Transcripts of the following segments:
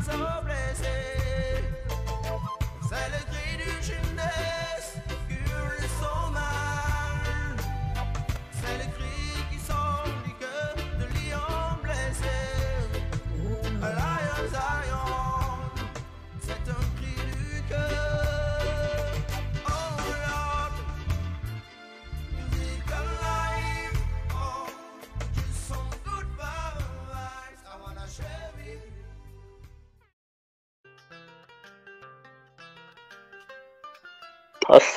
eyes of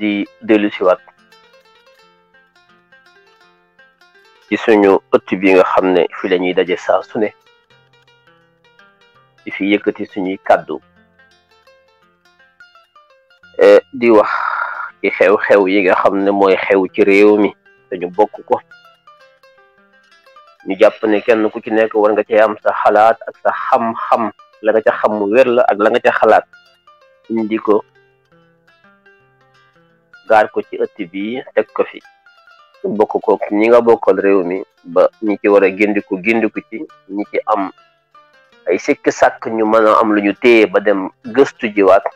di dellusiwaat ci suñu ëtt bi nga xam ne fi la daje saa su ne di fi yëkkati suñuy kàddu e, di wax ci xew-xew yi nga xam ne mooy xew ci réew mi dañu bokk ko ñu jàpp ne kenn ku ci nekk war nga cee am sa xalaat ak sa xam-xam la nga ca xam mu wér la ak la nga ca xalaat indi ko gar ko ci ëtt bi tek ko fi bokk ko ñi nga bokkal réew mi ba ñi ci wara gindiku ci ñi ci am ay sekk sàkk ñu mën am lu ñu téye ba dem gëstu ji waat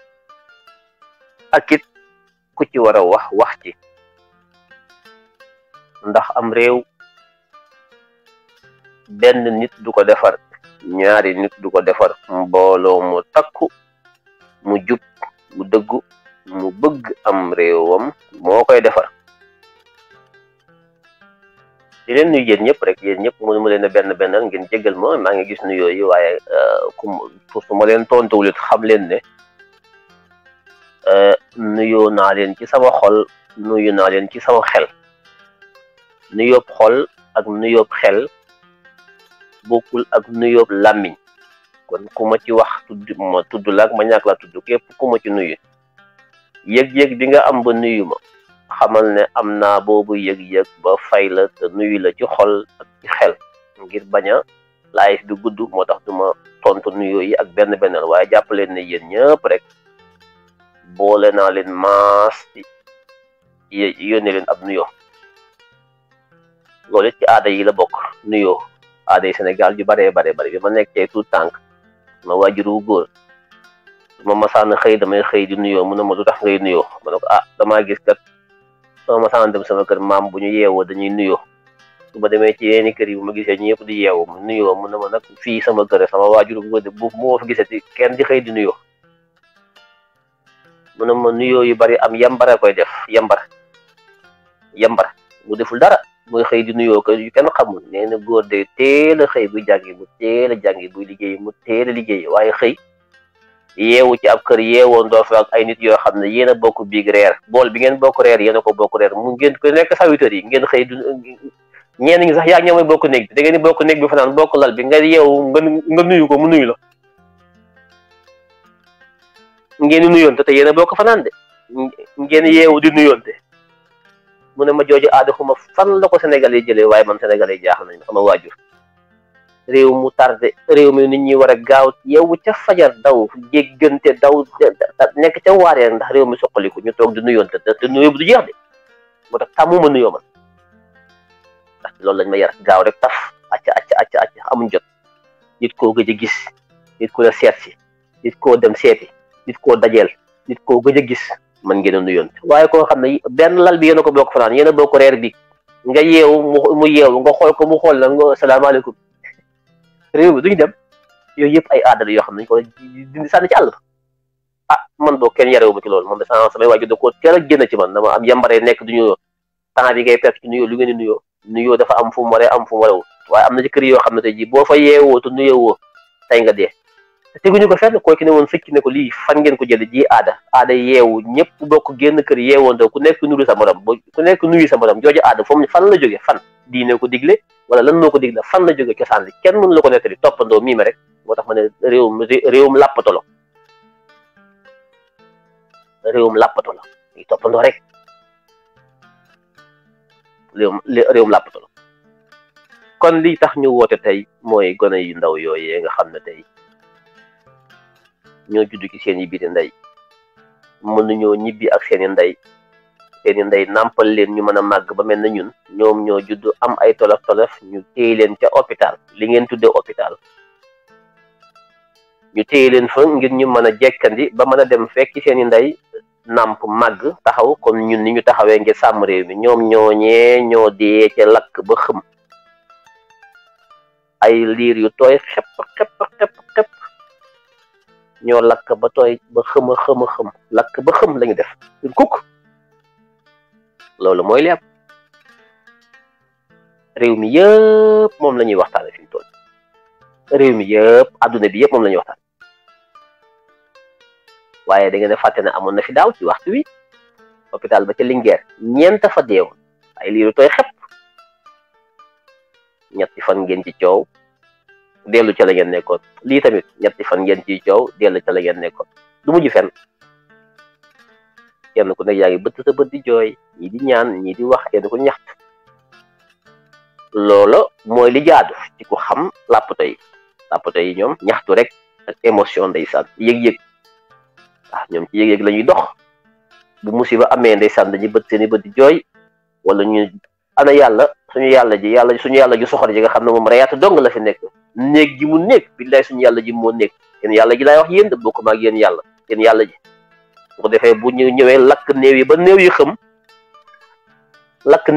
akit ku ci wara wax wax ci ndax am réew benn nit du ko defar ñaari nit du ko defar mbooloo mu takku mu jub mu dëggu mu bëgg am réewam moo koy defar di leen nuyu yéen ñëpp rek yéen ñëpp ma leen a benn bennal ngeen jégal ma maa ngi gis nu yooyu waaye euh, ku su ma leen tontuwul it xam leen ne euh, nuyoo naa leen ci sama xol nuyu naa leen ci sama xel nuyoob xol ak nuyoob xel bokkul ak nuyoob làmmiñ kon ku ma ci wax tudd ma tudd la ak ma ñàkk laa tudd képp ku ma ci nuyu yëg-yëg bi nga am ba nuyu ma xamal ne am naa boobu yëg-yëg ba fay la te nuyu la ci xol ak ci xel ngir bañ a live bi gudd moo tax duma tontu nuyoo yi ak benn bennal waaye jàpp leen ne yéen ñëpp rek boole naa leen maas yónne leen ab nuyoo loolu ci aada yi la bokk nuyoo aada yi Sénégal ju baree bare bare bi ma nekkee tout tànk ma waajuru góor moom ma masaana xëy damay xëy di nuyoo mu ne ma lu tax ngay nuyoo ma a damaa gis kat sama masaana dem sama kër maam bu ñu yeewoo dañuy nuyoo su ma demee ci yeeni kër yi ma gisee ñu ñëpp di yeewoo mu nuyoo mu ne ma nag fii sama kër sama waajur bu bu moo fi gisati kenn di xëy di nuyoo mu ne ma nuyoo yu bari am yambara koy def yambar yambar bu deful dara muy xëy di nuyoo ko yu kenn xamul nee na góor de teel xëy buy jàngi mu teel jàngi buy liggéey mu teel a liggéey waaye xëy yeewu ci ab kër yeewoo ndoo fa ak ay nit yoo xam ne yéen a bokk biig reer bool bi ngeen bokk reer yéen a ko bokk reer mu ngeen ko nekk serviteurs yi ngeen xëy du ñeen ñi sax yaa ngi ñoomay bokk néeg bi da ngeen bokk néeg bi fanaan bokk lal bi nga yeewu nga nga nuyu ko mu nuyu la ngeen di nuyoon te yéen a bokk fanaan de ngeen yeewu di nuyoonte mu ne ma jooju aada xuma fan la ko Sénégal yi jëlee waaye man Sénégal yi jaaxal nañu ama waajur réew mu tardé réew mi nit ñi war a gaaw yow ca fajar daw jéggante daw nekk ca waaree ndax réew mi soqaliku ñu toog di nuyoon te nuyoo bi du jeex de moo tax tàmmuma nuyoo man ndax loolu lañ ma yar gaaw rek taf acca acca acca amuñ jot nit koo gëj a gis nit ko la seet si nit koo dem seeti nit koo dajeel nit koo gëj a gis man ngeena a nuyoonte waaye koo xam ne benn lal bi yéen a ko bokk fanaan yéen a bokk reer bi nga yeewu mu yeewu nga xool ko mu xool la nga salaamaaleykum réew du ñu dem yooyu yëpp ay aada yoo xam ne dañu ko dindi sànni ci àll ba ah man boo kenn yarewu ma ci loolu moom de sama samay waajur da koo teel a génn ci man dama am yambaree nekk du ñuyoo temps bi ngay perte ci nuyoo lu ngee di nuyoo nuyoo dafa am fu mu waree am fu mu waaye am na ci kër yoo xam ne tey ji boo fa yeewoo te nuyoo woo tey nga dee teguñu ko fenn kooy ki ne woon sëcc ne ko lii fan ngeen ko jële ji aada aada yeewu ñëpp bokk génn kër yeewoon yeewoondoo ku nekk nuyu sa morom ku nekk nuyu sa morom jooju aada foofu fan la jóge fan diine ko digle wala lan moo ko digle fan la jóge cosaan li kenn mënu la ko nettali toppandoo mii ma rek moo tax ma ne réewum réewum làppato la réewum làppato la i toppandoo rek réewum réewum kon lii tax ñu woote tey mooy gone yu ndaw yooyee nga xam ne tey ñoo juddu ci seen i biir ndey mënuñoo ñibbi ak seen i ndey seen ndey nàmpal leen ñu mën a màgg ba mel na ñun ñoom ñoo judd am ay tolof tolof ñu téye leen ca hôpital li ngeen tuddee hôpital téye leen fa ngir ñu mën a jekkandi ba mën a dem fekk seeni i ndey nàmp màgg taxaw kon ñun ni ñu taxawee ngir sàmm réew mi ñoom ñooñee ñoo dee ca lakk ba xëm ay liir yu tooy xepp xepp xepp xepp ñoo lakk ba tooy ba xëm a xëm a lakk ba xëm lañu def duñ kukk loolu mooy li réew mi yëpp moom la ñuy waxtaane fi mu toll réew mi yëpp adduna bi yëpp moom la ñuy waxtaan waaye da fàtte ne amoon na fi daaw ci waxtu wi hôpital ba ca Linguère ñeent fa deewoon ay liiru tooy xepp ñetti fan ngeen ci coow delu ci la ngeen nekkoon lii tamit ñetti fan ngeen ci coow delu ci la ngeen nekkoon du mujj fenn kenn ku nekk yaa ngi bëtt sa bët di jooy ñii di ñaan ñii di wax kenn ku ñaxt loola mooy li jaadu ci ku xam làppato yi làppato yi ñoom ñaxtu rek ak émotion ndeysaan yëg-yëg ah ñoom ci yëg-yëg la ñuy dox bu musiba amee ndeysaan dañuy bët seeni bët di jooy wala ñu ana yàlla suñu yàlla ji yàlla suñu yàlla ji soxor ji nga xam ne moom dong la fi nekk néeg ji mu néeg billaay suñ yàlla ji moo néeg yéen yàlla ji lay wax yéen de bokkuma ak yéen yàlla yéen yàlla ji defee bu ñu ñëwee lakk néew yi ba néew yi xëm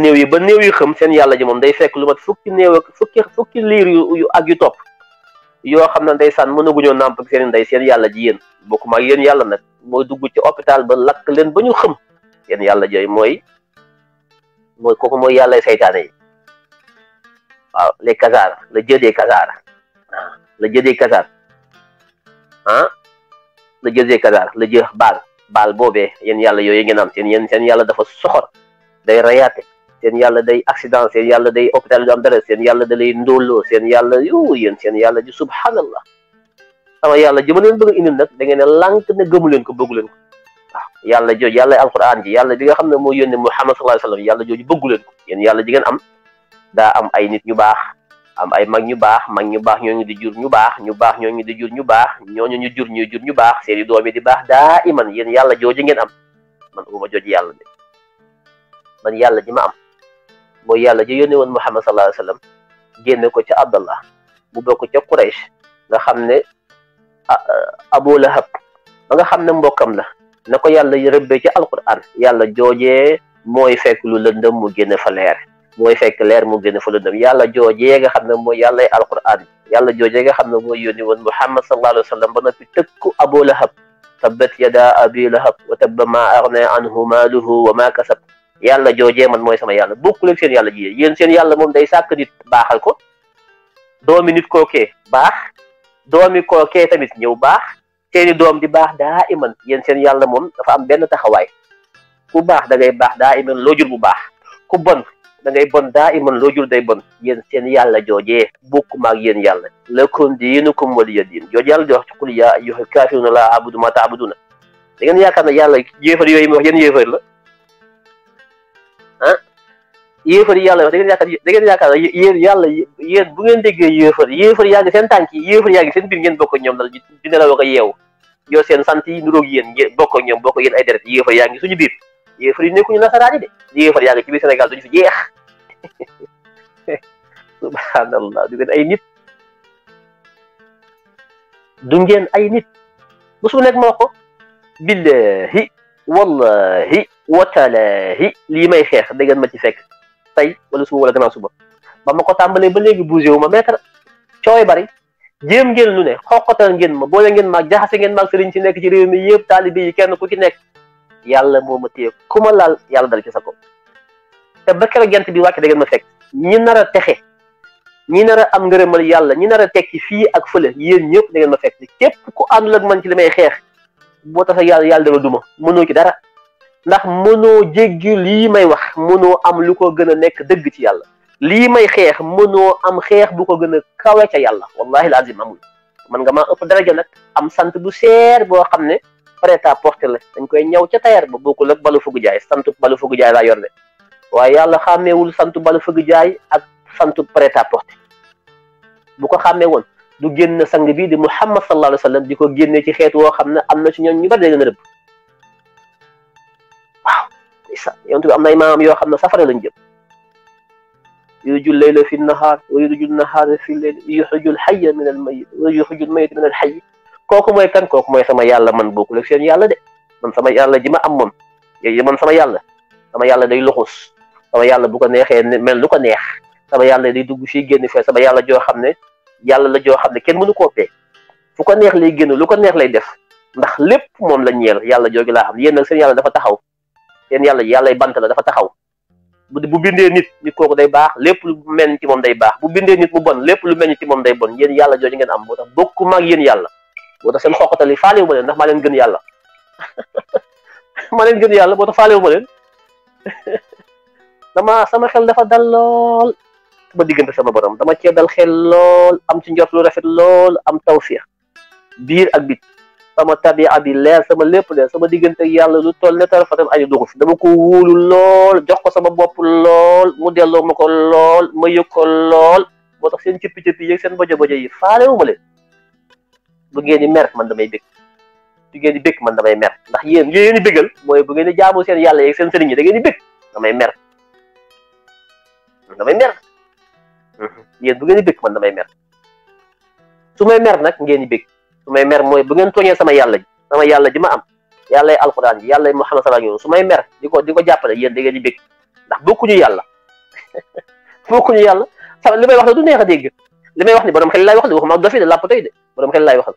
néew yi ba néew yi xëm seen yàlla ji moom day fekk lu mat fukki néew ak fukki fukki liir yu ak yu topp yoo xam ne ndeysaan mënaguñoo nàmp ak seen ndey seen yàlla ji yéen bokkuma ak yéen yàlla nag mooy dugg ci hôpital ba lakk leen ba ñu xëm yéen yàlla jooy mooy kooku mooy yàlla seytaane yi waaw les kazaar le dieu des kazaar le jëdee kazar ah le jëdee kazar le jë bal baal boobee yéen yàlla yooyu ngeen am seen yéen seen yàlla dafa soxor day rayaate seen yalla day accident seen yalla day hôpital du am dara seen yàlla da lay ndóolloo seen yàlla yow yéen subhanallah sama yalla ji ma leen bëgg a indil nag da ngeen ne lànk ne gëmu leen ko bëggu leen ko waaw alquran ji yalla bi nga xam ne moo muhammad sallallahu alaihi wasallam yalla yàlla jooju bëggu leen ko yéen yàlla ji ngeen am da am ay nit ñu baax am ay mag ñu baax mag ñu baax ñooñu di jur ñu baax ñu baax ñooñu di jur ñu baax ñooñu ñu jur ñuy jur ñu baax seeni doom yi di baax daa iman yéen yàlla ngeen am man uma jooju yàlla de man yàlla ji ma am mooy yàlla ji yónne woon Muhammad sallallahu alayhi wa sallam génne ko ca Abdallah bu bokk ca Quraysh nga xam ne Abu Lahab ba nga xam ne mbokkam la na ko yàlla rëbbee ci alquran yàlla joojee mooy fekk lu lëndëm mu génne fa leer mooy fekk leer mu folo fa lëndëm yàlla joojee nga xam ne mooy yàllay alquran yàlla joojee nga xam ne mooy yónni woon muhammad sallallahu alayhi wa sallam ba noppi tëkku abu lahab tabbat yada abi lahab wa tabba maa aghna anhu maaluhu wa maa kasab yàlla joojee man mooy sama yàlla bokkul ak seen yàlla ji yéen seen yàlla moom day sàkk nit baaxal ko doomi nit kookee baax doomi kookee tamit ñëw baax seeni doom di baax daa iman yéen seen yàlla moom dafa am benn taxawaay ku da bu baax ku bon da ngay bon daa iman loo jur day bon yéen seen yàlla joojee bokkuma ak yéen yàlla lakum diinukum waliya diin jooju yàlla di wax ci qul yaa ayyuhal kaafiruuna laa abudu maa taabuduna da ngeen yaakaar ne yàlla yéefar yooyu mu wax yéen yéefar la ah yéefar yàlla wax da ngeen yaakaar da ngeen yaakaar yéen yàlla yéen bu ngeen déggee yéefar yéefar yaa ngi seen tànk yi yéefar yaa ngi seen biir ngeen bokk ñoom dal di nelaw ko yeewu yor seen sant yi nuróog bokk ñoom bokk yéen ay deret yéefar yaa ngi suñu biir yéefar yi nekkuñu nasaraan yi de yéefar yaa ngi ci biir Sénégal duñu fi jeex subhanallah du ngeen ay nit du ngeen ay nit musu nekk moo ko billahi wallahi watalaahi lii may xeex da ngeen ma ci fekk tey wala suba wala gannaaw suba ba ma ko tàmbalee ba léegi bougé wu ma mètre cooy bari jéem ngeen lu ne xoqatal ngeen ma boole ngeen maag jaxase ngeen maag sëriñ ci nekk ci réew mi yëpp taalibe yi kenn ku ci nekk yàlla moo ma téye ku ma laal yàlla dal ci sa ko te ba keroog jant bi wàcc da ngeen ma fekk ñi nar a texe ñi nar a am ngërëmal yàlla ñi nar a tekki fii ak fële yéen ñëpp da ngeen ma fekk képp ko àndul ak man ci li may xeex boo tax yàlla yàlla dala duma mënoo ci dara ndax mënoo jéggi lii may wax mënoo am lu ko gën a nekk dëgg ci yàlla lii may xeex mënoo am xeex bu ko gën a kawe ca yàlla wallahi alazim amul man nga maa ëpp daraja nag am sant bu xam ne prêt à porter la dañ koy ñëw ca tailleur ba bokkul ak balu fugu jaay santu balu fugu jaay laa yor de waaye yàlla xàmmeewul santu balu fugu jaay ak santu prêt à porter bu ko xàmmee woon du génn sang bii di Muhammad sallallahu alayhi wa sallam di ko génne ci xeet woo xam ne am na ci ñoom ñu bari dañ leen a rëbb waaw isa am na imaam yoo xam ne safara lañ jëm yuxrijul layla fi nnahaar wa yuxrijul nahaara fi layl yuxrijul xayya min al mayit wa yuxrijul kooku mooy kan kooku mooy sama yàlla man bokkul ak seen yàlla de man sama yàlla ji ma am moom man sama yàlla sama yàlla day luxus sama yàlla bu ko neexee mel lu ko neex sama yàlla day dugg fii génn fee sama yàlla joo xam ne yàlla la joo xam ne kenn mënu koo pee ko neex lay génn lu ko neex lay def ndax lépp moom la ñeel yàlla jooju laa xam yéen nag seen dafa taxaw seen yàlla yàllay bant la dafa taxaw bu bindee nit nit kooku day baax lépp lu meññ ci moom day baax bu bindee nit mu bon lépp lu meññ ci moom day bon yéen yàlla jooju ngeen am moo tax bokkuma yéen yàlla boo tax seen xoqatal yi faalewu ma len ndax ma len gën yalla ma len gën yalla boo tax faalewu ma len dama sama xel dafa dal lol ba digënté sama borom dama ci dal xel lol am ci njort lu rafet lol am tawfiq bir ak bit sama tabia abi leer sama lepp leer sama digënté ak yalla lu toll ne tara fatam añu dama ko lol jox ko sama bop lol mu delo mako lol ma yëg lol lool moo tax seen cëppi cëppi bojo bojo yi wu ma leen bu ngeen di mer man damay bég bu ngeen di bég man damay mer ndax yeen iya, yeen ni bégal moy bu ngeen di jaamu seen yalla yeek seen serigne da ngeen di bég damay mer damay mer yeen iya, bu ngeen di bég man damay mer su may mer nak, ngeen di bég su may mer moy bu ngeen tooñee sama yalla sama yalla ji ma am yalla ay alquran ji yàlla muhammad sallallahu alaihi wasallam su may mer diko, diko jappale yeen da ngeen di bég ndax yalla bokku ñu yalla sama limay wax ne du neex a لماذا يوحني برا محل لا يوحد وهم موظفين لا بوتيد برا محل لا يوحد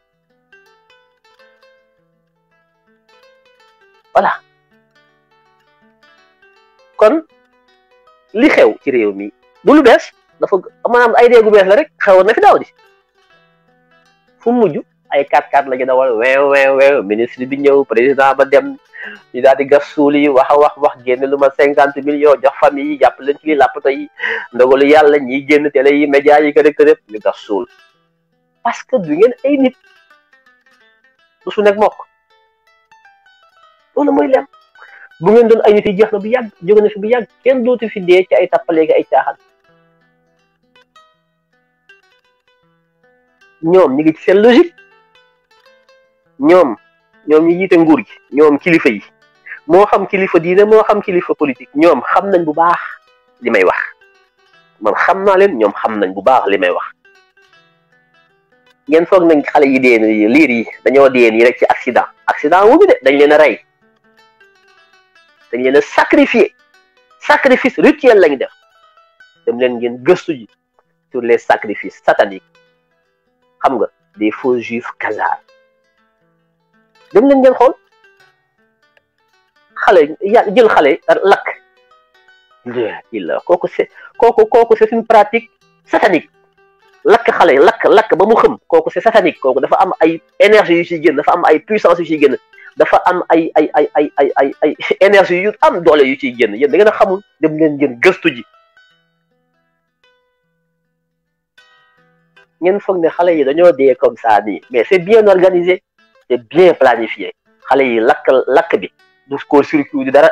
ولا كون لي خيو تي ريومي دولو بس دا اما نعم ايديا غو بس لا في داودي فو ay 4-4 la ñu dawal weew weew weew ministre bi ñëw président ba dem ñu daal di gas suul yi wax wax wax génn lu ma cinquante millions jox famille yi jàpp leen ci li làppato yi ndogalu yàlla ñiy génn télé yi média yi kërëb kërëb ñu gas suul parce que du ngeen ay nit du su nekk mokk loolu mooy lem bu ngeen doon ay nit yi jeex na bu yàgg jóge na fi bu yàgg kenn ay tappaleegi ñoom ñu ngi ci seen logique ñoom ñoom ñu jiite nguur gi ñoom kilifa yi moo xam kilifa diine moo xam kilifa politique ñoom xam nañ bu baax li may wax man xam naa leen ñoom xam nañ bu baax li may wax ngeen foog nañ xale yi dee nii liir yi dañoo dee nii rek ci accident accident wu ñu de dañ leen a rey dañ leen a sacrifié sacrifice rituel lañ def dem leen ngeen gëstu ji sur les sacrifice sataniques xam nga des faux juifs khazars dem leen ngeen xool xale ya jël xale lakk illa kooku c'est kooku kooku c'est une pratique satanique lakk xale lakk lakk ba mu xëm kooku c'est satanique kooku dafa am ay énergie yu si génn dafa am ay puissance yu ciy génn dafa am ay ay ay ay ay ay ay énergie yu am doole yu ciy génn yéen da ngeen a xamul dem leen ngeen gëstu ji ngeen foog ne xale yi dañoo dee comme ça nii mais c'est bien organisé c'est bien planifier xale yi lakk lakk bi du ko circuit di dara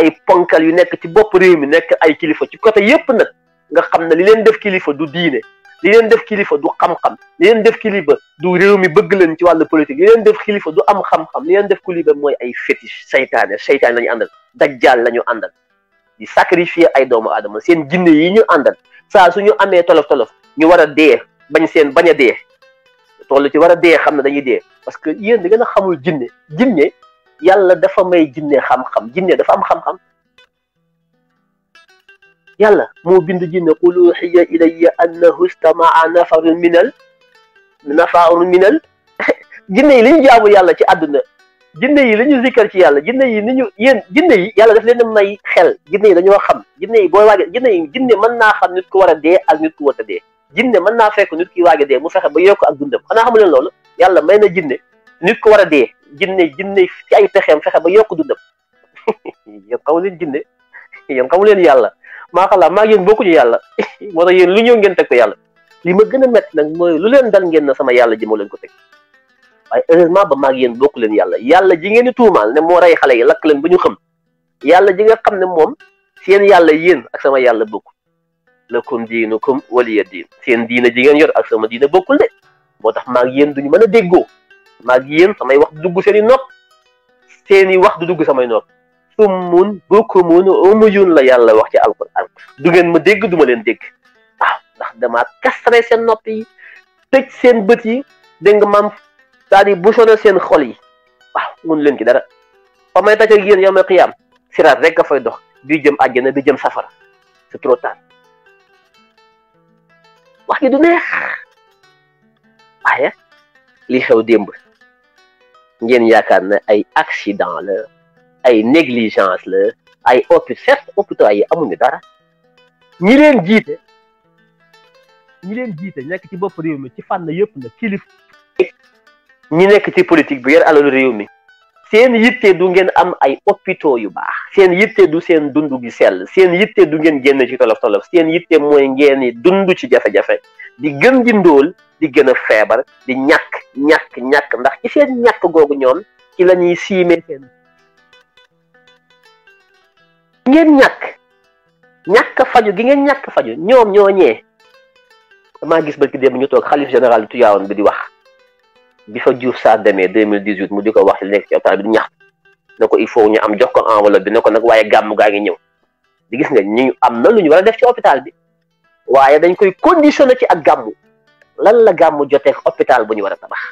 ay ponkal yu nekk ci bopp réew mi nekk ay kilifa ci côté yépp nag nga xam ne li leen def kilifa du diine li leen def kilifa du xam-xam li leen def kilifa du réew mi bëgg leen ci wàllu politique li def kilifa du am xam-xam li leen def kilifa mooy ay fétiche seytaane seytaane la àndal dajjaal la ñu àndal di sacrifier ay doomu aadama seen jinne yi ñu àndal saa su ñu amee tolof tolof ñu war a dee bañ seen bañ a dee toll ci war a dee xam na dañuy dee parce que yéen da ngeen a xamul jinne jinne yàlla dafa may jinne xam-xam jinne dafa am xam-xam yàlla moo bind jinne qul uxiya ilayya annahu stamaa nafarun minal nafarun minal jinne yi li ñu jaamu yàlla ci àdduna jinne yi li ñu zikkar ci yàlla jinne yi ni ñu yéen jinne yi yàlla daf leen may xel jinne yi dañoo xam jinne yi booy waage jinne yi jinne mën naa xam nit ku war a dee ak nit ku war dee jinne mën naa fekk nit ki waaj a dee mu fexe ba yokk ak dundam xanaa xamu leen loolu yàlla may na jinne nit ko war a dee jinne jinne ci ay pexeem fexe ba yokk dundam yéen xamu leen jinne yéen xamu leen yàlla maa xalaat maa yéen bokkuñu yàlla moo tax yéen lu ñëw ngeen teg ko yàlla li ma gën a métti nag mooy lu leen dal ngeen na sama yàlla ji moo leen ko teg waaye heureusement ba maag yéen bokku leen yàlla yàlla ji ngeen di tuumaal ne moo rey xale yi lakk leen ba ñu xam yàlla ji nga xam ne moom seen yàlla yéen ak sama yàlla bokku lakum diinukum waliya diin seen Dina ji yor ak sama dina bokul de motax mag yeen duñu meuna deggo mag yeen samay wax duggu seni nok seni wax du samay nok summun bukumun umuyun la yalla ya wax ci alquran du ngeen ma degg duma len degg ah ndax dama kastre sen nopp yi sen seen bët yi dégg nga maam daa di xol yi ah mun len ki dara famay tacc ak yéen yow rek fay dox bi jëm aljana bi jëm safara c'est trop tard wax gi du neex ah, waaye li xew démb ngeen yaakaar ne ay accident la ay négligence la ay opi certes hôpitaux yi amuñu dara ñi leen jiite ñi leen jiite nekk ci bopp réew mi ci fànn yëpp na kilif ñi nekk ci politique bi yor alalu réew mi seen yitte du ngeen am ay hôpitaux yu baax seen yitte du seen dund gi sell seen yitte du ngeen génn ci tolof tolof seen yitte mooy ngeen dund ci jafe-jafe di gën di ndóol di gën a feebar di ñàkk ñàkk ñàkk ndax ci seen ñàkk googu ñoom ci la ñuy siimee seen ngeen ñàkk ñàkk faju gi ngeen ñàkk faju ñoom ñoo ñee gis barki dem ñu toog xalif général tuyaawoon bi di wax bi fa Diouf Sarr demee 2018 mu di ko wax li nekk ci hôpital bi di ñax ne ko il faut ñu am jox ko enveloppe bi ne ko nag waaye gàmm gaa ngi ñëw di gis nga ñu am na lu ñu war def ci hôpital bi waaye dañ koy conditionné ci ak gàmm lan la gàmm joteek hôpital bu ñu war a tabax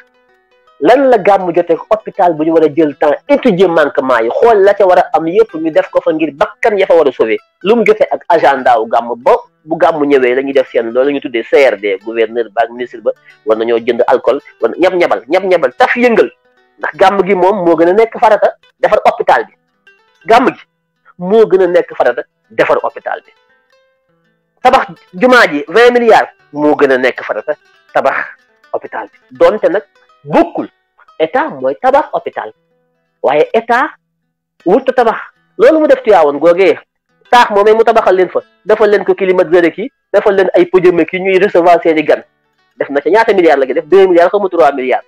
lan la gàmm joteek hôpital bu ñu war a jël temps étudier manquement yi xool la ca war am yëpp ñu def ko fa ngir bakkan ya fa war a sauver lu mu jotee ak agenda gàmm ba bu gàmmu ñëwee la ñuy def seen loolu la ñuy tuddee CRD gouverneur ba ak ministre ba war nañoo jënd alcool war na ñab ñabal ñab ñabal taf yëngal ndax gàmm gi moom moo gën a nekk farata defar hôpital bi gàmm gi moo gën a nekk farata defar hôpital bi tabax jumaa ji vingt milliards moo gën a nekk farata tabax hôpital bi donte nag bokkul état mooy tabax hôpital waaye état wut tabax loolu mu def tuyaawoon googee moom moomee mu tabaxal leen fa defal leen ko climatiseur ki defal leen ay podium ki ñuy recevoir seen gan def na ca ñaata milliards la ki def deux milliards xamu trois milliards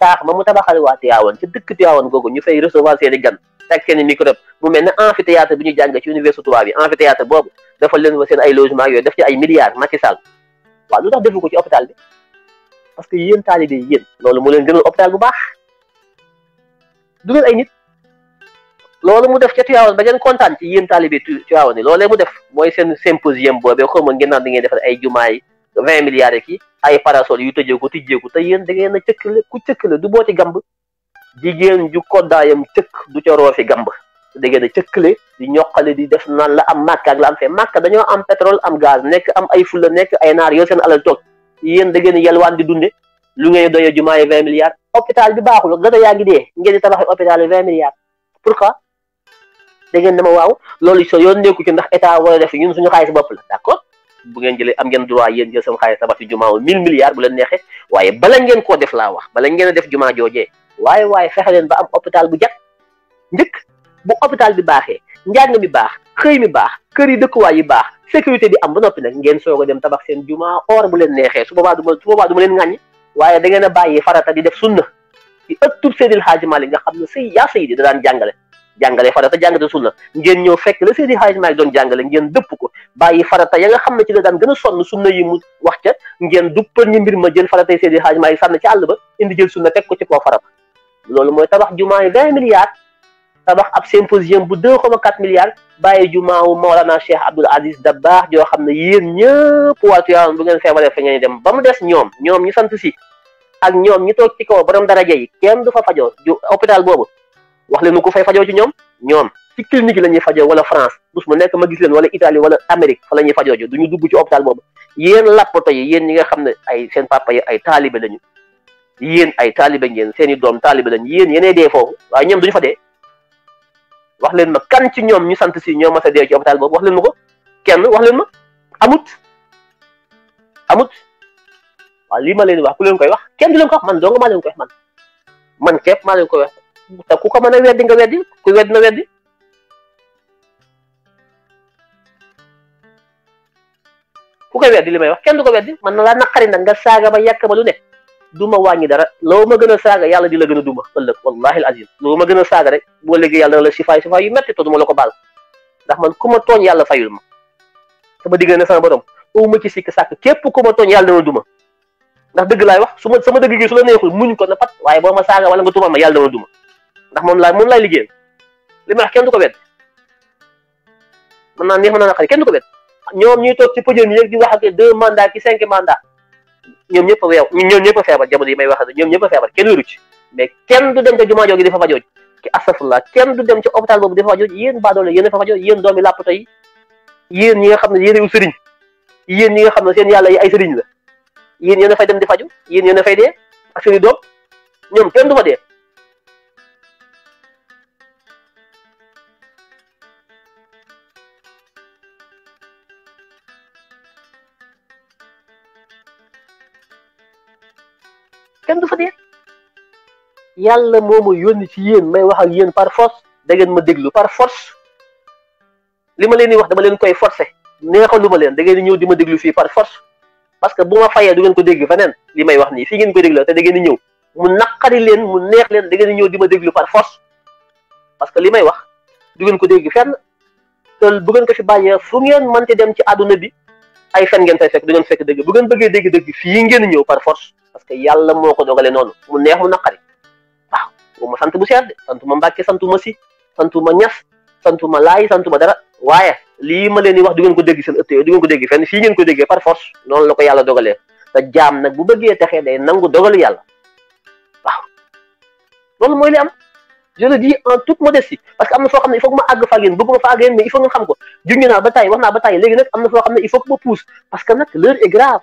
taax ma mu tabaxal waa Tiwaawan ca dëkk Tiwaawan googu ñu fay recevoir seen gan teg seen i microbe mu mel ne amphithéâtre bi ñu jàng ci université tubaab bi amphithéâtre boobu defal leen fa seen ay logement yooyu def ci ay milliards Macky Sall waaw lu tax defu ko ci hôpital parce que yéen taalibe yéen loolu moo leen gënal hôpital bu baax du ngeen ay nit loolu mu def ca Tiwaawan ba ngeen kontaan ci yéen taalibe Tiwaawan yi loolee mu def mooy seen symposium boobee xaw ma ngeen naa da ngeen defar ay jumaay vingt milliards ki ay parasol yu tëjee ko tijjee ko te yéen da ngeen a cëkkale ku cëkkale du booti gamb jigéen ju koddaayam cëkk du ca roofi gamb da ngeen a cëkkale di ñoqale di def naan la am màkk ak la am fee màkk dañoo am pétrole am gaz nekk am ay fula nekk ay naar yoo seen alal toog yéen da ngeen yelwaan di dunde lu ngeen doyee jumaa yi vingt milliards hôpital bi baaxul gën a yaa ngi ngeen di tabaxee hôpital yi vingt milliards pourquoi da ngeen ne ma waaw loolu so yoon nekku ci ndax état war a def ñun suñu xaalis bopp la d' accord bu ngeen jëlee am ngeen droit yéen jël sama xaalis tabax fi jumaa mille milliards bu leen neexee waaye bala ngeen koo def laa wax bala ngeen a def jumaa joojee waaye waaye fexe leen ba am hôpital bu jag njëkk bu hôpital bi baaxee njàng bi baax xëy mi baax kër yi dëkkuwaay yi baax sécurité bi am ba noppi nag ngeen soo a dem tabax seen jumaa or bu leen neexee su boobaa du ma su leen ŋàññ waaye da ngeen a farata di def sunna di ëttub Seydil nga xam ne sëy yaa sëy di da daan jàngale jàngale farata jàngale sunna ngeen ñëw fekk la Seydi Hadji Malick doon jàngale ngeen dëpp ko bàyyi farata ya nga xam ne ci la daan gën a sonn sunna yi mu wax ca ngeen duppal ñu mbir ma jël yi Seydi Hadji Malick sànn ci àll ba indi jël sunna teg ko ci kaw farata loolu mooy tabax jumaa yi vingt milliards tabax ab symposium bu deux xoma quatre milliards bàyyi jumaa jumaawu Mawlana Cheikh Abdoul Aziz baax joo xam ne yéen ñëpp waatu yaram bu ngeen feebaree fa ngeen dem ba mu des ñoom ñoom ñu sant si ak ñoom ñu toog ci kaw borom daraja yi kenn du fa fajoo hôpital boobu wax leen ma ko fay fajoo ci ñoom ñoom ci clinique yi la ñuy fajoo wala France dus ma nekk ma gis leen wala Italie wala Amérique fa la ñuy fajoo ji duñu dugg ci hôpital boobu yéen lappato yéen ñi nga xam ne ay seen papa yi ay taalibe lañu yéen ay taalibe ngeen seen i doom taalibe lañu yéen yenee dee foofu waaye ñoom duñu fa wax leen ma kan ci ñoom ñu sant si ñoom mas a dee ci taal boobu wax leen ma ko kenn wax leen ma amut amut waaw lii ma leen wax ku leen koy wax kenn du leen ko wax man dong maa leen koy man man képp maa leen koy wax te ku ko mën a weddi nga weddi ku weddi na weddi ku koy weddi li may wax kenn du ko weddi man na laa naqari nag nga saaga ba yàq ma lu ne duma wàññi dara loo ma gën a saaga yàlla di la gën a duma ëllëg wallahi al ma gën a saaga rek boo léegi yàlla na la si sifaay yu metti te duma la ko baal ndax man ku ma tooñ yàlla fayul ma sama diggante sama borom aw ma ci sikk sàkk képp ku ma tooñ yàlla dama duma ndax dëgg laay wax su ma sama dëgg gi su la neexul muñ ko na pat waaye boo ma saaga wala nga tumal ma ndax moom laa moom laay liggéeyal li ma wax kenn du ko wedd mën naa neex mën kenn ko wedd ñoom ñuy toog ci podium yi di wax ak deux mandats ki cinq mandats ñoom ñëpp a weew ñoom ñëpp a feebar jamono yi may wax ñoom ñëpp a feebar kenn wéru kenn du dem ca jumaa jooju dafa fa jooj kenn du dem ca hôpital boobu dafa fa jooj yéen baadoole yéen dafa fa jooj yéen doomi làppato yi yéen ñi ne yéen sëriñ yéen ñi nga xam ne seen yàlla yi ay sëriñ la yéen yéen a fay dem di faju yéen yéen a fay dee ak seen i doom ñoom kenn du fa de kenn du fa dee yàlla moo ma yónni ci yéen may wax ak yéen par force da ngeen ma déglu par force li ma leen di wax dama leen koy forcer neexalu ma leen da ngeen di ñëw di ma déglu fii par force parce que bu ma fayee du ngeen ko dégg feneen li may wax nii fii ngeen koy déglu te da ngeen di ñëw mu naqari leen mu neex leen da ngeen di ñëw di ma déglu par force parce que li may wax du ngeen ko dégg fenn te bu ngeen ko fi bàyyee fu ngeen mënti dem ci àdduna bi ay fen ngeen fay fekk du ngeen fekk dëgg bu ngeen bëggee dégg dëgg fii ngeen ñëw par force parce que yàlla moo ko dogale noonu mu neex mu naqari waaw bu ma sant bu seet de santu ma Mbàkke santu ma si santu ma ñas santu ma laay santu ma dara waaye lii ma leen wax du ngeen ko dégg seen ëtt du ngeen ko dégg fenn fii ngeen ko déggee par force noonu la ko yàlla dogalee te jaam nag bu bëggee texee day nangu dogalu yàlla waaw loolu mooy li am je le dis en toute modestie parce que am na foo xam ne il faut ma àgg fa ak yéen il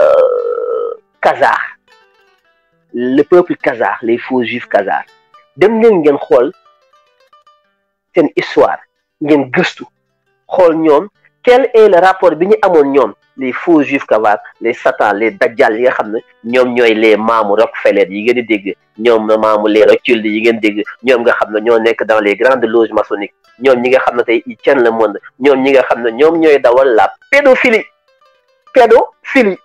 Euh, Khazar le peuple Khazar les faux juifs Khazar dem leen ngeen xool seen histoire ngeen gëstu xool ñoom quel est le rapport bi ñu amoon ñoom les faux juifs Khazar les satans les dajjal yi nga xam ne ñoom ñooy les maamu Rockefeller yi ngeen di dégg ñoom maamu les Rothschild yi ngeen dégg ñoom nga xam ñoo nekk dans les grandes loges maçonniques ñoom ñi nga xam tay tey ils le monde ñoom ñi nga xam ne ñoom ñooy dawal la pédophilie pédophilie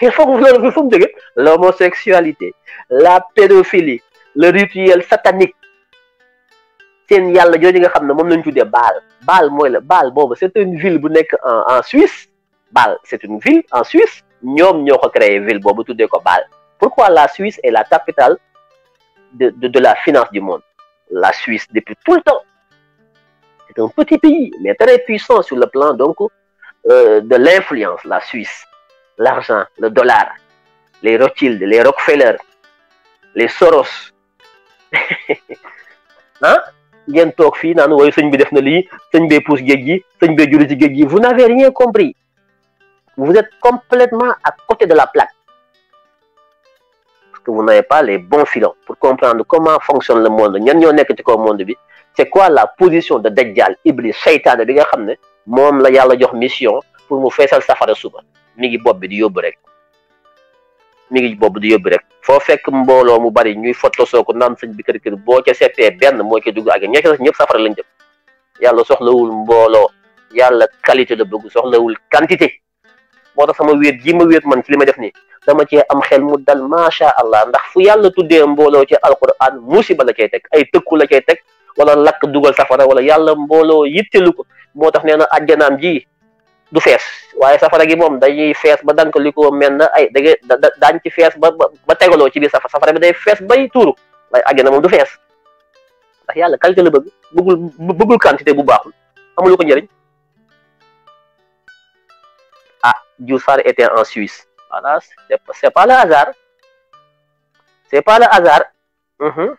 il faut que vous disiez l'homosexualité, la pédophilie, le rituel satanique. C'est yàlla jooju nga xam ne lañ tuddee Baal la une ville bu nekk en Suisse C'est c'est une ville en Suisse ñoom ñoo créé une ville tout de ko Bal. pourquoi la Suisse est la capitale de de de la finance du monde la Suisse depuis tout le temps c'est un petit pays mais très puissant sur le plan donc euh, de l'influence la Suisse l'argent, le dollar, les Rothschild, les Rockefeller, les Soros hein? vous n'avez rien compris vous êtes complètement à côté de la plaque parce que vous n'avez pas les bons filons pour comprendre comment fonctionne le monde monde c'est quoi la position de Dajjal Iblis Shaitan, de nga il a la yalla mission pour ça, ça safara ça. mi ngi di yóbbu rek mi ngi di yóbbu rek foo fekk mbooloo mu bari ñuy foto ko naan sëñ bi kër kër boo ca seetee benn moo ca dugg ak ñeex ca ñëpp safara lañ def yàlla soxlawul mbooloo yàlla qualité la bëgg soxlawul quantité moo tax sama wéet ji ma wéet man ci li ma def ni dama ci am xel mu dal macha allah ndax fu yàlla tuddee mbooloo ci alquran musiba la cay teg ay tëkku la cay teg wala lakk dugal safara wala yàlla mbooloo yittelu ko moo tax nee na àjjanaam ji du fees waaye safara gi moom dañuy fees ba dank li ko mel na ay dage daañ ci fees ba ba tegaloo ci biir safara safara bi day fees bay tuuru waaye àjjana moom du fees ndax yàlla qualité la bëgg bëggul bëggul quantité bu baaxul amulu ko njëriñ ah Diouf Sarr était en Suisse voilà c'est pas le hasard c'est pas la hasard mm-hmm.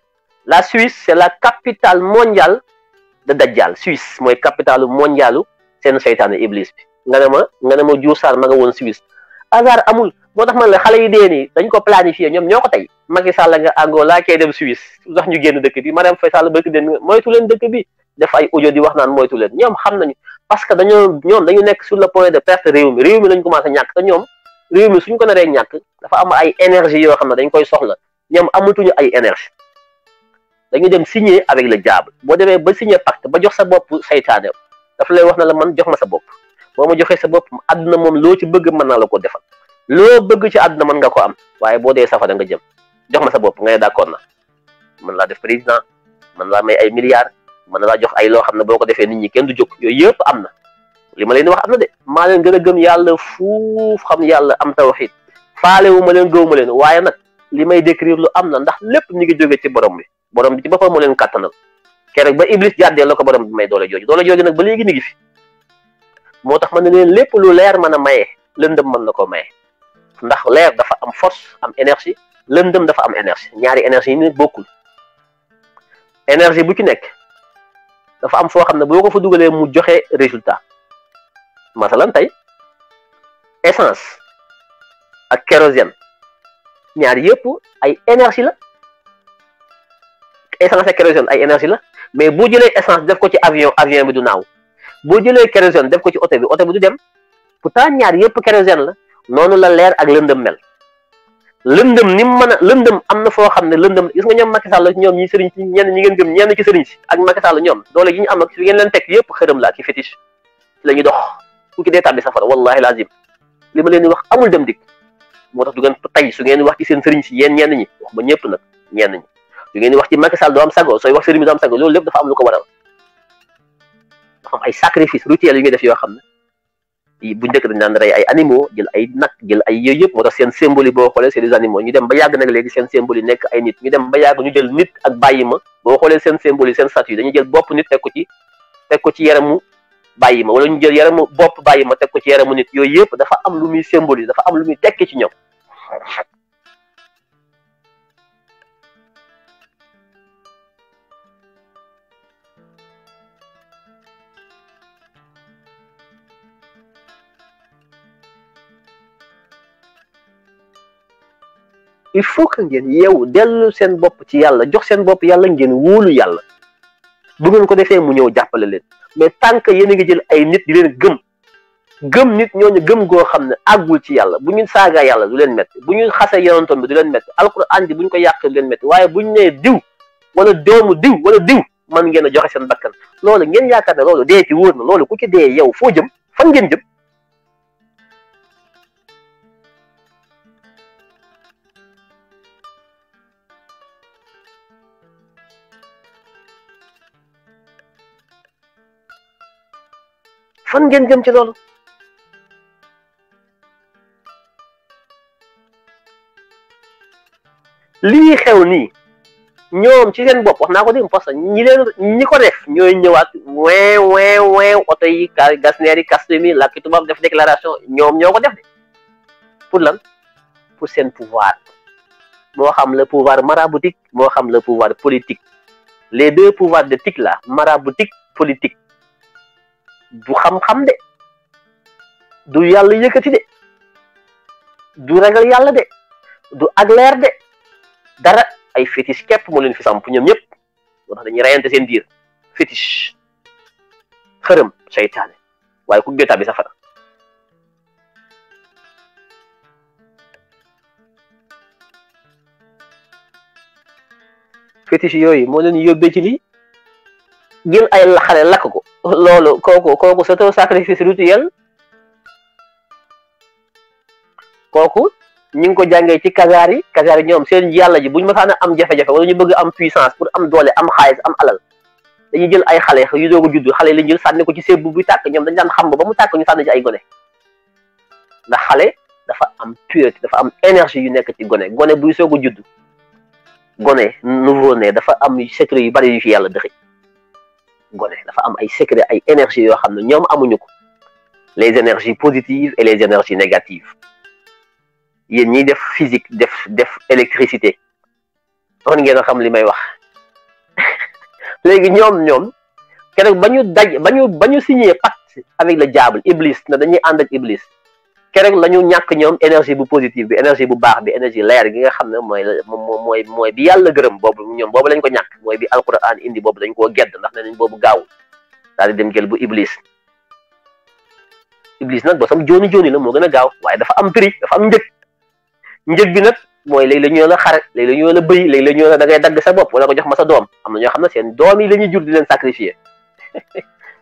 la Suisse c'est la capitale mondiale de Dajjal Suisse mooy capitale mondialu seen seytaane iblis bi nga ne ma nga ne ma Diouf ma nga woon Suisse hasard amul moo tax man la xale yi dee nii dañ ko planifier ñoom ñoo ko tey Macky Sall nga Angola kay dem Suisse sax ñu génn dëkk bi Mariam Faye Sall bëgg den moytu leen dëkk bi def ay audio di wax naan moytu leen ñoom xam nañu parce que dañoo ñoom dañu nekk sur le point de perte réew mi réew mi lañ commencé ñàkk te ñoom réew mi suñ ko naree ñàkk dafa am ay énergie yoo xam ne dañ koy soxla ñoom amatuñu ay énergie dañu dem signer avec le diable boo demee ba signer pacte ba jox sa bopp saytaane daf lay wax na la man jox ma sa bopp boo ma joxee sa bopp àdduna moom loo ci bëgg mën naa la ko defal loo bëgg ci àdduna mën nga ko am waaye boo dee safara nga jëm jox ma sa bopp nga ne d'accord na mën laa def naa man laa may ay milliards mën laa jox ay loo xam ne boo ko defee nit ñi kenn du jóg yooyu yëpp am na li ma leen wax am na de maa leen gën a gëm yàlla fuuf xam yàlla am tawxiid faale wu ma leen gëw ma leen waaye nag li may décrire lu am na ndax lépp ñu ngi jóge ci borom bi borom bi ci boppam moo leen kàttanal keroog ba Iblis jàddee la ko borom bi may doole jooju doole jooju nag ba léegi mi fi moo tax ma na leen lépp lu leer mën a maye lëndëm mën na ko maye ndax leer dafa am force am énergie lëndëm dafa am énergie ñaari énergie yi nag bokkul énergie bu ci nekk dafa am foo xam ne boo ko fa dugalee mu joxe résultat masalan tey essence ak kérosène ñaar yëpp ay énergie la essence ak kérosène ay énergie la mais boo jëlee essence def ko ci avion avion bi du naaw. boo jëlee kérosène def ko ci oto bi oto bi du dem pourtant ñaar yëpp kérosène la noonu la leer ak lëndëm mel lëndëm ni mu a lëndëm am na foo xam ne lëndëm gis nga ñoom Macky Sall ñoom ñi sëriñ ci ñenn ñi ngeen gëm ñenn ci sëriñ si la ci fétiche dox ku ci dee tàbbi safara wallahi lazim li wax amul dem dik moo tax du ngeen tey su ngeen wax ci seen sëriñ si yéen ñi wax ma ñëpp nag ñenn ñi su ngeen wax ci Macky Sall doo am sago sooy wax sëriñ bi doo am sago loolu lépp dafa am lu ko waral dafa am ay sacrifice rituel yu ñuy def yoo xam ne bu njëkk dañ daan rey ay animaux jël ay nag jël ay yooyu yëpp moo tax seen symbole boo xoolee seen des animaux ñu dem ba yàgg nag léegi seen symbole yi nekk ay nit ñu dem ba ñu jël nit ak bàyyi ma boo xoolee seen symbole yi seen statut dañuy jël bopp nit teg ko ci teg ko ci yaramu bàyyi ma wala ñu jël yaramu bopp bàyyi ma teg ko ci yaramu nit yooyu yëpp dafa am lu muy symbole yi dafa am lu muy tekki ci ñoom il faut que ngeen yeewu dellu seen bopp ci yàlla jox seen bopp yàlla ngeen wóolu yàlla bu ngeen ko defee mu ñëw jàppale leen mais tant que yéen a ngi jël ay nit di leen gëm gëm nit ñooñu gëm goo xam ne àggul ci yàlla bu ñu saagaa yàlla du leen métti bu ñu xasee yonantoon bi du leen métti alquran bi bu ñu ko yàqee du leen métti waaye bu ñu nee diw wala doomu diw wala diw man ngeen a joxe seen bakkan loolu ngeen yaakaar ne loolu dee ci wóor na loolu ku ci dee yow foo jëm fan ngeen jëm fan ngeen jëm ci lool li xew ni ñoom ci seen bopp wax naa ko dégg parce que ñi leen ñi ko def ñooy ñëwaat wee wee wee oto yi gasneer yi kastem yi làkki tubaab def déclaration ñoom ñoo ko def de pour lan pour seen pouvoir moo xam le pouvoir maraboutique moo xam le pouvoir politique les deux pouvoirs de tic là maraboutique politique du xam-xam de du yàlla yëkkati de du ragal yàlla de du ak leer de dara ay fétis képp moo leen fi samp ñoom ñëpp moo tax dañuy rayante seen diir fétis xërëm seytaane waaye ku gétaa bi safara fétis yooyu moo leen yóbbee ci lii jël ay xale lakk ko loolu kooku kooku c'est un sacrifice rituel kooku ñu ngi ko jàngee ci kazaar yi kazaar ñoom seen yàlla ji bu ñu mësaan a am jafe-jafe wala ñu bëgg am puissance pour am doole am xaalis am alal dañuy jël ay xale yu doog a judd xale lañu jël sànni ko ci sébbu buy tàkk ñoom dañu daan xam ba mu tàkk ñu sànni ci ay gone ndax xale dafa am pureté dafa am énergie yu nekk ci gone gone buy soog a judd gone nouveau-né dafa am secret yu bari yu ci yàlla dëxëj ngone dafa am ay secret ay énergie yoo xam ne ñoom amuñu ko les énergies positives et les énergies négatives yéen ñiy def physique def def électricité On ngeen xam li may wax léegi ñoom ñoom keroog ba ñu daj ba ñu ba ñu signé pacte avec le diable iblis na dañuy ànd ak iblis keroog la ñu ñàkk ñoom énergie bu positive bi énergie bu baax bi énergie leer gi nga xam ne mooy mooy mooy bi yàlla gërëm boobu ñoom boobu lañ ko ñàkk mooy bi alquran indi boobu dañ koo gedd ndax ne nañ boobu gaawul daal di dem jël bu iblis iblis nag ba sam jooni jooni la moo gën a gaaw waaye dafa am prix dafa am njëg njëg bi nag mooy léegi la ñu la xare léegi la la bëy léegi la ñu la da ngay dagg sa bopp wala ko jox ma sa doom am na ñoo xam ne seen doom yi la ñuy jur di leen sacrifier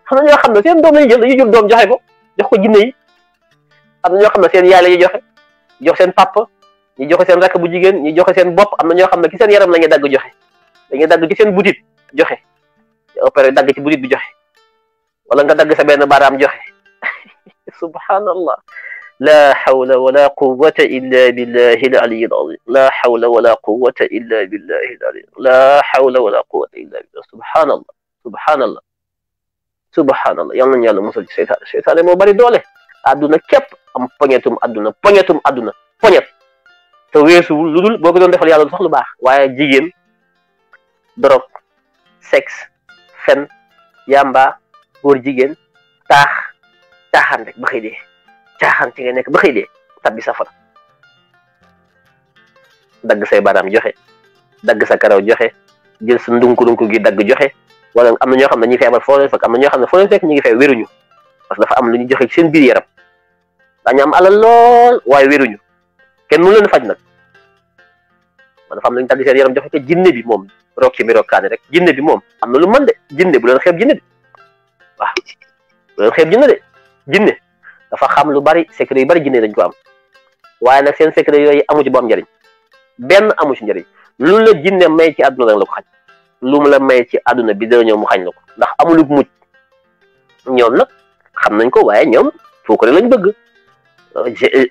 xam na ñoo xam ne seen doom la jël dañuy jur doom joxe ko jox ko jinne am na ma xam ne seen yaay la joxe jox seen pàpp ñu joxe sen rakk bu jigéen ñu joxe seen bopp am na ñoo xam ne ci seen yaram la ñuy dagg joxe dañuy dagg ci seen butit joxe opéré dagg ci butit bi joxe wala nga dagg sa benn baaraam joxe subhanallah la hawla wala quwwata illa billahi al aliyi al azim la hawla wala quwwata illa billahi al la hawla wala quwwata illa billah subhanallah subhanallah subhanallah yal nañu yàlla musal ci seytaane seytaane moo bari doole àdduna képp am poñetum aduna poñetum aduna poñet te wessu lu boko don defal yalla sax lu bax waye jigen drop sex fen yamba gor jigen, tax taxan rek ba xëy dee caaxaan ci nga nek ba xëy dee tabbi safara dag say baram joxe dag sa karaw joxe jël sa ndunku-ndunku gi dag joxe wala amna ño xamna ñi feebar foo leen fekk am na ñoo xam ne foo leen ngi fee parce que dafa am lu ñu joxe ci seen bir yaram dañu am alal lool waaye ñu kenn mënu leen faj nag man dafa am lu ñu seen yaram joxe ko jinne bi moom roog ci mi rokkaani rek jinne bi moom am na lu man de jinne bu leen xeeb jinne bi waaw bu leen xeeb jinne de jinne dafa xam lu bari secret yu bari jinne dañ ko am waaye nag seen secret yooyu amu ci bu am njariñ benn amu ci njariñ lu la jinne may ci àdduna la ko xañ lu mu la may ci àdduna bi dana ñëw mu xañ la ko ndax amulub mucc ñoom nag xam nañ ko waaye ñoom foo bëgg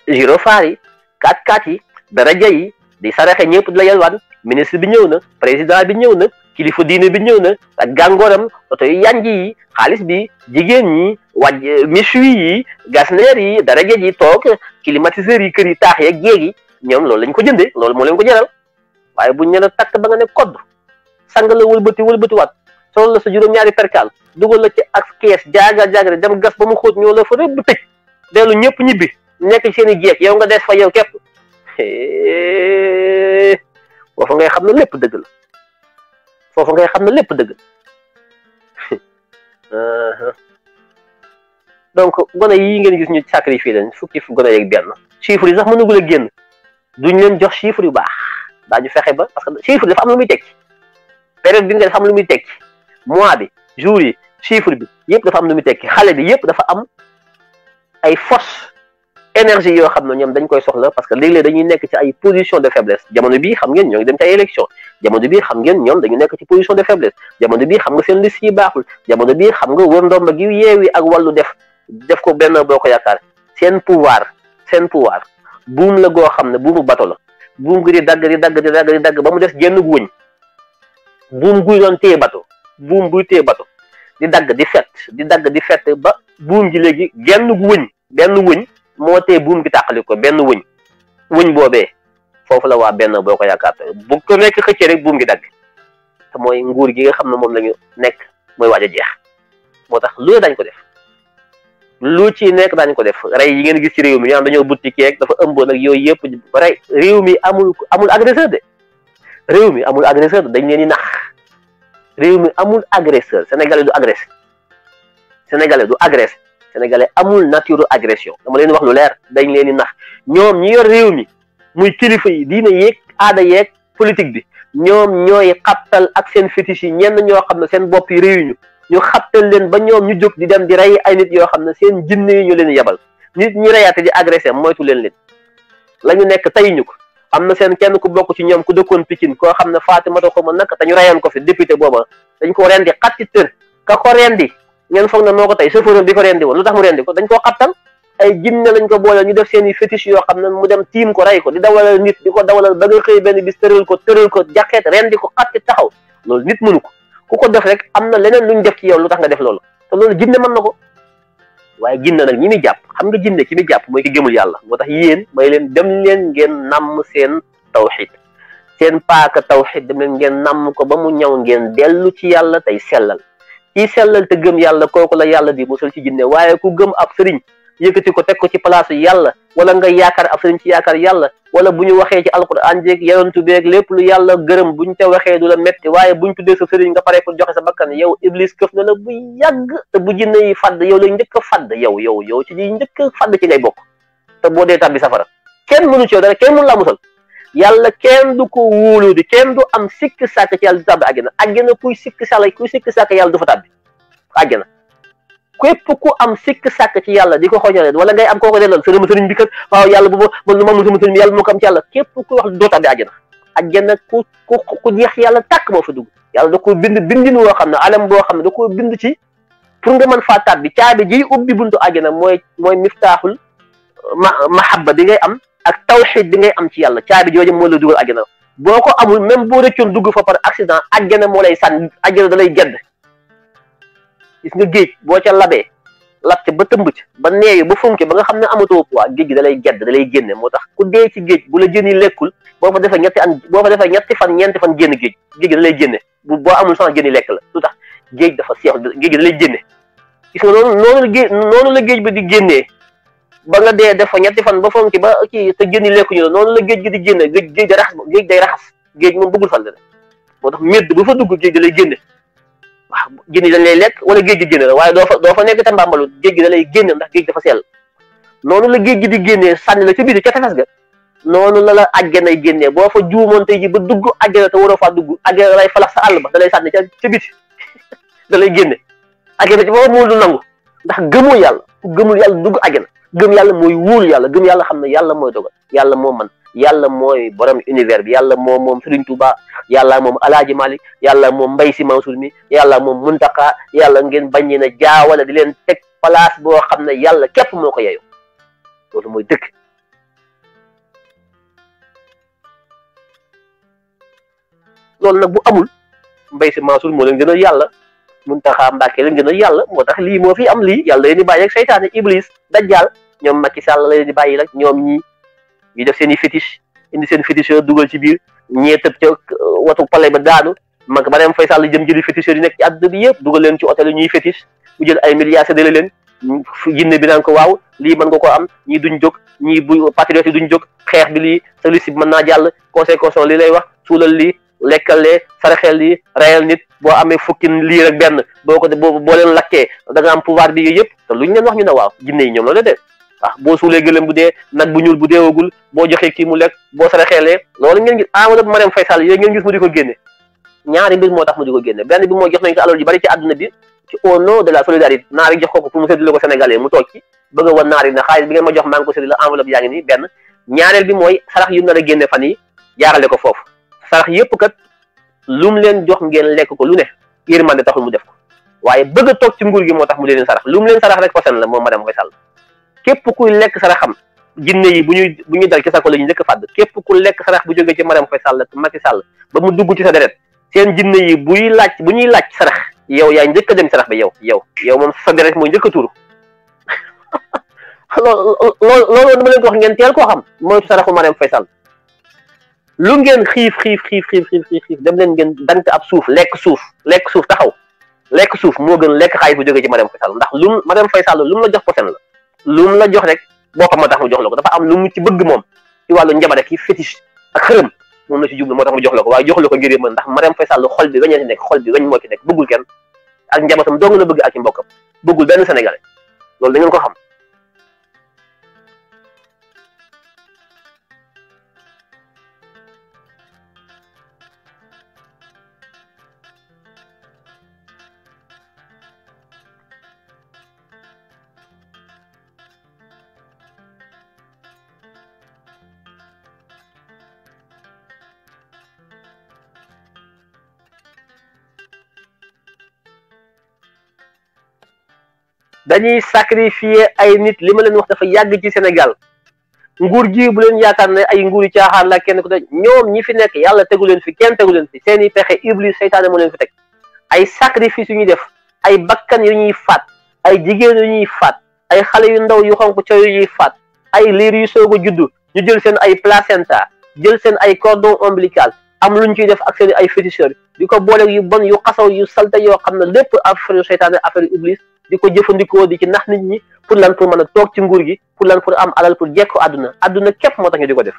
giro kat yi yi daraja yi di saraxe ñepp di la yalwaan ministre bi ñew na président bi ñew na kilifa diine bi ñew na ak gangoram auto yi yanj yi xaalis bi jigéen ñi waj misui yi gasner yi daraja ji tok climatiseur yi kër yi tax ya geegi ñom ñoom loolu lañ ko jënde loolu mo leen ko jëral waye buñu ñëla tak ba nga ne kodd sang la wëlbati wat solol la sa juroom ñaari perkal dugol la ci ak caisse jaagal jaagal dem gas ba mu xoot ñoo la fa rebb tecc delu ñepp ñibi nekk seen i jeeg yow nga def fa yow képp foofa ngay xam ne lépp dëgg la foofa ngay xam ne lépp dëgg donc gone yi ngeen gis ñu sacrifié leen fukki gone yeeg benn chiffre yi sax mënagul a génn duñ leen jox chiffre yu baax ñu fexe ba parce que chiffre dafa am lu muy tekki période bi nga dafa am lu muy tekki mois bi jour yi bi yëpp dafa am lu muy tekki xale bi yëpp dafa am ay force énergie yoo xam na ñoom dañ koy soxla parce que léeg dañuy nekk ci ay position de faiblesse jamono bi xam ngeen ñoo ngi dem ci ay bii xam ngeen ñoom dañu nekk ci position de faiblesse jamono bii xam nga seen liste yi baaxul jamono bii xam nga wër ndomba gi yeewi ak wàllu def def ko benn boo ko yaakaar seen pouvoir seen pouvoir buum la goo xam ne buumu bato la buum gi di dagg di dagg di dagg di dagg ba mu des genn gu wëñ buum guy doon téye bato buum buy téye bato di dagg di fett di dagg di fett ba buum ji léegi genn gu benn wëñ moo te buum gi tàqali ko benn wëñ wëñ boobee foofu la waa benn boo ko yaakaar bu ko nekk xëccee rek buum gi dagg mooy nguur gi nga xam ne moom lañu nekk mooy waaj a jeex moo tax lu dañ ko def lu ci nekk daañu ko def rey yi ngeen gis ci réew mi ñu naan dañoo boutique ak dafa ëmboon ak yooyu yëpp rey réew mi amul amul agresseur de réew mi amul agresseur dañ leen di nax réew mi amul agresseur sénégalais du agressé sénégalais du agressé sénégalais amul nature agression dama leen wax lu leer dañ leen di nax ñoom ñi yor réew mi muy kilifa yi diine yëg aada yeeg politique bi ñoom ñooy xabtal ak seen fétiche yi ñenn ñoo xam ne seen bopp yi réew ñu ñu xabtal leen ba ñoom ñu jóg di dem di rey ay nit yoo xam ne seen jinne yi ñu leen yebal nit ñi reyaate di agressé moytu leen leen la ñu nekk tey ñu ko am na seen kenn ku bokk ci ñoom ku dëkkoon Pikine koo xam ne Fatimata ko ma naka te ñu reyoon ko fi député booba dañ ko rendi xatti tër ka ko rendi ngeen foog na noo ko tey chauffeur bi ko rendi woon lu tax mu rendi ko dañ koo xattal ay jinne lañ ko boole ñu def seen i fétiche yoo xam ne mu dem tiim ko rey ko di dawalal nit di ko dawalal ba nga xëy benn bis tëral ko tëral ko jaqeet rendi ko xat taxaw loolu nit mënu ko ku ko def rek am na leneen luñ def ci yow lu tax nga def loolu te loolu jinne mën na ko waaye jinne nag ñi muy jàpp xam nga jinne ki muy jàpp mooy ki gëmul yàlla moo tax yéen may leen dem leen ngeen namm seen tawxid seen paaka tawxid dem leen ngeen namm ko ba mu ñaw ngeen dellu ci yàlla tey sellal kii sellal te gëm yàlla kooku la yàlla di musal ci jinne waaye ku gëm ab sëriñ yëkkati ko teg ko ci place yàlla wala nga yaakaar ab sëriñ ci yaakaar yàlla wala bu ñu waxee ci alquran jeeg yonentu beeg lépp lu yàlla gërëm buñ te waxee du la metti waaye buñ tuddee sa sëriñ nga pare ko joxe sa bakkan yow iblis këf na la bu yàgg te bu jinne yi fàdd yow lañ njëkk a fàdd yow yow yow ci ñi njëkk a fàdd ci ngay bokk te boo dee tàbbi safara kenn mënu ci yow dara kenn mënu laa musal yàlla kenn du ko wóolu di kenn du am sikk sàkk ci yàlla du tàbbi àggina àggina kuy sikk sàkk kuy sikk sàkk yàlla du fa tàbbi àggina képp ku am sikk sàkk ci yàlla di ko xoñoleen wala ngay am koo ko dellal sëriñ sëriñ bi kat waaw yàlla bu ma lu ma am sëriñ sëriñ bi yàlla moo ko am ci yàlla képp ku wax doo tàbbi àggina àggina ku ku ku jeex yàlla tàkk moo fa dugg yàlla da ko bind bindin woo xam ne alam boo xam ne da ko bind ci pour nga mën faa tàbbi caabi jiy ubbi buntu àggina mooy mooy miftaaxul ma mahabba bi ngay am ak taw tawxiid bi ngay am ci yàlla caabi jooju moo la dugal àjjana boo ko amul même boo rëccoon dugg fa par accident àjjana moo lay sànn àjjana da lay gedd gis nga géej boo ca labee lab ca ba tëmb ca ba neeyu ba fonkee ba nga xam ne amatoo poids géej gi da lay gedd da génne moo tax ku dee ci géej bu la jën yi lekkul boo fa defee ñetti an boo fa defee ñetti fan ñeenti fan génn géej géej gi lay génne boo amul chance génn yi lekk la lu tax géej dafa seexu géej la géej géej bi di génnee ba nga dee def fa ñetti fan ba fonki ba kii te jëni lekkuñu ñu noonu la géej gi di génne géej géej day raxas géej day raxas géej moom bëggul fan la moo tax medd bu fa dugg géej da lay génne waaw jëni dañ lay lekk wala géej gi génne la waaye doo fa doo fa nekk te mbàmbalu géej gi da lay génne ndax géej dafa sell noonu la géej gi di génnee sànni la ca biir ca tefes ga noonu la la nay génnee boo fa juumoon tey ji ba dugg àjjana te waroo faa dugg àjjana lay falax sa àll ba da lay sànni ca ca biti da lay génne àjjana ci boobu moo du nangu ndax gëmoo yàlla ku gëmul yàlla dugg àjjana gëm yàlla mooy wóolu yàlla gëm yàlla xam na yàlla mooy dogal yàlla moom man yàlla mooy borom univers bi yàlla moom moom Serigne Touba yàlla moom Alaaji Malik yàlla moom Mbay Si Mansuur mi yàlla moom Muntaka yàlla ngeen baññee na jaawale di leen teg place boo xam ne yàlla képp moo ko yeyoo loolu mooy dëkk loolu nag bu amul Mbay Si Mansuur moo leen gënal yàlla Muntaxa Mbàkke la gën a yàlla moo tax lii moo fi am lii yàlla leen di bàyyi ak seytaane iblis dajjaal ñoom Macky Sall leen di bàyyi rek ñoom ñi ñu def seen i fétiche indi seen féticheur dugal ci biir ñee tëb ca uh, watu pale ba daanu mag ba dem fay sàll jëm jëli féticheur yi nekk ci àdduna bi yëpp dugal leen ci hôtel yi ñuy fétiche mu jël ay milliards séddale leen jinne bi ko waaw lii mën nga ko am ñii duñ jóg ñi bu patriote yi duñ jóg xeex bi lii sa liste bi mën naa jàll conséquence li lay wax suulal lii lekkale lee saraxel yi rayal nit boo amee fukki lii rek benn boo ko de boo leen lakkee da nga am pouvoir bi yooyu yëpp te luñ leen wax ñu ne waaw jinne yi ñoom loolu de waaw boo suulee gëlëm bu dee nag bu ñuul bu deewagul boo joxee kii mu lekk boo saraxeelee loolu ngeen gis enveloppe Marème Faye Sall yooyu ngeen gis mu di ko génne ñaari mbir moo tax mu di ko génne benn bi moo jox nañ ko alal ji bari ci àdduna bi ci au nom de la solidarité a ne xaalis bi ngeen ma jox maa ngi ko bi mooy sarax yu nar a génne fan yi ko foofu sarax yëpp kat lu mu leen jox ngeen lekk ko lu ne yërmande taxul mu def ko waaye bëgg a toog ci nguur gi moo tax mu leen sarax lu mu leen sarax rek posen la moom madame Ngoye Sall képp kuy lekk saraxam jinne yi bu ñuy bu ñuy dal ci sa ko la ñu njëkk fàdd képp ku lekk sarax bu jógee ci madame Ngoye Sall Macky Sall ba mu dugg ci sa deret seen jinne yi buy laaj bu ñuy laaj sarax yow yaay njëkk a dem sarax bi yow yow yow moom sa deret mooy njëkk a tuuru loolu loolu dama leen koo xam mooy saraxu madame Ngoye Sall lu ngeen xiif xiif xiif xiif xiif xiif dem leen ngeen dank ab suuf lekk suuf lekk suuf taxaw lekk suuf moo gën lekk xaalis bu jógee ci Marième Faye Sall ndax lu Marième Faye Sall lu mu la jox posen la lu mu la jox rek boppam moo tax mu jox la ko dafa am lu mu ci bëgg moom ci wàllu njabare ki fétiche ak xërëm moom la ci jublu moo tax mu jox la ko waaye jox la ko ngir mën ndax Marième Faye Sall xol bi weñee ci nekk xol bi weñ moo ci nekk bëggul kenn ak njabootam dong la bëgg ak i mbokkam bëggul benn sénégalais loolu da ko xam dañuy sacrifier ay nit li ma leen wax dafa yàgg ci Sénégal nguur gi bu leen yaakaar ne ay nguur yu caaxaan la kenn ku ne ñoom ñi fi nekk yàlla tegu leen fi kenn tegu leen fi seen i pexe iblis seytaane moo leen fi teg ay sacrifice yu ñuy def ay bakkan yu ñuy faat ay jigéen yu ñuy faat ay xale yu ndaw yu xonk coow yu ñuy faat ay liir yu soog a juddu ñu jël seen ay placenta jël seen ay cordon ombilical am lu ñu ciy def ak seen ay féticheurs di ko boole yu bon yu xasaw yoo xam ne lépp affaire seytaane affaire iblis di ko jëfandikoo di ci nax nit ñi pour lan pour mën a toog ci nguur gi pour lan pour am alal pour jekko àdduna àdduna képp moo tax ñu di ko def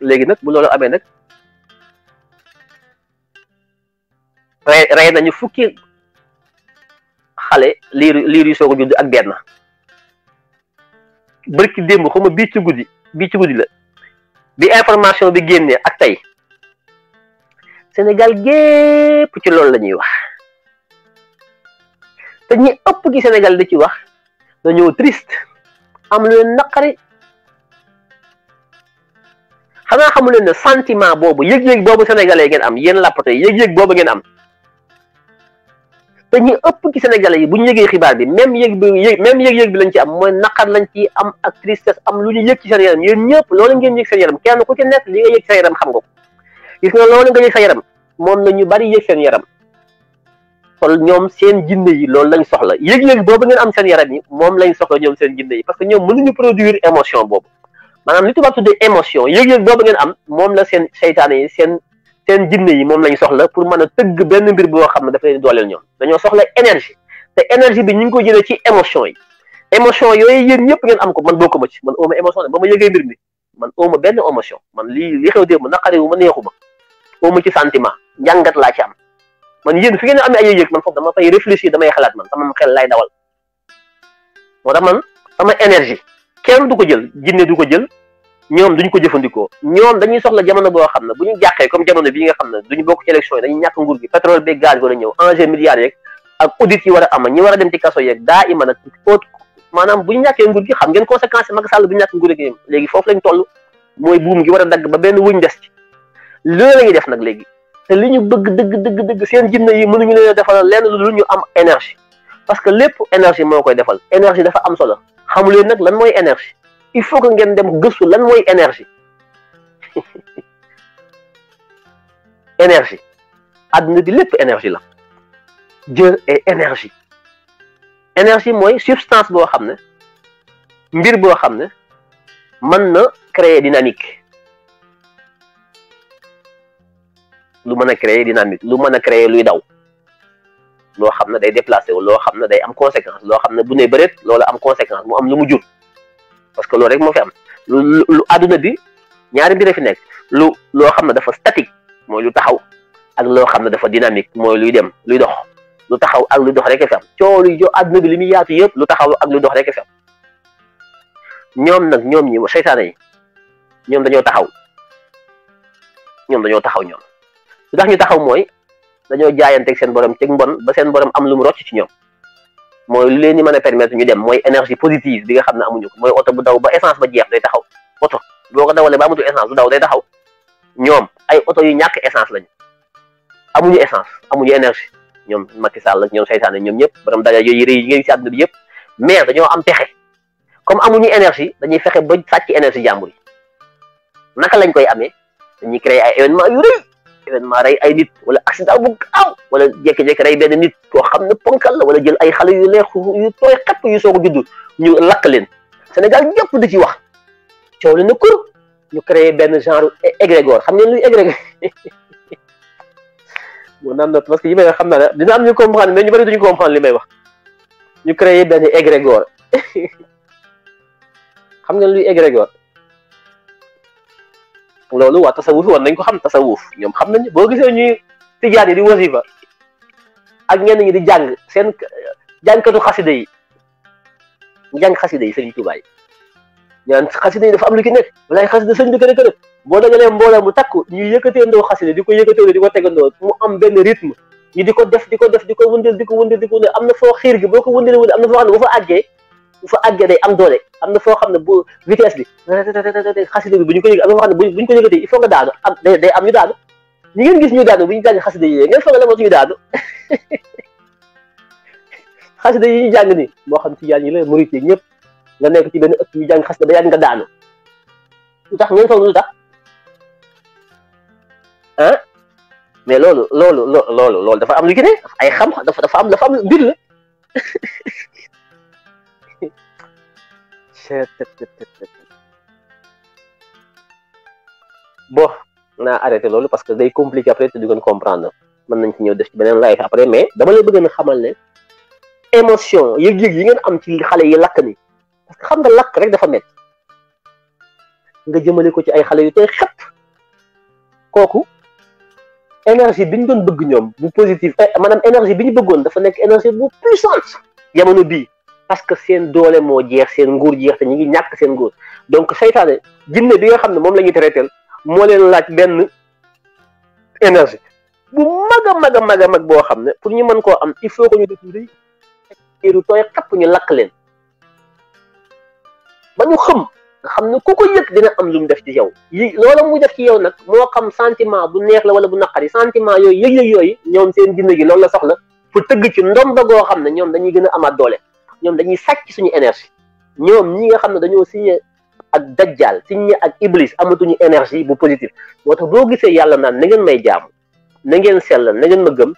léegi nag bu loolu amee nag rey rey nañu fukki xale liir liir yi soog a judd ak benn bërki démb xaw ma bii ci guddi bi ci guddi la bi information bi génnee ak tey Sénégal gépp ci loolu la ñuy wax te ñi ëpp gi Sénégal di ci wax dañoo triste am lu leen naqari xanaa xamu leen ne sentiment boobu yëg-yëg boobu sénégalais ngeen am yéen lappatoo yëg-yëg boobu ngeen am. te ñu ëpp ci Sénégalais yi bu ñu yëgee xibaar bi même yëg bi même yëg-yëg bi lañ ci am mooy naqar lañ ci am ak tristesse am lu ñu yëg ci seen yaram yéen ñëpp loolu ngeen yëg seen yaram kenn ku ci nekk li nga yëg seen yaram xam nga ko loolu nga yëg seen yaram moom la ñu bari yëg seen yaram kon ñoom yi soxla yëg-yëg boobu ngeen am seen yaram yi moom lañ soxla ñoom seen jinne yi parce que ñoom ñu produire émotion boobu maanaam li tubaab tuddee émotion yëg-yëg boobu ngeen am moom la seen seytaane yi seen seen jinne yi moom lañ soxla pour mën a tëgg benn mbir boo xam ne dafa leen dooleel ñoom dañoo soxla énergie te énergie bi ñu ngi ko jëlee ci émotion yi émotion yooyu yéen ñëpp ngeen am ko man bokkuma ci man ooma émotion ne ba ma yëgee mbir mi man ooma benn émotion man lii li xew dee ma naqari wu ma neexu ma ci sentiment njàngat laa ci am man yéen fi ngeen amee ay yëg man foofu dama fay réfléchir damay xalaat man sama xel lay dawal moo tax man sama énergie du ko jël jinne du ko jël ñoom duñ ko jëfandikoo ñoom dañuy soxla jamono boo xam ne bu ñu jàqee comme jamono bii nga xam ne duñu bokk ci élection yi dañuy ñàkk nguur gi pétrole beeg gaz war a ñëw enjeu milliards yeeg ak audit yi war a ama ñi war a dem ci kaso yeeg daa ima nag autre maanaam bu ñu ñàkkee nguur gi xam ngeen conséquence Macky Sall bu ñu ñàkk nguur gi léegi foofu lañ toll mooy buum gi war a dagg ba benn wuñ des ci loolu la def nag léegi te li ñu bëgg dëgg dëgg dëgg seen jinne yi mënuñu leen a defal lenn lu ñu am énergie parce que lépp énergie moo koy defal énergie dafa am solo xamuleen nag lan mooy énergie il faut que ngeen dem gëstu lan mooy énergie énergie àdduna bi lépp énergie la Dieu est énergie énergie mooy substance boo xam ne mbir boo xam ne mën na créer dynamique lu mën a créer dynamique lu mën a créer luy daw loo xam ne day déplacé wu loo xam ne day am conséquence loo xam ne bu ne bëreet loola am conséquence mu am lu mu jur parce que loolu rek moo fi am lu lu àdduna bi ñaari mbir fi nekk lu loo xam ne dafa statique mooy lu taxaw ak loo xam ne dafa dynamique mooy luy dem luy dox lu taxaw ak luy dox rek fi am coolu jo àdduna bi li muy yaatu yëpp lu taxaw ak luy dox rek fi am ñoom nag ñoom ñi seytaane yi ñoom dañoo taxaw ñoom dañoo taxaw ñoom lu tax ñu taxaw mooy dañoo jaayanteeg seen borom teg mbon ba seen borom am lu mu rocc ci ñoom mooy lu leen di mën a permettre ñu dem mooy énergie positive bi nga xam ne amuñu ko mooy oto bu daw ba essence ba jeex day taxaw oto boo ko dawalee ba amatul essence bu daw day taxaw ñoom ay oto yu ñàkk essence lañu amuñu essence amuñu énergie ñoom Macky Sall ak ñoom seytaane ñoom ñëpp borom dara yooyu réew yi ngeen si àdduna bi yëpp mais dañoo am pexe comme amuñu énergie dañuy fexe ba sàcc énergie jàmbur yi naka lañ koy amee dañuy créer yu rëy événement rey ay nit wala accident bu gaaw wala jékki-jékki rey benn nit koo xam ne ponkal la wala jël ay xale yu leex yu tooy xepp yu soo a judd ñu làkk leen Sénégal ñëpp di ci wax coow na kur ñu créé benn genre égrégore xam ngeen luy égrégore bon naan na parce yi xam naa ne dina am ñu comprendre mais ñu bëri duñu li may wax ñu créé benn égrégore xam ngeen luy égrégore loolu waa tasawuf war nañ ko xam tasawuf ñoom xam nañ boo gisee ñuy tijaan yi di wasifa ak ñenn ñi di jàng seen jàngkatu xasida yi jàng xasida yi sëriñ Tuubaa yi ñaan xasida yi dafa am lu ki nekk walaay xasida sëñ bi kër kër boo dajalee mbooloo mu takk ñu yëkkateendoo xasida di ko yëkkateendoo di ko tegandoo mu am benn rythme ñu di ko def di ko def di ko wëndeel di ko wëndeel di ko wëndeel am na foo xiir gi boo ko wëndeel wëndeel am na foo xam ne bu bu àggee day am doole am na foo xam ne bu vitesse bi xasida bi bu ñu ko yëg am na foo xam ne bu ñu ko yëgatee il nga daanu am day am ñu daanu ñi ngeen gis ñu daanu bu ñu jàng xasida yi ngeen foog la moo ñu daanu xasida ni moo xam ci yaan yi la murit yi ñëpp nga nekk ci benn ëpp ñu jàng xasida ba yàgg nga daanu lu tax ngeen foog lu tax ah mais loolu loolu loolu loolu dafa am lu ci ay xam dafa dafa am dafa am mbir la seet bon naa arrêté loolu parce que day compliqué après te du ngeen comprendre mën nañ ci ñëw def ci beneen live après mais dama lay bëgg a xamal ne émotion yëg-yëg yi ngeen am ci xale yi lakk ni parce que xam nga lakk rek dafa métti nga jëmale ko ci ay xale yu te xepp kooku énergie bi ñu doon bëgg ñoom bu positive eh, maanaam énergie bi ñu bëggoon dafa nekk énergie bu puissante jamono bii parce que seen doole moo jeex seen nguur jeex te ñu ngi ñàkk seen nguur donc seytaane jinne bi nga xam ne moom la ñuy traiteel moo leen laaj benn énergie bu mag a mag a mag boo xam ne pour ñu mën koo am il faut que ñu def luy lu tooy ñu lakk leen ba ñu xëm nga xam ne ku ko yëg dina am lu mu def ci yow yi loola mu def ci yow nag moo xam sentiment bu neex la wala bu naqari sentiment yooyu yëg-yëg yooyu ñoom seen jinne gi loolu la soxla pour tëgg ci ndomba goo xam ne ñoom dañuy gën a amaat doole ñoom dañuy sàcc suñu énergie ñoom ñi nga xam ne dañoo signé ak dajjal signé ak iblis amatuñu énergie bu positif moo tax boo gisee yàlla naan na ngeen may jaamu na ngeen sell na ngeen ma gëm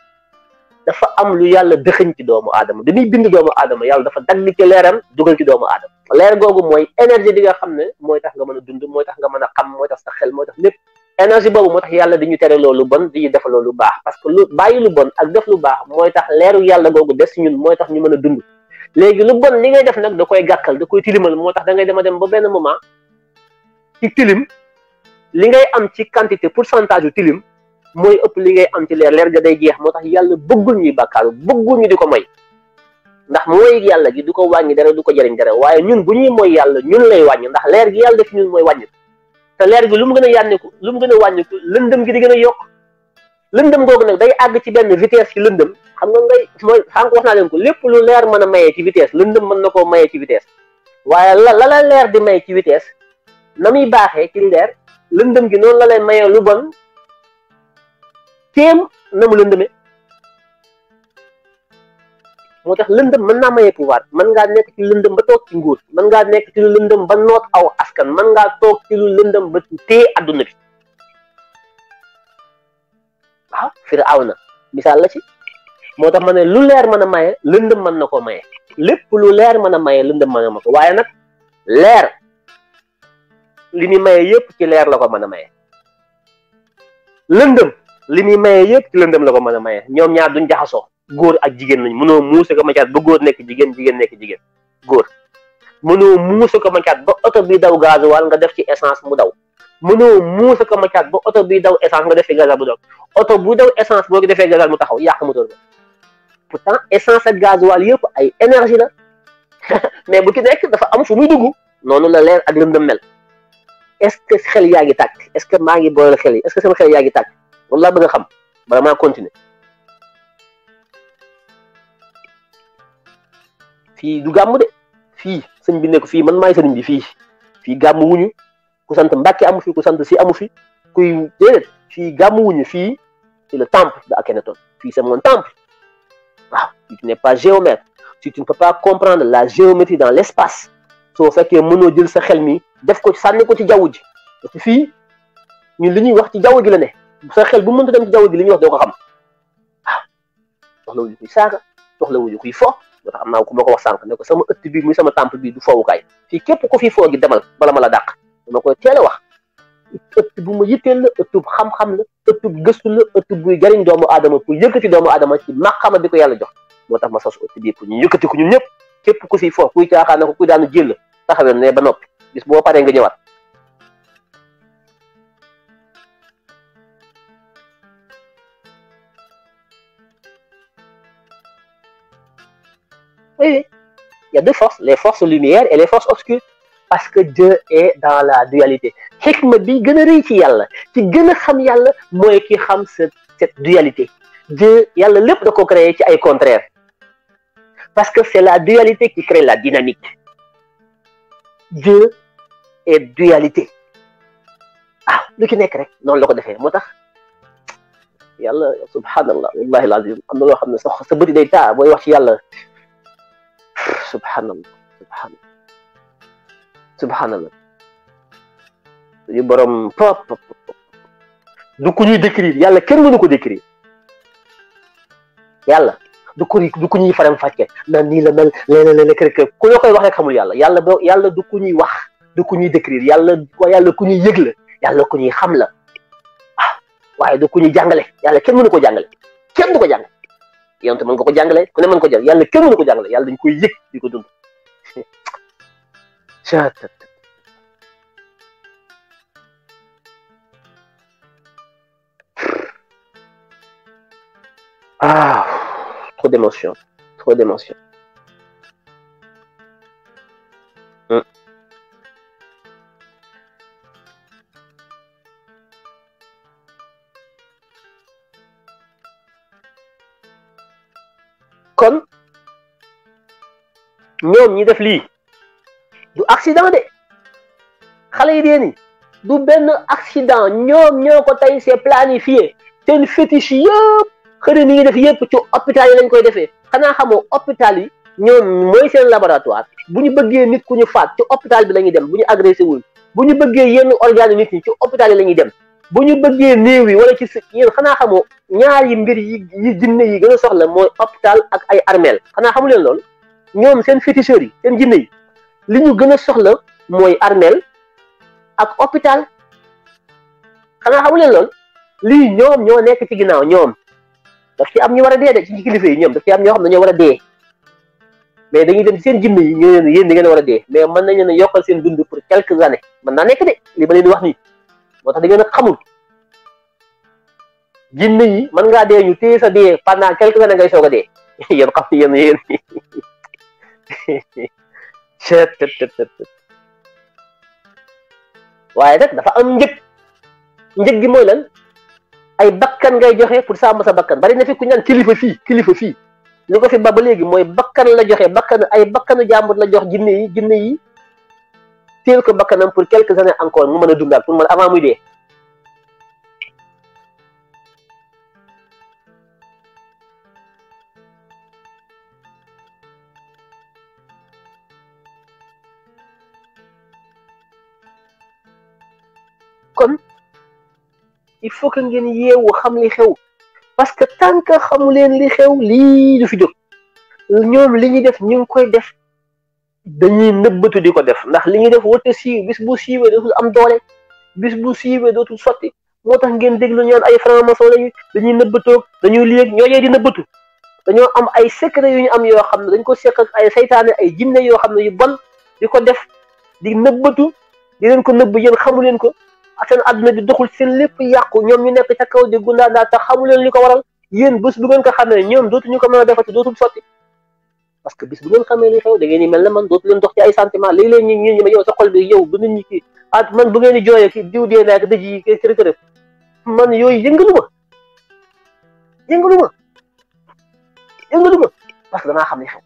dafa am lu yàlla dëxëñ ci doomu aadama dañuy bind doomu aadama yàlla dafa dagg ci leeram dugal ci doomu aadama leer googu mooy énergie bi xam ne mooy tax nga mën a dund mooy tax nga mën a xam mooy tax sa xel mooy tax lépp énergie boobu moo tax yàlla di ñu tere loolu bon di ñu def loolu baax parce que lu bàyyi bon ak def lu baax mooy tax leeru yàlla googu des ñun mooy tax ñu mën a dund léegi lu bon li ngay def nag da koy gàkkal da koy tilimal moo tax dangay ngay dema dem ba benn moment ci tilim li ngay am ci quantité centage yu tilim mooy ëpp li ngay am ci leer leer ga day jeex moo tax yàlla bëggul ñuy bàkkaaru bëggul ñu di ko moy ndax mooy yàlla gi du ko wàññi dara du ko jëriñ dara waaye ñun bu ñuy mooy yàlla ñun lay wàññi ndax leer gi yàlla fi ñun mooy wàññi te leer gi lu mu gën a yànniku lu mu gën a wàññiku lëndëm gi di gën a yokk lëndëm googu nag day àgg ci benn vitesse ci lëndëm xam nga ngay mooy sànq wax naa leen ko lépp lu leer mën a mayee ci vitesse lëndëm mën na koo maye ci vitesse waaye la la leer di may ci vitesse baaxee ci leer lëndëm gi noonu la lay mayee lu bon téem na mu lëndëmee moo tax lëndëm mën naa mayee pouvoir mën ngaa nekk ci lëndëm ba toog ci nguur mën ngaa nekk ci lu lëndëm ba noot aw askan mën ngaa toog ci lu lëndëm ba téye adduna bi waaw ah, na misaal la ci moo tax ma ne lu leer mën a maye lëndëm mën na koo maye lépp lu leer mën a maye lëndëm mën ma ko waaye nag leer li muy maye yëpp ci leer la ko mën a maye lëndëm li muy maye yëpp lëndëm la ko man a maye ñoom ñaar duñ jaxasoo góor ak jigéen lañ mënoo muuse ko macaat ba góor nekk jigéen jigéen nekk jigéen góor mënoo muuse ko macaat ba oto bi daw gasoil nga def ci essence mu daw mënoo muus ko maccaat ba oto bi daw essence nga defee gasoil bu doog oto bu daw essence boo ko defee gasoil mu taxaw yàq moteur ba pourtant essence ak gasoil yëpp ay énergie la mais bu ci nekk dafa am fu muy dugg noonu la leer ak lëndëm mel est-ce que xel yaa ngi tàkk est-ce que maa ngi booleel xel yi est-ce que sama xel yaa ngi tàkk loolu laa bëgg a xam bala maa continuer fii du gàmm de fii sëñ bi nekk fii man maay sëñ bi fii fii gàmm wuñu. ku sant Mbàkke amu fi ku sant si amu fi kuy déedéet fii gàmmuwuñu fii c'est le temple de Akhenaton fii c'est mon temple waaw si tu n'es pas géomètre si tu ne peux pas comprendre la géométrie dans l'espace soo fekkee mënoo jël sa xel mi def ko sànni ko ci jaww ji parce que fii ñun li ñuy wax ci jaww gi la ne sa xel bu mënta dem ci jaww gi li ñuy wax doo ko xam waaw soxlawuñu kuy saaga soxlawuñu kuy fo moo tax am naa ku ma ko wax sànq ne ko sama ëtt bi muy sama temple bi du fowukaay fii képp ko fi foo gi demal bala ma la dàq dama koy teel a wax ëtt bu ma yitteel la ëttub xam-xam la ëttub gëstu la ëttub buy jariñ doomu aadama pour yëkkati doomu aadama ci màqama bi ko yàlla jox moo tax ma sos ëtt bi pour ñu yëkkati ko ñun ñëpp képp ku si foofu kuy caaxaan ko kuy daanu jël taxawee ne ba noppi bis boo paree nga ñëwaat oui il y a deux forces les forces lumière et les forces obscures parce que Dieu est dans la dualité xikma bi que a rëy ci yàlla ci gën a xam yàlla mooy ki xam cette cette dualité Dieu yàlla lépp da ko créer ci ay contraire parce que c'est la dualité qui crée la dynamique Dieu est dualité ah lu ki nek rek Non, la ko defee motax tax yàlla subhanallah wallahi alazim am na loo xam ne sa sa bëri day taa booy wax ci yàlla subhanallah subhanallah subhanallah suñu borom pop du ku ñuy décrire yàlla kenn mënu ko décrire yàlla du ko du ku ñuy faram fàcce naan nii la mel leneen la kër kër ku la koy wax rek xamul yàlla yàlla boo yàlla du ku ñuy wax du ku ñuy décrire yàlla yàlla ku ñuy yëg la yàlla ku ñuy xam la ah waaye du ku ñuy jàngale yàlla kenn mënu ko jàngale kenn du ko jàngale yonte mën nga ko jàngale ku ne mën ko jàngale yàlla kenn mënu ko jàngale yàlla dañ koy yëg di ko dund. Ah, trop d'émotions, trop d'émotions. Comme hum. non, ni de lii du accident de xale yi dee ni du benn accident ñoom ñoo ko tey c'est planifié seen fétiche yëpp xëy ni ñuy def yëpp ci hôpital yi lañ koy defee xanaa xamoo hôpital yi ñoom mooy seen laboratoire bu ñu bëggee nit ku ñu faat ci hôpital bi lañuy dem bu ñu agressé wul bu ñu bëggee yenn organe nit ñi ci hôpital yi lañuy dem bu ñu bëggee néew yi wala ci si yéen xanaa xamoo ñaar yi mbir yi yi jinne yi gën a soxla mooy hôpital ak ay armeel xanaa xamu leen loolu ñoom seen féticheurs yi seen li ñu gën a soxla mooy armeel ak hôpital xanaa xamu leen lool lii ñoom ñoo nekk ci ginnaaw ñoom daf ci am ñu war a dee de ci kilifa yi ñoom daf ci am ñoo xam ne ñoo war a dee mais dañuy dem seen jëmm yi ñu ne yéen da ngeen war a dee mais mën nañu ne yokkal seen dund pour quelques années mën naa nekk de li ma leen wax nii moo tax da ngeen a xamul jëmm yi mën ngaa dee ñu téye sa dee pendant quelques années ngay soog a dee yéen xam yéen yéen. cëpp cëpp cëpp waaye nag dafa am njëg njëg gi mooy lan ay bakkan ngay joxe pour sàmm sa bakkan bari na fi ku ñaan kilifa fii kilifa fii li ko fi ba ba léegi mooy bakkan la joxe bakkan ay bakkanu jàmbur la jox jinne yi jinne yi teel ko bakkanam pour quelques années encore mu mën a dundaat pour mën avant muy dee kon il faut que ngeen yew xam li xew parce que tant que xamu leen li xew li du fi jóg ñom li ñi def ñu ngi koy def dañuy neubatu diko def ndax li ñi def wote si bis bu siwe dootul am doole bis bu siwe dootul sotti moo tax ngeen déglu ñoon ay franc-maçon lañu dañuy neubatu dañuy li ak ñooñee di neubatu dañoo am ay secret yu ñu am yo xamne dañ ko sekk ak ay shaytané ay jinne yo xamne yu bon diko def di neubatu di leen ko neub yéen xamu leen ko seen àdduna bi doxul seen lépp yàqu ñoom ñu nekk ca kaw di gundaandaa te xamuleen li ko waral yéen bés bu ngeen ko xamee ñoom dootu ñu ko mën a defati dootul sotti parce que bis bu ngeen xamee li xew da ngeen di mel ne man dootu leen dox ci ay sentiment léeg-léeg ñi ma yow sa xol bi yow bu ñi kii ah man bu ngeen di jooyee ki diw dee naak dëj yi kii kërë man yooyu yëngalu ma yëngalu ma yëngalu ma parce que danaa xam li xew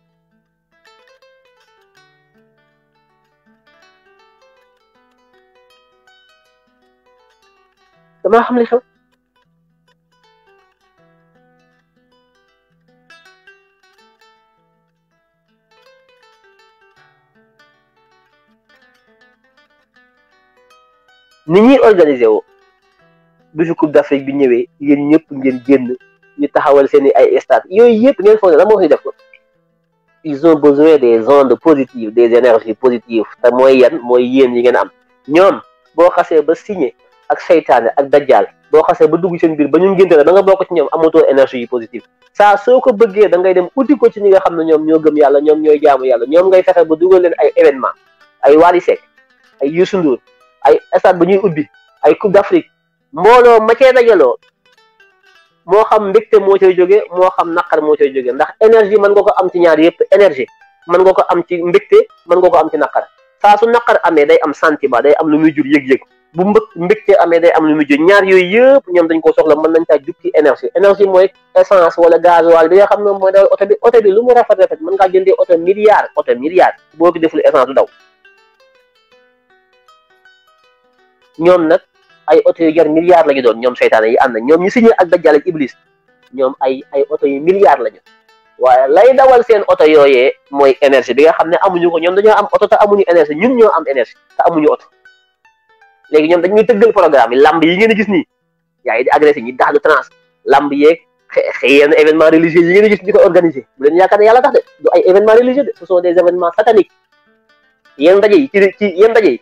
Je xam li xew. ni organisé coupe d'Afrique bi ñëwee yéen ñëpp ngeen génn ñu taxawal seen ay ils ont besoin des ondes positives des énergies positives te mooy yan mooy yéen yi am ak seytaane ak dajjaal boo xasee ba dugg seen biir ba ñu ngénte la da nga bokk ci ñoom amatoo énergie yu positive saa soo ko bëggee da ngay dem uti ko ci ñi nga xam ne ñoom ñoo gëm yàlla ñoom ñooy jaamu yàlla ñoom ngay fexe ba dugal leen ay événement ay Wally Seck ay Youssou Ndour ay stade ba ñuy ubbi ay Coupe d'Afrique mbooloo ma cee dajaloo moo xam mbégte moo cay jóge moo xam naqar moo cay jóge ndax énergie mën nga ko am ci ñaar yëpp énergie mën nga ko am ci mbégte mën nga ko am ci naqar saa su naqar amee day am sentiment day am lu muy jur yëg bu mbëkk mbégte amee day am lu mujj ñaar yooyu yëpp ñoom dañ ko soxla mën nañ caa jukki énergie énergie mooy essence wala gasoil bi nga xam ne mooy dawal oto bi oto bi lu mu rafet rafet mën ngaa jëndee oto milliard oto milliard boo ko deful essence du daw ñoom nag ay oto yu jar milliard la ñu doon ñoom seytaane yi am na ñoom ñu signé ak dajjal ak iblis ñoom ay ay oto yu milliard la ñu waaye lay dawal seen oto yooyee mooy énergie bi nga xam ne amuñu ko ñoom dañoo am oto te amuñu énergie ñun ñoo am énergie te amuñu oto léegi ñoom dañuy tëggal programme yi lamb yi ngeen di gis nii yaa ngi di agressé ñi dax du trans lamb yeeg yenn événement religieux yi ngeen di gis ñu koy organisé bu tax de du ay événement religieux de ce sont des événements sataniques yéen ndaje yi ci ci yéen yi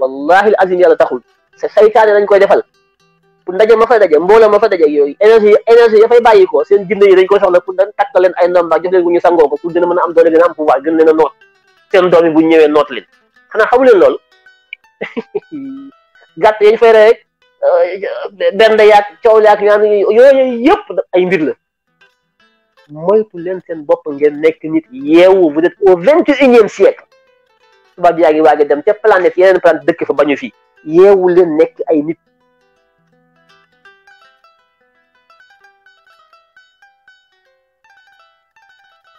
wallahi al azim yàlla taxul c'est saytaane lañ koy defal pour ndaje ma fay daje mbooloo ma fay daje énergie énergie ya fay bàyyi ko seen jinne yi dañ koy soxla pour dañ takk leen ay ndomba ko a mën a am doole gën am leen a gàtt yañ fay rey euh, dend yaag coow yaag ñaan yooyu yëpp ay mbir la moytu leen seen bopp ngeen nekk nit yeewu vous êtes au vingt et unième siècle yaa ngi waaj a dem ca planète yeneen planète dëkk fa bañu fi yeewu leen nekk ay nit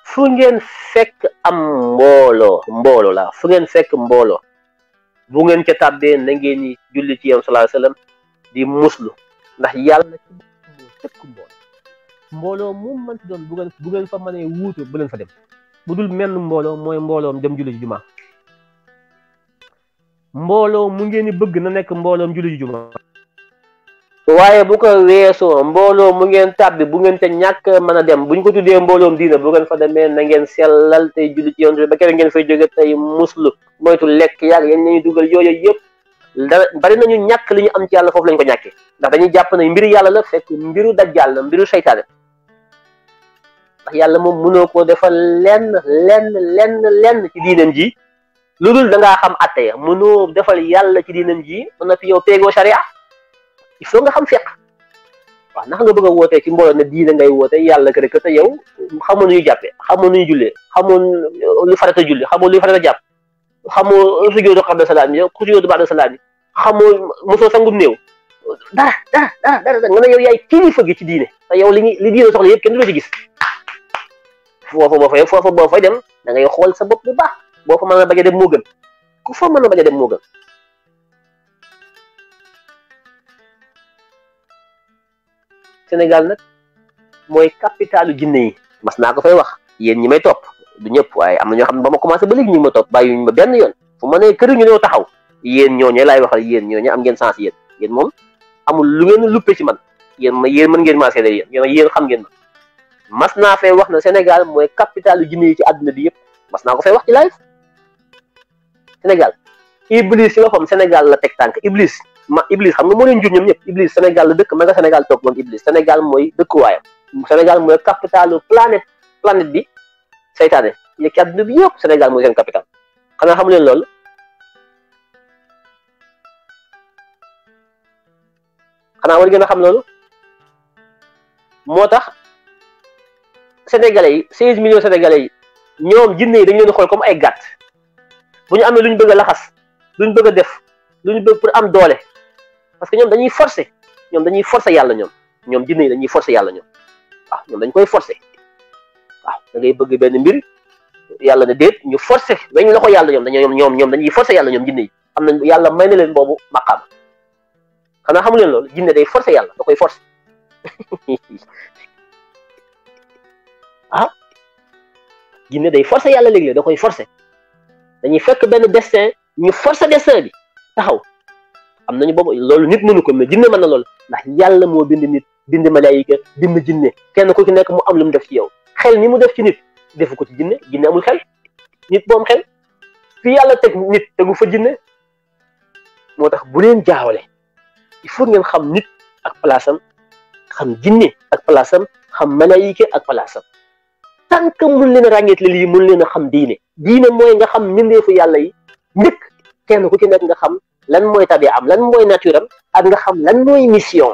fu ngeen fekk am mbooloo mbooloo la fu ngeen fekk mbooloo bu ngeen ca tàbbee na ngeen di julli ci yam sallallahu alayhi wasallam di muslu ndax yàlla ci moo tëkk mbool mbooloo moom mën ci doon bu fa mënee wuutu bu leen fa dem bu dul menn mbooloo mooy mbooloom dem julli ji jumaa mbooloo mu ngeen di bëgg na nekk mbooloom julli ji jumaa waaye bu ko weesoo mbooloo mu ngeen tàbbi bu ngeen te ñàkk mën a dem bu ñu ko tuddee mbooloom diina bu ngeen fa demee na ngeen sellal tey julli ci yoon ba keneen ngeen fay jóge tey muslu moytu lekk yàgg yéen nañu dugal yooyu yëpp dara bari nañu ñàkk li ñu am ci yàlla foofu lañ ko ñàkkee ndax dañuy jàpp ne mbiru yàlla la fekk mbiru dajjal la mbiru seytaane ndax yàlla moom mënoo ko defal lenn lenn lenn lenn ci diinam ji lu dul da ngaa xam atte ya mënoo defal yàlla ci diinam ji mën na fi yow péegoo charia il nga xam fiq waaw ndax nga bëgg a wootee ci mbooloo ne diine ngay woote yàlla que ka te yow xamoo nu ñu jàppee xamoo nu ñu jullee xamoo lu farata julli xamoo lu farata jàpp xamoo sujjóotu qabla salaam yi sujjóotu ba'da salaam yi xamoo mosoo sangum néew dara dara dara dara nga ne yow yaay kilifa gi ci diine te yow li ñuy li diine soxla yëpp kenn du la ci gis foofu boo fay foofu boo fay dem da ngay xool sa bopp bu baax boo fa mën a bañ a dem moo gën ku fa mën a a dem moo gën Sénégal nak moy capitalu guiné mas nako ko fay wax yeen ñi may top du ñepp way amna ño ñoo xam ne commencé ba léegi ñu ngi ma topp ma ben yoon fu ma ne këri ñu ñoo taxaw ñoo ñe lay waxal ñoo ñe am ngeen sens yeen yéen mom amul lu ngeen luppé ci man yeen ma yeen man ngeen maa yeen yéen yeen xam ngeen ma mas na fay wax na Sénégal moy capitalu guiné ci aduna bi yépp mas nako ko fay wax ci live Sénégal Iblis ci waxam Sénégal la tek tank Iblis ma Iblis xam nga moo leen jur ñoom ñëpp Iblis Sénégal la dëkk ma nga Sénégal toog moom Iblis Sénégal mooy dëkkuwaayam Sénégal mooy capitalu planète planète bi saytaane yëkki àdduna bi yëpp Sénégal mooy seen capital xanaa xamu leen loolu xanaa war ngeen a xam loolu moo tax Sénégalais yi 16 millions Sénégalais yi ñoom jinne yi dañu leen xool comme ay gàtt bu ñu amee lu ñu bëgg a laxas lu ñu bëgg a def lu ñu bëgg pour am doole parce que ñoom dañuy force ñoom dañuy forcer yàlla ñoom ñoom jinne yi dañuy forcer yàlla ñoom waaw ñoom dañ koy forcer waaw da ngay bëgg benn mbir yàlla ne déet ñu forcer weñ la ko yàlla ñoom dañoo ñoom ñoom dañuy forcer yàlla ñoom jinne yi am nañ yàlla may na leen boobu maqaama xanaa xamu leen loolu jinne day forcer yàlla da koy forcer ah jinne day forcer yàlla léeg da koy forcer dañuy fekk benn destin ñu forcer destin bi taxaw. am nañu boobu loolu nit mënu ko mais jinne man na loolu ndax yàlla moo bind nit bind malaayika bind jinne kenn ku ci nekk mu am lu mu def ci yow xel ni mu def ci nit defu ko ci jinne jinne amul xel nit am xel fi yàlla teg nit tegu fa jinne moo tax bu leen jaawale il faut ngeen xam nit ak place am xam jinne ak place am xam malaayika ak palaasam tant que mun leen a li lii mun leen a xam diine diine mooy nga xam mbindeefu yàlla yi njëkk kenn ku ci nekk nga xam lan mooy tabi am lan mooy nature am ak nga xam lan mooy mission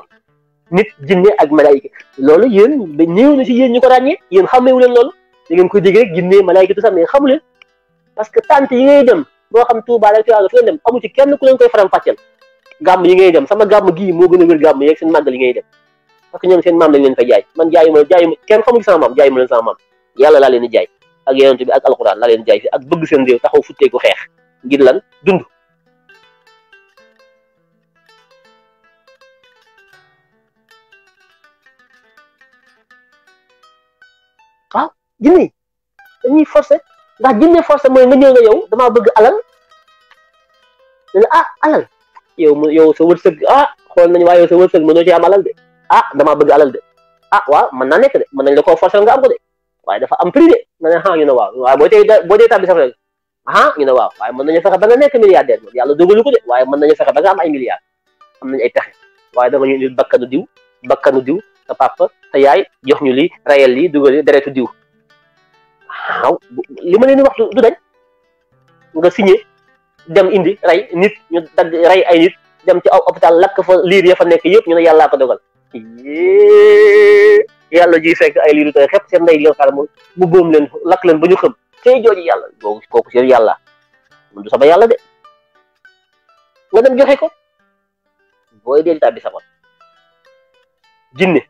nit jinne ak malaayika loolu yéen da ñëw na si yéen ñu ko ràññee yéen xamewu leen loolu da ngeen koy dégg rek jinne malaayika tout ça mais xamu leen parce que tant yi ngay dem boo xam Tuubaa la fi ngeen dem amu ci kenn ku leen koy faram-fàcceel gàmm yi ngay dem sama gàmm gii moo gën a wér gàmm yeeg seen màggal yi ngay dem parce que ñoom seen maam leen fa jaay man jaayu ma jaayu ma kenn xamul sama maam jaayu ma leen sama laa leen di jaay ak yonent bi ak leen jaay fi ak bëgg seen réew taxaw futteeku xeex ngir lan dund waaw ah, jinne yi dañuy forcé ndax jinne forcé mooy nga ñëw nga yow damaa bëgg alal ne ah alal yow mu yow sa wërsëg ah xool nañu waaye yow sa wërsëg mënoo ci am alal de ah damaa bëgg alal de ah waaw mën naa nekk de mën nañ la koo forcé nga am ko de waaye dafa am prix de nga ne ah ñu waaw waaye boo tey boo tey tàbbi sax ah ne waaw waaye mën nañu fexe ba nga nekk milliardaire moom yàlla dogalu ko de waaye mën nañu fexe ba nga am ay milliards am na ay pexe waaye dama ñu indil bakkanu bakkanu diw sa papa sa yaay jox ñu lii rayal lii dugal deretu diw waaw li ma leen di wax du dañ nga signé dem indi ray nit ñu dag ray ay nit dem ci hôpital lakk fa liir ya fa nekk yépp ñu ne yàllaa ya ko dogal yàlla juy fekk ay liiru tey xepp seen ndey leen xaaral mu boom leen lakk leen ba ñu xëm tey jooju yàlla boobu kooku seen yàlla du sama yàlla de nga dem joxe ko booy dee tàbbi sa jinne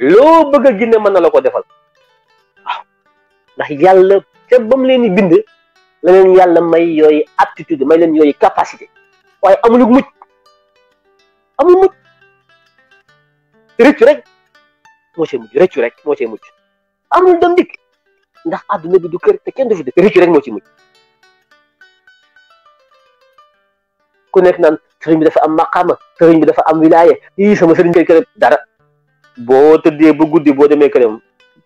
lo bëgg a jinne mën na la ko defal ndax yàlla ca bam leen di bind la leen yàlla may yooyu aptitude may leen yooyu capacité waaye amulu mucc amul mucc rëccu rek moo cee mucc rëccu rek moo cee mucc amul dem dikk ndax àdduna bi du kër te kenn du fi dëkk rëccu rek moo ci mucc ku nekk naan sëriñ bi dafa am maqama sëriñ bi dafa am wilaya yi sama sëriñ kër dara boo tëddee ba guddi boo demee këram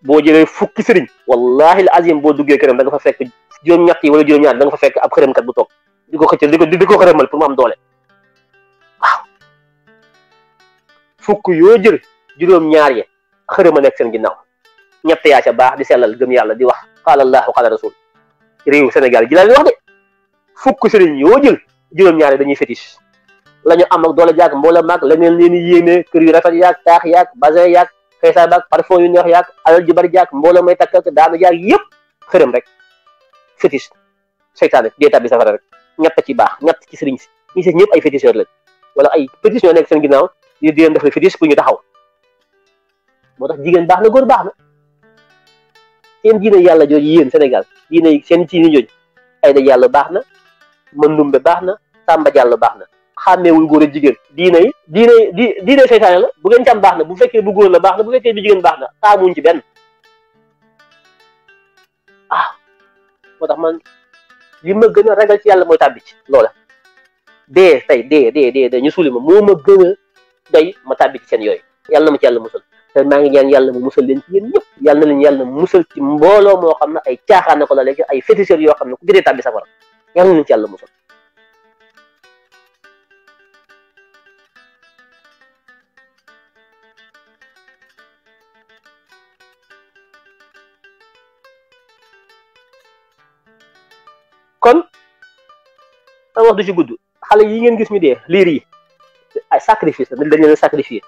boo jëlee fukki sëriñ wallahi al azim boo duggee këram da nga fa fekk juróom-ñett yi wala juróom-ñaar da nga fa fekk ab xërëmkat bu toog di ko xëccal di ko di ko xërëmal pour mu am doole fukk yoo jël juróom-ñaar ya xërëma nekk seen ginnaaw ñett yaa ca baax di sellal gëm yàlla di wax qaala allahu qaala rasul réew Sénégal ji laa wax de fukk sëriñ yoo jël juróom-ñaar yi dañuy fétiche lañu am ak doole jaak mbolam mak lañu leen yéene kër yu rafet yaak tax yaak bazé yaak xéssa bak parfum yu neex yaak alal ji bari jaak mbolam may takk ak daanu jaak yépp xërem rek fétiche seytaane déeta tabbi safara rek ñett ci baax ñett ci sëriñ ci ñi ci ñepp ay féticheur lañ wala ay pétition nek seen ginnaaw ñu di leen def fétiche pour ñu taxaw motax jigen baax na goor baax na seen diine yalla jooju yeen senegal diine seen ci ñu jooju ay da yalla baax na mëndumbe baax na sàmba jallu baax na xàmmeewul góor ak jigéen diine yi diine di diine seytaane la bu ngeen ci am baax na bu fekkee bu góor la baax na bu fekkee bu jigéen baax na taamuñ ci benn ah moo tax man li ma gën a ragal ci yàlla mooy tàbbi ci loola dee tey dee dee dee dee ñu suuli ma moo ma gën a doy ma tàbbi ci seen yooyu yàlla na ma ci yàlla musal te maa ngi ñaan yàlla mu musal leen ci yéen ñëpp yàlla na leen yàlla musal ci mbooloo moo xam ne ay caaxaan na ko la léegi ay féticheurs yoo xam ne ku gënee tàbbi safara yàlla na ci yàlla musal wax du ci gudd xale yi ngeen gis ñu dee liir yi ay sacrifice dañ leen sacrifier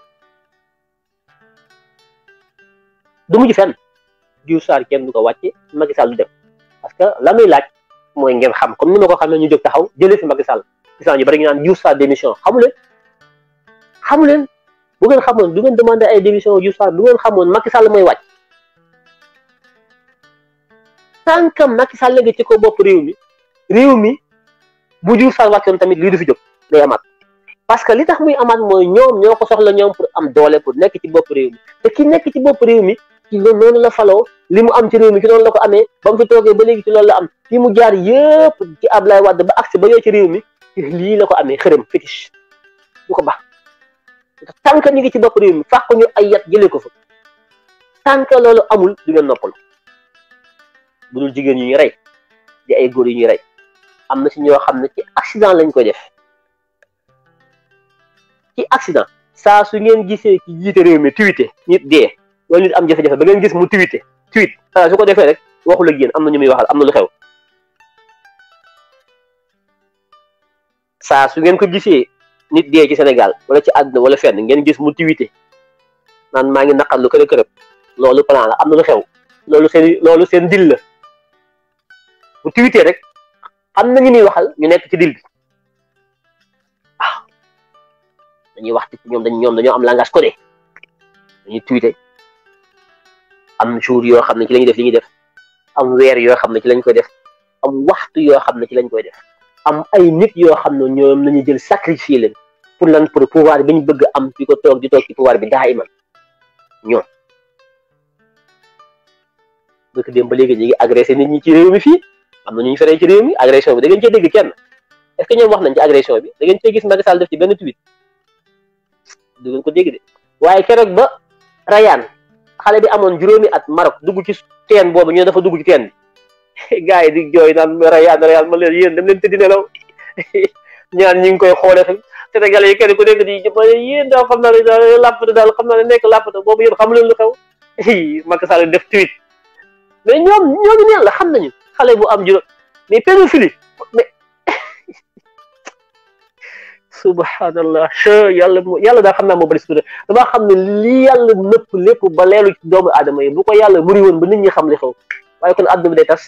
du mujj fen Diouf Sarr kenn du ko wàcce Macky Sall du dem parce que la muy laaj mooy ngeen xam comme ni ma ko xamee ñu jóg taxaw jëlee fi Macky Sall gis naa ñu bari ñu naan Diouf Sarr démission xamu leen xamu leen bu ngeen xamoon du ngeen demandé ay démission Diouf Sarr du ngeen xamoon Macky Sall mooy wàcc tant que Macky Sall nga ci ko bopp réew mi réew mi bu jur Sarr wàccoon tamit li du fi jog day amat parce que li tax muy amat moy ñom ñoko soxla ñom pour am doole pour nek ci bop réew mi te ki nek ci bop réew mi ci non la falo limu am ci réew mi ci non la ko amé bam fi toogee ba léegi ci non la am fi mu jaar yépp ci ablay wad ba ci ba yo ci réew mi lii la ko amé xërem fetish bu ko baax tank ñi ngi ci bop réew mi ko ñu ay yat jëlé ko fa tank lolu amul du ngeen noppal bu dul jigen ñi ray di ay góor yu ñuy am na si ñoo xam ne ci accident lañ ko def ci accident saa su ngeen gisee ci jiite réew mi tuité nit dee wala nit am jafe-jafe ba ngeen gis mu tuité tuit saa su ko defee rek waxul ak yéen am na ñu muy waxal am na lu xew saa su ngeen ko gisee nit dee ci Sénégal walla ci àdduna wala fenn ngeen gis mu tuité naan maa ngi naqar lu kërë kërëb loolu plan la am na lu xew loolu seen loolu seen dil la mu tuité rek am na ñu ñuy waxal ñu nekk ci dil bi waaw ah. dañuy wax ñoom dañ ñoom dañoo am langage codé dañuy tuite am jour yoo xam ne ci lañuy def li ñuy def am weer yoo xam ne ci lañ koy def am waxtu yoo xam ne lañ koy def am ay nit yoo xam ne ñoom lañuy jël sacrifier leen pour lan pour pouvoir bi ñu bëgg am fi ko toog di toog ci pouvoir bi daa iman ñoom dem ba léegi ñu ngi agressé nit ñi ci réew mi fii amna ñu ñu feree ci réew mi agression bi da ngeen ci dégg kenn est ce que ñoom wax nañ ci agression bi da ngeen ci gis Macky Sall def ci benn tweet du ngeen ko dégg de waaye keroog ba Rayane xale bi amoon juróomi at Maroc dugg ci teen boobu ñu dafa dugg ci teen bi gars yi di jooy naan Rayane Rayane ma leen yéen dem leen tëddi nelaw ñaan ñi ngi koy xoole fi Sénégalais yi kenn ku dégg di ma yéen daal xam naa ne lapp làppatu daal xam naa ne nekk làppatu boobu yéen xam leen lu xew Macky Sall def tweet mais ñoom ñooñu neen la xam nañu xale bu am juróom mais pédophilie mais subhanallah yàlla yàlla daa xam naa moo bari sutura damaa xam ne li yàlla nëpp lépp ba leelu ci doomu aadama yi bu ko yàlla muri woon ba nit xam li xew waaye kon àdduna bi day tas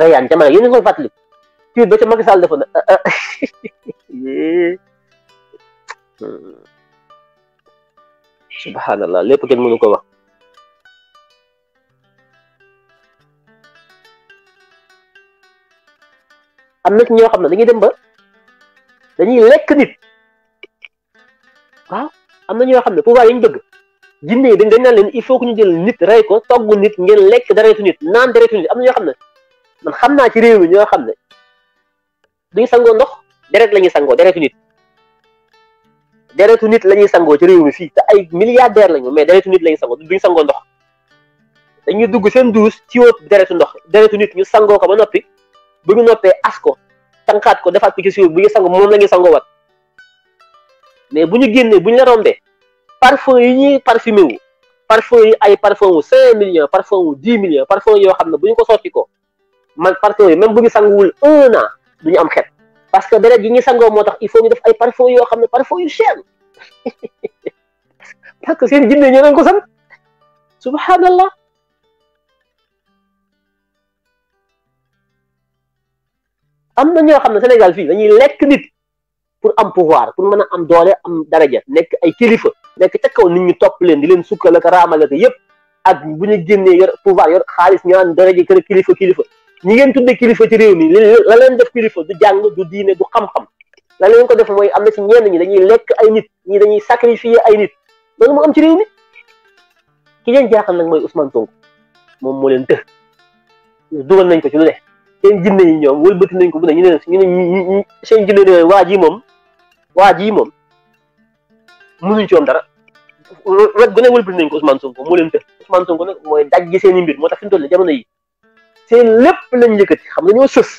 rayaan jamono yéen a ngi koy fàttali tuuti ba ca Macky Sall defoon ah, ah, ah, hmm. subhanallah lépp kenn mënu ko wax am na ñoo xam ne dañuy dem ba dañuy lekk nit am na ñoo xam ne pouvoir yi ñu bëgg dañ dañ naan leen il faut que ñu jël nit rey ko togg nit ngeen lekk deretu nit naan deretu nit am na ñoo xam ne man xam naa ci réew mi ñoo xam ne duñu sangoo ndox deret la ñuy sangoo deretu nit deretu nit la ñuy sangoo ci réew mi fii te ay milliardaire lañu mais deretu nit la ñuy sangoo sangoo ndox dañuy dugg seen duus ci wóot deretu ndox deretu nit ñu sangoo ko ba noppi bu ñu noppee as ko tànkaat ko defaat ko ci suuf bu ñu sango moom la ñuy sangowaat mais bu ñu génnee bu ñu la rombee parfum yi ñuy parfumé wu parfum yi ay parfum wu cinq millions parfum wu dix millions parfum yoo xam ne bu ñu ko sotti ko man parfum yi même bu ñu sanguwul un an du ñu am xet parce que deret yi ñuy sangoo moo tax il faut ñu def ay parfum yoo xam ne parfum yu cher parce que seen jinne ñu leen ko sant subhanallah am na ñoo xam ne Sénégal fii dañuy lekk nit pour am pouvoir pour mën a am doole am daraja nekk ay kilifa nekk ca kaw nit ñu topp leen di leen sukkal ak raamal ak yëpp ak bu ñu génnee yor pouvoir yor xaalis ñu naan daraja kër kilifa kilifa ñi ngeen tudde kilifa ci réew mi la leen def kilifa du jàng du diine du xam-xam la leen ko def mooy am na ci ñenn ñi dañuy lekk ay nit ñi dañuy sacrifier ay nit loolu moo am ci réew mi ki leen jaaxal nag mooy Ousmane Sonko moom moo leen të nañ ko ci lu seen jinne yi ñoom wëlbati nañ ko bu ne ñu ne ñu ne seen jinne ne waa ji moom waa ji moom mënuñ ci woon dara rek gu ne wëlbati nañ ko Ousmane Sonko moo leen tëj Ousmane Sonko nag mooy daj ji seen mbir moo tax fi mu toll jamono yi seen lépp lañ yëkkati xam nga ñoo sës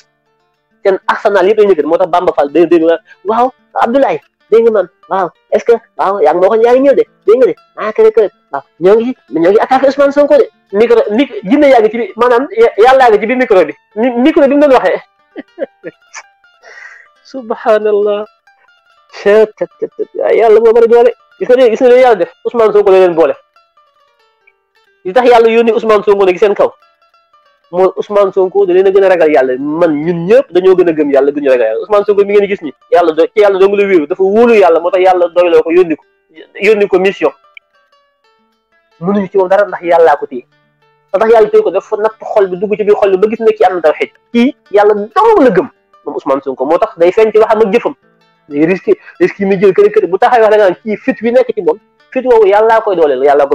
seen arsenal yëpp lañ yëkkati moo tax Bamba Fall dégg nga waaw Abdoulaye dégg nga naan wow, es que, wow, yang mohon yang nyil deh, dia deh, Nah, kere kere, wow, nyongi, nyongi, akak es man songko deh, mikro, mik, jine ya jibi, mana, Ya lagi jibi mikro deh, mikro deh, dengan ya. subhanallah, cet, cet, cet, cet, ya, ya lu ngomong dua deh, isu deh, isu deh, ya deh, usman songko deh, boleh, kita hialu yuni usman songko deh, kisian kau, mooy Ousmane Sonko da leen a gën a ragal yàlla man ñun ñëpp dañoo gën a gëm yàlla gën ñu ragal yàlla Ousmane Sonko mi ngeen gis ni yàlla ko da nga naan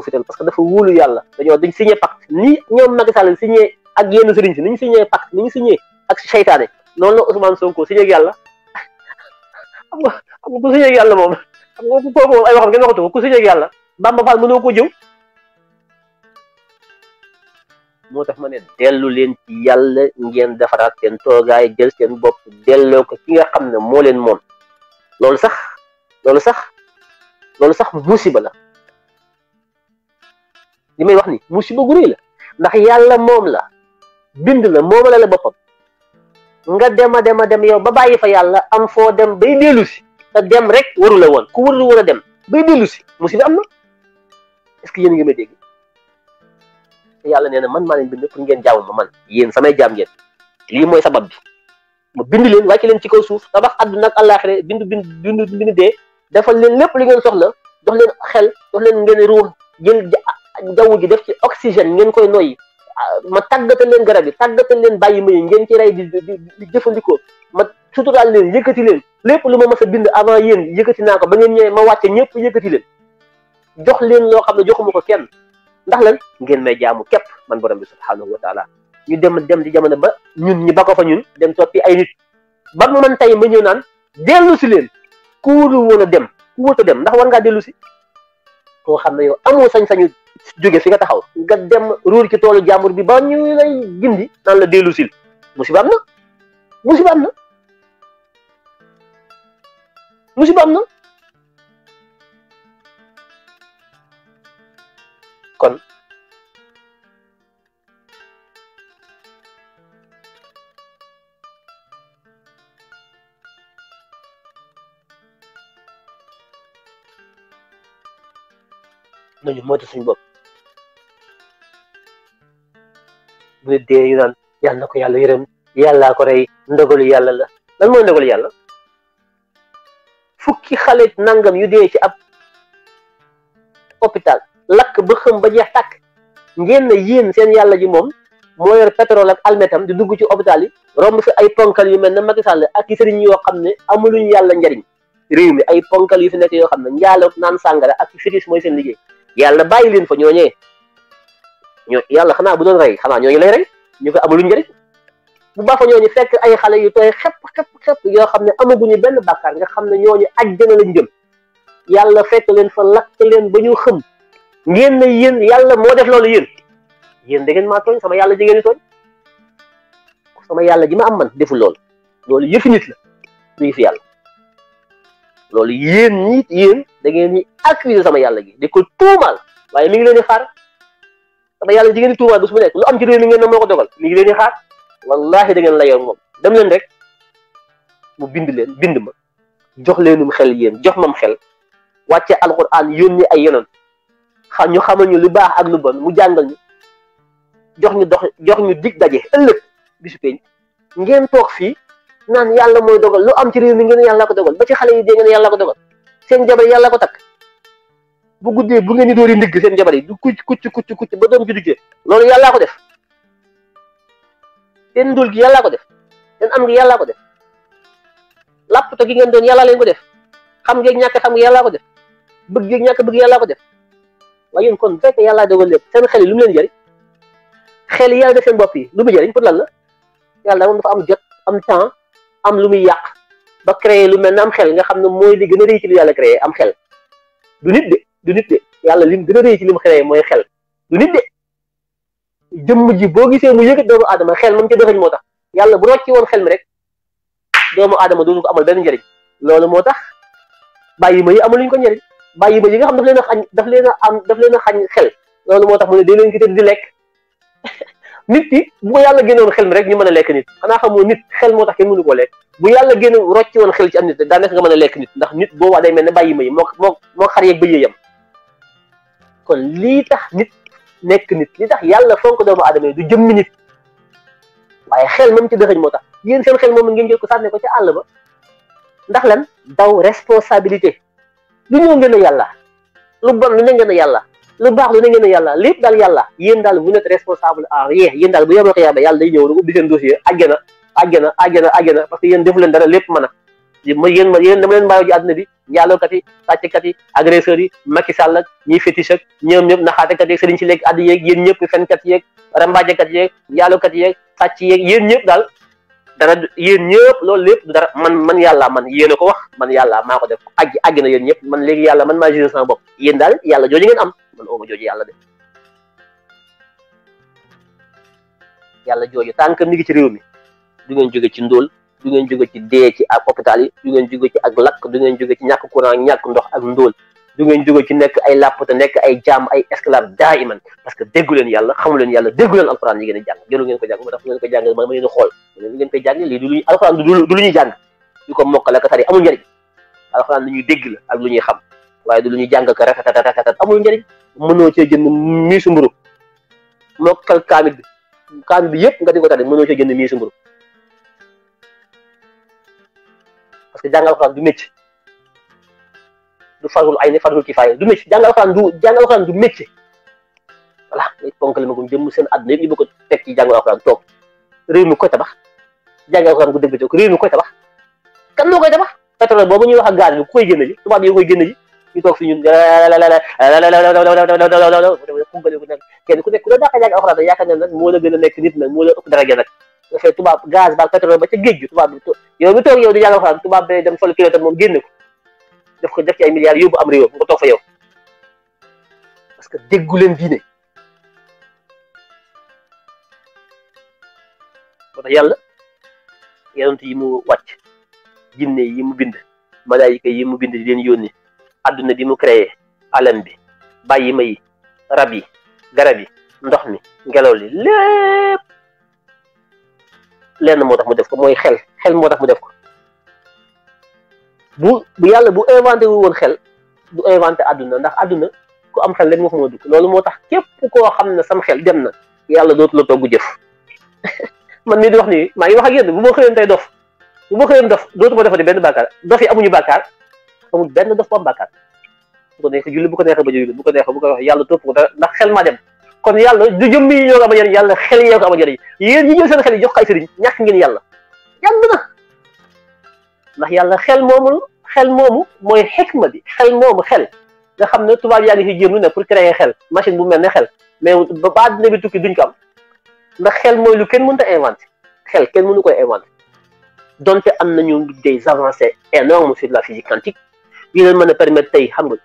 fital parce que dafa wóolu yàlla dañoo dañ signé pacte ni ñoom Macky Sall signé ak yenn sëriñ ci niñ signé pact niñ signé ak shaytané non la Ousmane Sonko signé ak yalla am nga xam signé ak yalla mom am nga ko ko ay waxam ngeen waxatu ko signé ak yalla Bamba fal mëno ko jëw motax mané delu len ci yalla ngeen defara sen togaay jël sen bop delo ko ki nga xamné mo len mom lolou sax lolou sax lolou sax musiba la limay wax ni musiba gu rëy la ndax yalla mom la bind la moomale la boppam nga dem a dem a dem yow ba bàyyi fa yàlla am foo dem bay dellu si te dem rek waru la woon ku warul woon a dem bay dellu si musiba am na est-ce que yéen ngi may dégg yàlla nee na man maa leen bind pour ngeen jaamu ma man yéen samay jaam ngeen lii mooy sabab bi ma bind leen wàcce leen ci kaw suuf tabax àdduna ak àllaaxira bind bind bind bind dee defal leen lépp li ngeen soxla dox leen xel dox leen ngeen ruux jël jaww ji def ci oxygène ngeen koy noyyi ma tàggatal leen garab yi tàggatal leen bàyyi ma yi ngeen ci rey di di jëfandikoo ma suturaal leen yëkkati leen lépp lu ma mës a bind avant yéen yëkkati naa ko ba ngeen ñëwee ma wàcce ñëpp yëkkati leen jox leen loo xam ne joxuma ko kenn ndax lan ngeen may jaamu képp man borom bi subhaanahu wa taala ñu dem dem di jamono ba ñun ñi ba ko fa ñun dem toppi ay nit ba mu man tey ma ñëw naan dellu si leen ku wóolu woon a dem ku wóot a dem ndax war ngaa dellu si koo xam ne yow amoo sañ-sañu jóge fi nga taxaw nga dem ruur ci tolu jàmbur bi ba ñu lay gindi nan la delu sil musiba am na musiba na musiba na kon nañu moytu suñu buy dee ñu naan yàlla na ko yàlla yërëm yàllaa ko rey ndogalu yàlla la lan mooy ndogalu yàlla fukki xale nangam yu dee ci ab hôpital lakk ba xëm ba jeex tàkk ngeen na yéen seen yàlla ji moom moo yor pétrole ak almetam di dugg ci hôpital yi romb fi ay ponkal yu mel ne Macky Sall ak i sëriñ yoo xam ne amuluñu yàlla njariñ réew mi ay ponkal yu fi nekk yoo xam ne njaaloog naan sàngara ak firis mooy seen liggéey yàlla bàyyi leen fa ñooñee ñoo yàlla xanaa bu doon rey xanaa ñooñu lay rey ñu ko amaluñ njëriñ bu baax fa ñooñu fekk ay xale yu tooy xepp xepp xepp yoo xam ne amaguñu benn bàkkaar nga xam ne ñoo ñooñu àjjana lañ jëm yàlla fekk leen fa lakk leen ba ñu xëm ngeen na yéen yàlla moo def loolu yéen yéen da ngeen maa tooñ sama yàlla jigéen ñi tooñ sama yàlla ji ma am man deful loolu loolu yëfi nit la du yëfi yàlla loolu yéen nit yéen da ko tuumaal waaye mi ngi leen di dama yàlla jigéen di tuumaal bés bu nekk lu am ci réew mi ngeen ne moo ko dogal mi ngi leen di xaar wallahi da ngeen layoon moom dem leen rek mu bind leen bind ma jox leenum xel yéen jox mam xel wàcce alquran yónni ay yonon xam ñu xamal ñu lu baax ak lu bon mu jàngal ñu jox ñu dox jox ñu dig daje ëllëg bisu peñ ngeen toog fii naan yàlla mooy dogal lu am ci réew mi ngeen yàlla ko dogal ba ci xale yi dee ngeen yàlla ko dogal seen jabar yàlla ko takk bu guddee bu ngeen di dóori ndigg seen jabar yi du kucc kucc kucc kucc ba doom ji duggee loolu yàllaa ko def seen ndóol gi yàllaa ko def seen am gi yàllaa ko def làppto gi ngeen doon yàlla leen ko def xam ngeen ñàkk xam nga yàllaa ko def bëgg ngeen ñàkk bëgg yàllaa ko def waaye yéen kon fekk yàllaa dogal lépp seen xel yi lu mu leen jëriñ xel yi yàlla def seen bopp yi lu mu jëriñ pour lan la yàlla moom dafa am jot am temps am lu muy yàq ba créé lu mel ne am xel nga xam ne mooy li gën a réy yàlla créé am xel du nit de yàlla lim gën a rëy ci lim xiree mooy xel du nit de jëmm ji boo gisee mu yëkkat doomu aadama xel moom ko dëxañ moo tax yàlla bu rocci woon xel mi rek doomu aadama dootu ko amal benn njëriñ loolu moo tax bàyyi ma yi amaluñ ko njëriñ bàyyi ma yi nga xam daf leen a daf leen a am leen a xañ xel loolu moo tax mu ne day leen ki lekk nit ki bu ko yàlla génnoon xel xanaa xamoo nit xel moo tax kenn mënu koo lekk bu yàlla génnoon rocci woon xel ci am nit daa nekk nga mën a lekk nit ndax nit boobaa day mel ne bàyyi ma yi moo moo moo xar yeeg bëyee yam kon li tax nit nek nit li tax yalla fonk do mo yi du jëm nit waye xel mom ci dëxëñ moo tax yéen seen xel mom ngeen jël ko sané ko ci Allah ba ndax lan daw responsabilité lu ñu ngeen yalla lu bon lu ne ngeen yalla lu baax lu ne ngeen yalla lepp dal yalla yeen dal daal vous responsable en rien yeen dal bu yobul xiyaba yalla day ñëw rek ubbi seen dossier agena agena agena agena parce que yeen defu leen dara lepp mën ma yéen ma yéen dama leen bàyyi ji àdduna bi njaalookat yi sàcckat yi agresseurs yi Macky Sall ak ñiy fétiche ak ñoom ci naxaatekat yeeg sëriñ si lekk addi yeeg yéen ñëpp fenkat yeeg rambaajekat yeeg njaalookat yeeg sàcc yeeg ñëpp daal dara yéen ñëpp loolu lépp du dara man man yàlla man yéen a ko wax man yàlla maa ko def àgg àgg na yéen ñëpp man léegi yàlla man maa gis sama bopp yéen daal yàlla jooju ngeen am man ooma jooju yàlla de yàlla jooju tànk mi ngi ci réew mi du ngeen jóge ci ndóol du ngeen jóge ci dee ci ak hôpital yi du ngeen jóge ci ak lakk du ngeen jóge ci ñàkk courant ñàkk ndox ak ndóol du ngeen jóge ci nekk ay làppata nekk ay jaam ay esclave daiman parce que déggu leen yàlla xamu leen yàlla déggu leen alquran yi ngeen di jàng gënu ngeen ko jàng ba tax ngeen ko jàng ma ngeen xool ngeen ngeen koy jàng lii du lu alquran du luñu ñuy jàng du ko mokkal ak tari amul njëriñ alquran lu ñuy dégg la ak lu ñuy xam waaye du lu ñuy jàng ka rafetatatatatatat amul njëriñ mënoo cee jënd miisu mburu mokkal kaamil bi kaamil bi yépp nga di ko tari mënoo cee jënd miisu mburu parce que jàngal alxuraan du métier du farul ay ni farul kifaaya du métier jàngal alxuraan du jàngal alxuraan du métier voilà ngay ponkale ko jëm seen àdduna yëpp ñu bëgg ko teg ci jàngal alxuraan toog réew mi koy tabax jàngal alxuraan gu koy tabax kan moo koy tabax ku nekk nekk ku la dàqa ne moo la gën a nekk nit nag moo la dara nag nga tubaab gaz ba pétrole ba ca géej gi tubaab yow mi toog yow di fa xuraan tubaab bi dem sol kilo tam moom génne ko def ko def ci ay milliards yóbbu am réew nga toog fa yow parce que déggu leen diine moo tax yàlla yonent yi mu wàcc jinne yi mu bind malaayika yi mu bind leen yónni àdduna bi mu créé alam bi bàyyi ma yi rab yi garab yi ndox mi ngelaw li lépp lenn moo tax mu def ko mooy xel xel moo tax mu def ko bu bu yàlla bu inventé wu woon xel du inventé àdduna ndax àdduna ku am xel rek moo fa moo dugg loolu moo tax képp koo xam ne sam xel dem na yàlla dootu la togg jëf man mii di wax nii maa ngi wax a yéen bu ma xëyoon tey dof bu ma xëyoon dof dootuma defati benn bàkkaar dof yi amuñu bàkkaar amul benn dof bu am bàkkaar bu ko neexee julli bu ko neexee bu ko neexee bu yàlla topp ko dara ndax xel maa dem kon yàlla du jëmm yi ñoo ko am a njëriñ yàlla xel yee ko am a njëriñ yéen ñi jël seen xel yi jox ko ay ñàkk ngeen yàlla yàgg na ndax yàlla xel moomul xel moomu mooy xikma bi xel moomu xel nga xam ne tubaab yaa ngi fi jéem lu ne pour créer xel machine bu mel ne xel mais ba àddina bi tukki duñ ko am ndax xel mooy lu kenn mënut a inventé xel kenn mënu koy inventé donte am nañu des avancées énormes sur la physique quantique yu leen mën a permettre tey xam nga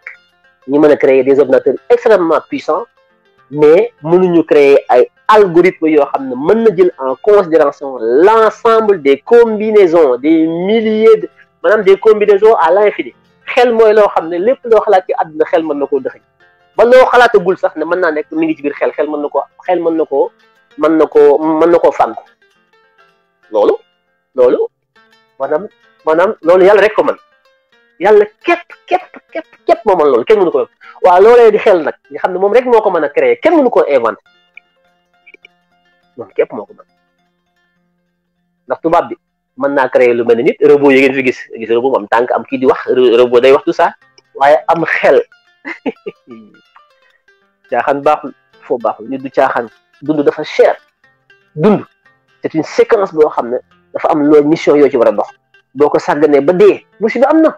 ñu mën a créer des ordinateurs extrêmement puissants mais mënuñu créer ay algorithme yoo xam ne mën na jël en considération l'ensemble des combinaisons des milliers de maanaam des combinaisons à l'infini xel mooy loo xam ne lépp loo xalaat ci àdduna xel mën na koo dëxëñ ba loo xalaatagul sax ne mën naa nekk mi ngi ci biir xel xel mën na ko xel mën na koo mën na ko mën na koo fànn loolu loolu maanaam maanaam loolu yàlla rek ko mën yàlla képp képp képp képp moo mën loolu kenn mënu ko yóbbu waaw loolee di xel nag nga xam ne moom rek moo ko mën a créer kenn mënu ko inventé moom képp moo ko mën ndax tubaab bi mën naa créer lu mel nit robot yi ngeen fi gis gis robot am tànk am kii di wax robot day wax tout ça waaye am xel caaxaan baaxul foo baaxul nit du caaxaan dund dafa cher dund c'est une séquence boo xam ne dafa am loolu mission yoo ci war a dox boo ko sàgganee ba dee musiba am na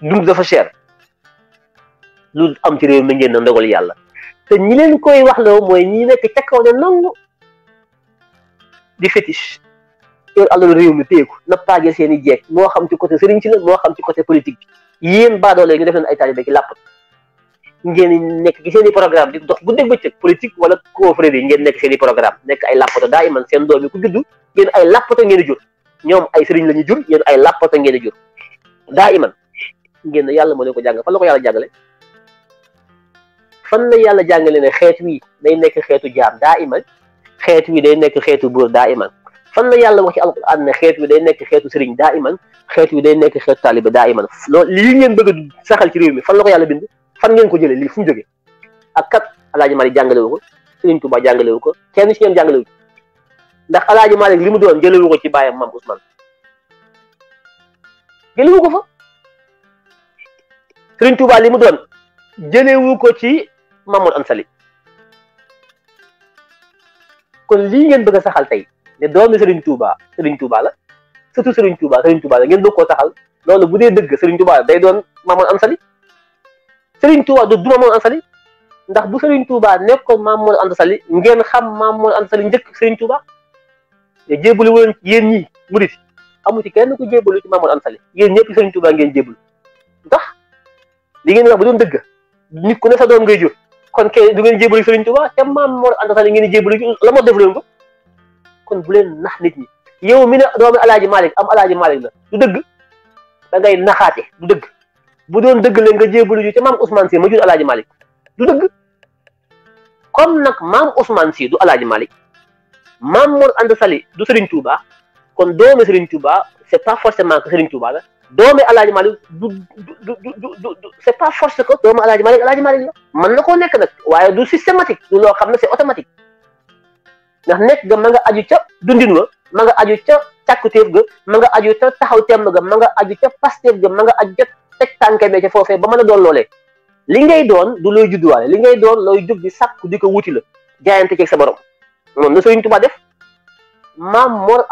dund dafa cher lu am ci réew mi ngeen na ndogal yàlla te ñi leen koy waxloo mooy ñi nekk ca kaw ne nangu di fétiche yor alalu réew mi téye ko nappaajee seen i jeeg moo xam ci côté sëriñ si la moo xam ci côté politique bi yéen baadoole ñu def leen ay taalibe ki làpp ngeen nekk ci seen i programme di dox guddeeg bëccëg politique wala confrérie yi ngeen nekk seen i programme nekk ay làppato daa iman seen doom yi ku juddu ngeen ay làppato ngeen di jur ñoom ay sëriñ la ñu jur yéen ay làppato ngeen di jur daa iman génn yàlla moo ne ko jàngal fan la ko yàlla jàngale fan la yàlla jàngale ne xeet wi day nekk xeetu jaam daa iman xeet wi day nekk xeetu buur daa iman fan la yàlla wax ci alquran ne xeet wi day nekk xeetu sëriñ daa iman xeet wi day nekk xeetu taaliba daa iman loolu lii ngeen bëgg a saxal ci riiw mi fan la ko yàlla bind fan ngeen ko jëlee lii fu mu jógee ak kat alaaji Mali jàngale wu ko sëriñ Tuubaa jàngale ko kenn ci ñoom jàngale wu ndax alaaji Mali li mu doon jëlewu ko ci bàyyam maam Ousmane Sëriñ Tuubaa li mu doon jëlewu ko ci Mamour Ansali kon lii ngeen bëgg a saxal tey ne doomi Sëriñ Tuubaa Sëriñ Tuubaa la surtout Sëriñ Tuubaa Sëriñ Tuubaa la ngeen bëgg koo saxal bu dee dëgg Sëriñ Tuubaa day doon Mamour Ansali Sëriñ Tuubaa du du Mamour Ansali ndax bu Sëriñ Tuubaa nekkoon Mamour sali ngeen xam Mamour sali njëkk Sëriñ Tuubaa te jébalu woon yéen ñi murit amu ci kenn ko jébalu ci Mamour Ansali yéen ñëpp Sëriñ Tuubaa ngeen jébalu ndax li ngeen wax bu doon dëgg nit ku ne sa doom ngay jur kon kay du ngeen jébalu Sëriñ Tuubaa te maam moo ànd ngeen di jébalu la moo def leen bu leen nax yow mi ne doomi alaaji am alaaji Malick la du dëgg da ngay naxaate du dëgg bu doon dëgg leen nga jébalu ju te maam Ousmane Sy ma jur alaaji Malick du dëgg comme nag maam Ousmane Sy du alaaji Malick maam Mor Anta Sali du Sëriñ Tuubaa kon doomi Sëriñ Tuubaa c'est pas forcément que Sëriñ Tuubaa la doomi alaaji Malick du du du du c'est pas force que doomu alaaji Malick alaaji Malick la mën na koo nekk nag waaye du systématique du loo xam ne c'est automatique ndax nekk nga ma nga aju ca dundin wa ma aju ca càkkutéef ga ma nga aju ca taxaw temb ga ma nga aju ca pasteef ga ma nga aju ca teg tànke bee ca foofee ba mën a doon loolee li ngay doon du looy judduwaale li ngay doon looy jóg di sàkku di ko wuti la jaayante ceeg sa borom noonu la Sëriñ Tuubaa def maam Mor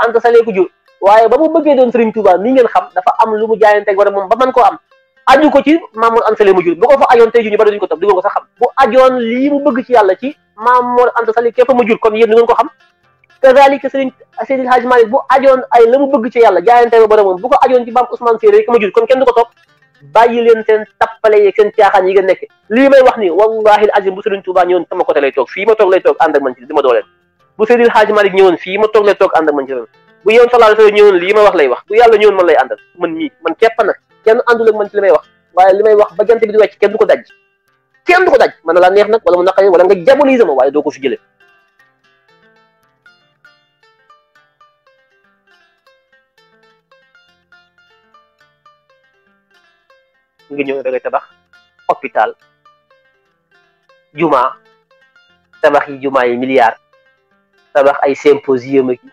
waaye ba mu bëggee doon Serigne Touba mi ngeen xam dafa am lu mu jaayanteeg war moom ba mën koo am aju ko ci Maam Mor Anta Sali mu jur bu ko fa ajoon lii mu bëgg ci yàlla ci Maam kon yéen du ngeen ko xam kazalika Serigne Seydil yàlla jaayante ba borom moom bu ko ajoon ci Maam Ousmane Séré rek ma jur kon kenn du ko topp bàyyi leen seen tappale seen caaxaan yi ngeen nekk lii may wax nii wallahi azim bu Serigne Touba ñëwoon sama côté lay toog fii ma toog lay toog ànd ak man ci di ma dooleel bu yoon sallallahu alayhi wasallam ñëwoon lii ma wax lay wax bu yàlla ñëwoon man lay àndal man mii man képp nag kenn àndul man ci li may wax waaye li may wax ba jant bi di wàcc kenn du ko daj kenn du ko daj mën na laa neex nag wala na naqaree wala nga diaboliser ma waaye doo ko fi jëlee nga ñëw da ngay tabax hôpital juma tabax yi juma yi milliards tabax ay symposium ak yi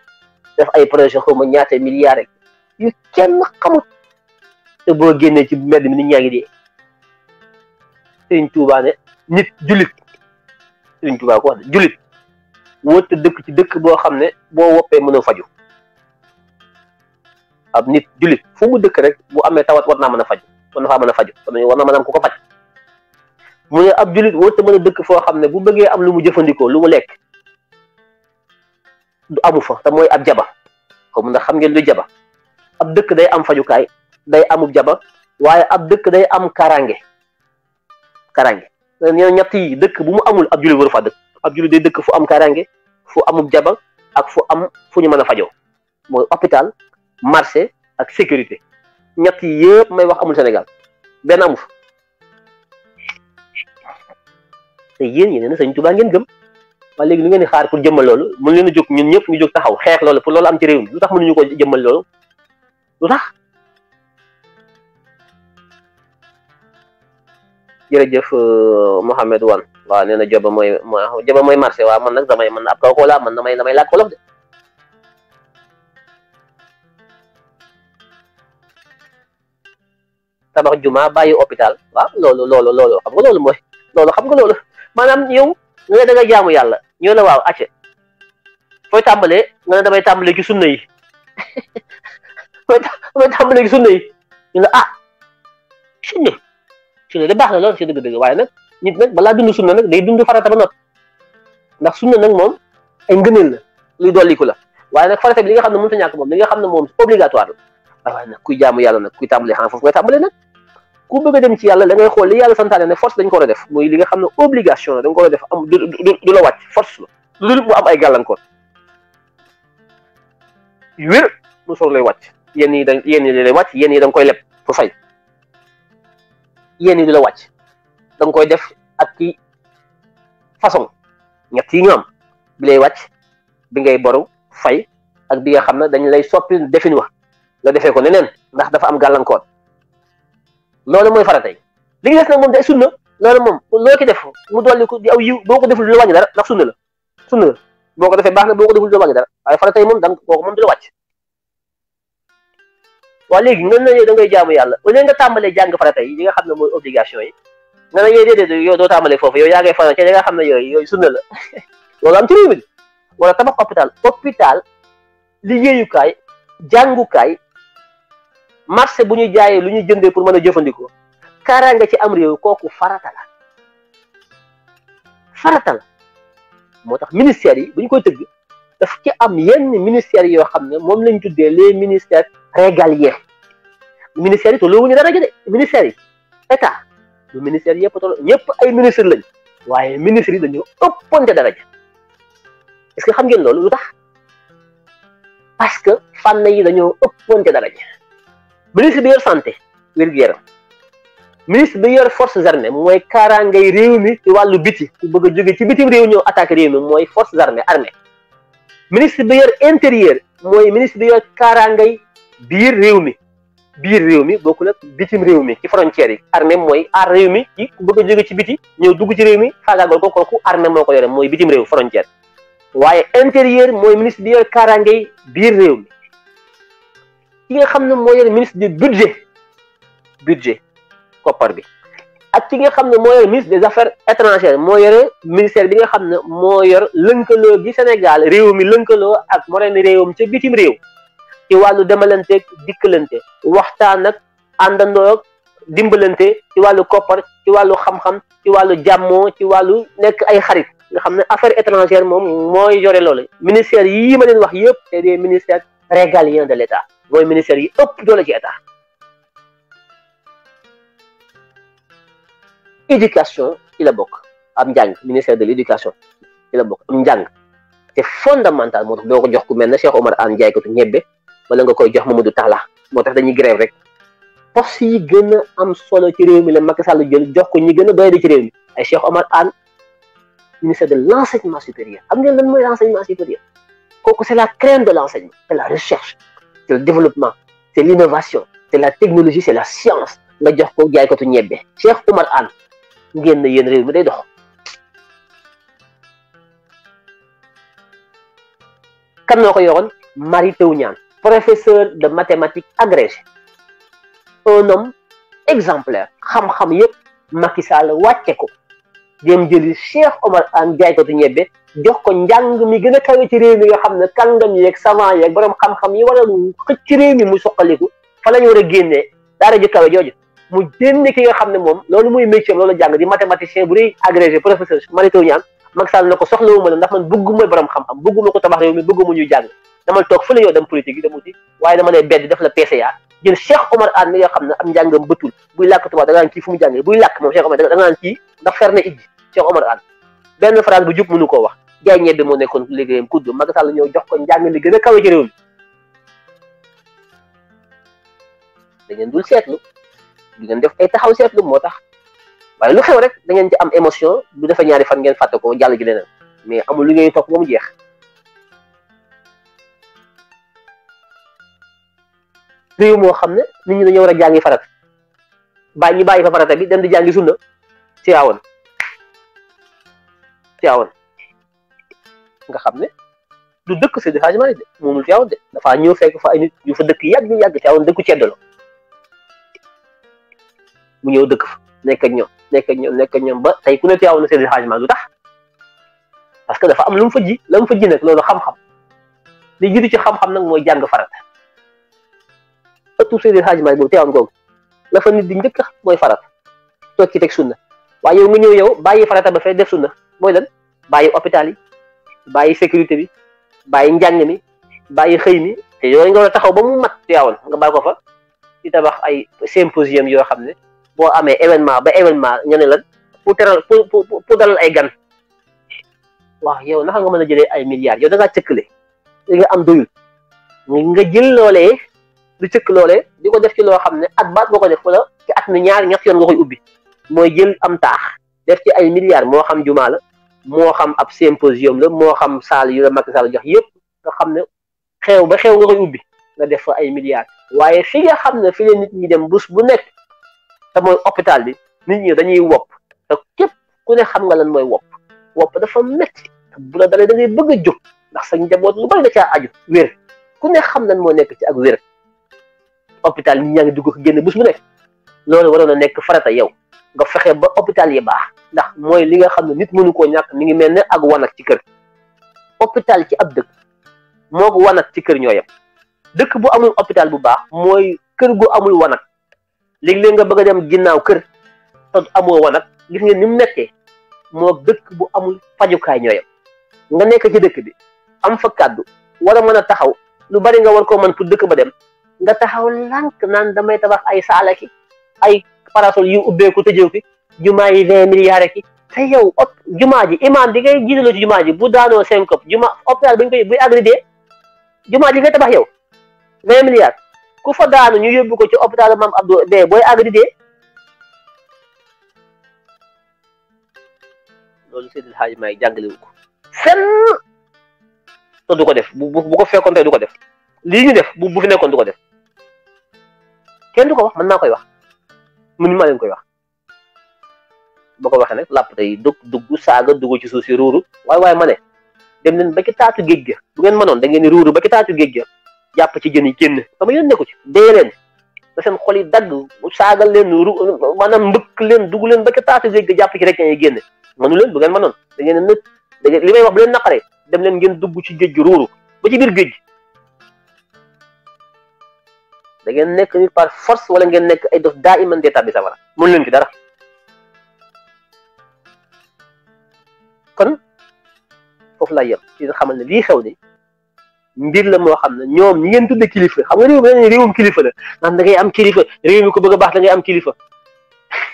def ay projet xaw ma ñaata milliards rek yu kenn xamut te boo génnee ci mbedd mi nit ñaa ngi dee Sëriñ Tuubaa ne nit jullit Sëriñ Tuubaa ko wax de jullit wóote dëkk ci dëkk boo xam ne boo woppee mënoo faju ab nit jullit fu mu dëkk rek bu amee tawat war naa mën a faju war na mën a faju kon war na mën a am ku ko faj mu ne ab jullit wóote mën a dëkk foo xam ne bu bëggee am lu mu jëfandikoo lu mu lekk du amu fa te mooy ab jaba xaw ma ndax xam ngeen jaba ab dëkk day am fajukaay day Amu jaba waaye ab dëkk day am karange karange ñoo ñett yi bu mu amul ab julli waru fa dëkk ab julli day dëkk fu am karange fu Amu jaba ak fu am fu ñu mën a fajoo mooy hôpital marché ak sécurité ñatt yi yëpp may wax amul Sénégal benn amul te yéen yéen Sëñ ngeen gëm waaye léegi lu ngeen di xaar pour jëmmal loolu mën leen a jóg ñun ñëpp ñu jóg taxaw xeex loolu pour loolu am ci réew mi lu ñu ko jëmmal loolu lu tax jërëjëf euh, Mohamed Wan waaw nee na joba mooy joba mooy marché waaw man nag damay man ab kaw laa man may damay làkk wolof de tabax juma bàyyi hôpital waaw loolu loolu loolu xam nga loolu mooy loolu xam nga loolu maanaam yow nga ne da nga jaamu yàlla ñoo la waaw acce fooy tàmbalee nga ne damay tàmbalee ci sunna yi damay tàmbalee ci sunna yi ñu ne ah sunna sunna baax na lool si dëgg-dëgg waaye nag nit nag balaa dund sunna nag day dund farata ba noppi ndax sunna nag moom ay ngëneel la luy dolliku la waaye nag farata bi li nga xam ne mënut a ñàkk moom li nga xam ne moom obligatoire la waaye nag kuy jaamu yàlla nag kuy tàmbalee xanaa foofu ngay tàmbalee nag ku bëgg a dem ci yàlla da xool li yàlla santaane ne force dañ ko war a def muy li nga xam ne obligation la da def am du du la wàcc lu dul am ay gàllankoor lay wàcc yenn yi da yenn yi lay wàcc yi da koy leb pour fay yenn la wàcc da koy def ak ki façon ñett yi ñu am bi lay wàcc bi ngay boru fay ak bi nga xam ne dañ lay soppi defin wax nga defee ko neneen ndax dafa am gàllankoor loolu mooy faratay li ngi des nag moom day sunna loolu moom loo ko def mu dolli ko di aw yiw boo ko deful du la wàññi dara ndax sunna la sunna la boo ko defee baax na boo ko deful du la wàññi dara waaye faratay moom danga kooku moom du la wàcc waa léegi nga ne yow da ngay jaamu yàlla au lieu nga tàmbalee jàng faratay yi nga xam ne mooy obligation yi nga ne yooyu déedéet yow doo tàmbalee foofu yow yaa ngay faral ci li nga xam ne yooyu yooyu sunna la loolu am ci réew mi wala tabax hôpital hôpital liggéeyukaay jàngukaay marché bu ñu jaayee lu ñu jëndee pour mën a jëfandikoo kaaraange ci am réew kooku farata la farata la moo tax ministères yi bu ñu koy tëgg daf ci am yenn ministère yoo xam ne moom lañ tuddee les ministères régaliers ministère yi te loolu ñu dara jëlee ministère yi état du ministère yëpp toll ñëpp ay ministre lañ waaye ministres yi dañoo ëppante dara jë est-ce que xam ngeen loolu lu tax parce que fànn yi dañoo ëppante dara jë ministre bi yor santé wér-gu-yaram ministre bi yor forces armées mooy kaaraangay réew mi ci wàllu biti ku bëgg a jóge ci bitim réew ñëw attaque réew mi mooy forces armées armée ministre bi yor intérieur mooy ministre bi yor kaaraangay biir réew mi biir réew mi bokkul ak bitim réew mi ci frontières yi armée mooy aar réew mi ci ku bëgg jóge ci biti ñëw dugg ci réew mi faagaagal ko kooku armée moo ko yore mooy bitim réew frontière waaye intérieur mooy ministre bi yor kaaraangay biir mi ki nga xamne ne moo ministre du budget budget copar bi ak ki nga xamne ne moo ministre des affaires étrangères moo yore ministère bi nga xamne mo yor leunkelo gi Sénégal réew mi leunkelo ak moreen réewum ci bitim réew ci walu demalante dikkalante waxtaan ak andando ak dimbalante ci walu copar ci walu xam xam-xam ci walu jammo ci walu nek ay xarit nga xamne affaire étrangère mom moy mooy yore loolu ministère yi ma len wax yëpp c'est des ministères régaliens de l'État mooy ministère yi ëpp la ci état éducation il a bok am jang ministère de l'éducation éducation a bok am jang té fondamental motax do ko jox ku melni Cheikh Omar Anne jaaykatu ñebbe wala nga koy jox Mamadou tala, motax dañuy grève rek pos yi gëna am solo ci réew mi la makka Sall jël jox ko ñi gëna a ci réew mi ay Cheikh Omar An, ministère de l'enseignement supérieur am ngeen lan moy l' enseignement supérieur koku c'est la crème de l'enseignement c'est la recherche. c'est le développement c'est l'innovation c'est la technologie c'est la science Je jox ko jaaykatu ñebbe Cheikh Oumar Anne ngeen na yéen réew mi day dox kan noo ko Marie Théou professeur de mathématiques agrégé un homme exemplaire xam-xam yëpp Macky Sall ko ngeen jëli Cheikh Omar Anne jaaykatu ñebbe jox ko njàng mi gën a kawe ci réew mi nga xam ne kàngam yeeg savant yeeg borom xam-xam yi war a xëcc ci réew mi mu soqaliku fa la ñu war a génnee daara ju kawe jooju mu génne ki nga xam ne moom loolu muy métier loolu jàng di mathématicien bu rëy agrégé professeur Mary Teuw Niane Macky na ko soxlawu ma la ndax man bëgguma borom xam-xam bëgguma ko tabax réew mi bëgguma ñuy jàng damal toog fële yow dem dama lay bedd def la PCA jël Cheikh Omar Anne xam ne am njàngam bëtul buy làkk tubaab da nga naan kii fu mu jàngee buy làkk Cheikh Omar Anne benn phrase bu jub mënu koo wax jaay ñebe moo nekkoon liggéeyam kudd Macky Sall ñëw jox ko njàng li gën a kawe ci réew dul seetlu di ngeen def ay taxaw seetlu moo tax waaye lu xew rek da ngeen ci am émotion bu defee ñaari fan ngeen fàtte ko jàll ji leneen mais amul lu ngeen topp ba mu jeex. réew moo xam ne nit ñi dañoo war a jàngi farata bàyyi ñi bàyyi fa farata bi dem di jàngi sunna ci awoon. Tiwaawan nga xam ne lu dëkk Seydi Hadji Malick de moomul Tiwaawan de dafaa ñëw fekk fa ay nit yu fa dëkk yàgg yàgg Tiwaawan dëkku ceddalo mu ñëw dëkk fa nekk ñoom nekk ñoom nekk ak ba tey ku ne Tiwaawan Seydi Hadji Malick du tax parce que dafa am lu mu fa ji la mu fa ji nag loolu xam-xam li jiitu ci xam-xam nag mooy jàng farata ëttu Seydi Hadji Malick boobu Tiwaawan googu la fa nit di njëkk mooy farata toog ci teg sunna waaye yow nga ñëw yow bàyyi farata ba fee def sunna mooy lan bàyyi hôpital yi bàyyi sécurité bi bàyyi njàng mi bàyyi xëy mi te yooyu nga war a taxaw ba mu mat Tiwaawan nga bàyyi ko fa ci tabax ay symposium yoo xam ne boo amee événement ba événement ñu ne lan pour teral pour pour dalal ay gan waa waaw yow xam nga mën a jëlee ay milliards yow da ngaa li nga am doyul nga jël loolee lu cëkk loolee di ko def ci loo xam ne at baat boo ko def wala ci at mi ñaar ñett yoon nga koy ubbi mooy jël am taax def ci ay milliards moo xam jumaa la moo xam ab symposium la moo xam salle yu la Macky Sall jox yëpp nga xam ne xew ba xew nga koy ubbi nga def fa ay milliards waaye fi nga xam ne fi la nit ñi dem bus bu nekk te mooy hôpital bi nit ñi dañuy wopp képp ku ne xam nga lan mooy wopp wopp dafa metti bu la dalee da bëgg a jóg ndax sa njaboot lu bari da caa aju wér ku ne xam lan moo nekk ci ak wér hôpital ñaa ngi dugg ko génn bus bu nekk loolu waroon a nekk farata yow nga fexé ba hôpital yi baax ndax moy li nga xamné nit mënu ko ñak mi ngi ak wan ak ci kër hôpital ci ab dëkk wan ak ci kër ñoyam dëkk bu amul hôpital bu baax moy kër gu amul wanag léeg-léeg nga bëgg dem ginnaw kër te amoo ak gis nga nim nekké mo dëkk bu amul fajukaay ñoyam nga nekk ci dëkk bi am fa kaddu war mëna taxaw lu bari nga war ko mën pour dëkk ba dem nga taxaw lank nan damay tabax ay salaki ay parasol yu ubbeeku tëjee ki jumaa yi vingt milliards ki te yow jumaa ji imaam bi ngay jiitaloo ci jumaa ji bu daanoo syncope jumaa hôpital bañ koy buy aggride jumaa ji nga tabax yow vingt milliards ku fa daanu ñu yóbbu ko ci hôpital maam Abdou Bey booy aggride loolu Seydil Hadji Maalik jàngalewu ko fenn te du ko def bu bu ko fekkoon tey du ko def lii ñu def bu bu fi nekkoon du ko def kenn du ko wax mën naa koy wax mun maa leen koy wax boo ko waxee nag làpp tey dugg dugg saaga dugg ci suuf si ruuru waaye waaye ma ne dem leen ba ci taatu géej ga bu ngeen mënoon da ngeen ruuru ba ci taatu géej ga jàpp ci jën yi génn sama yoon nekku ci dee leen da seen xol yi dagg saagal leen ru maanaam mbëkk leen dugg leen ba ci taatu géej jàpp ci rek yi génn mënu leen bu ngeen mënoon da ngeen nëpp da ngeen li may wax bu leen naqaree dem leen ngeen dugg ci géej gi ruuru ba ci biir géej gi da ngeen nekk nit par force wala ngeen nekk ay dof daa iman dee tàbbi safara mënu leen ci dara kon foofu laa yem ci xamal ne lii xew ni mbir la moo xam ne ñoom ñi ngeen tudde kilifa xam nga réew mi dañuy kilifa la ndax da ngay am kilifa réew ko bëgg a baax da am kilifa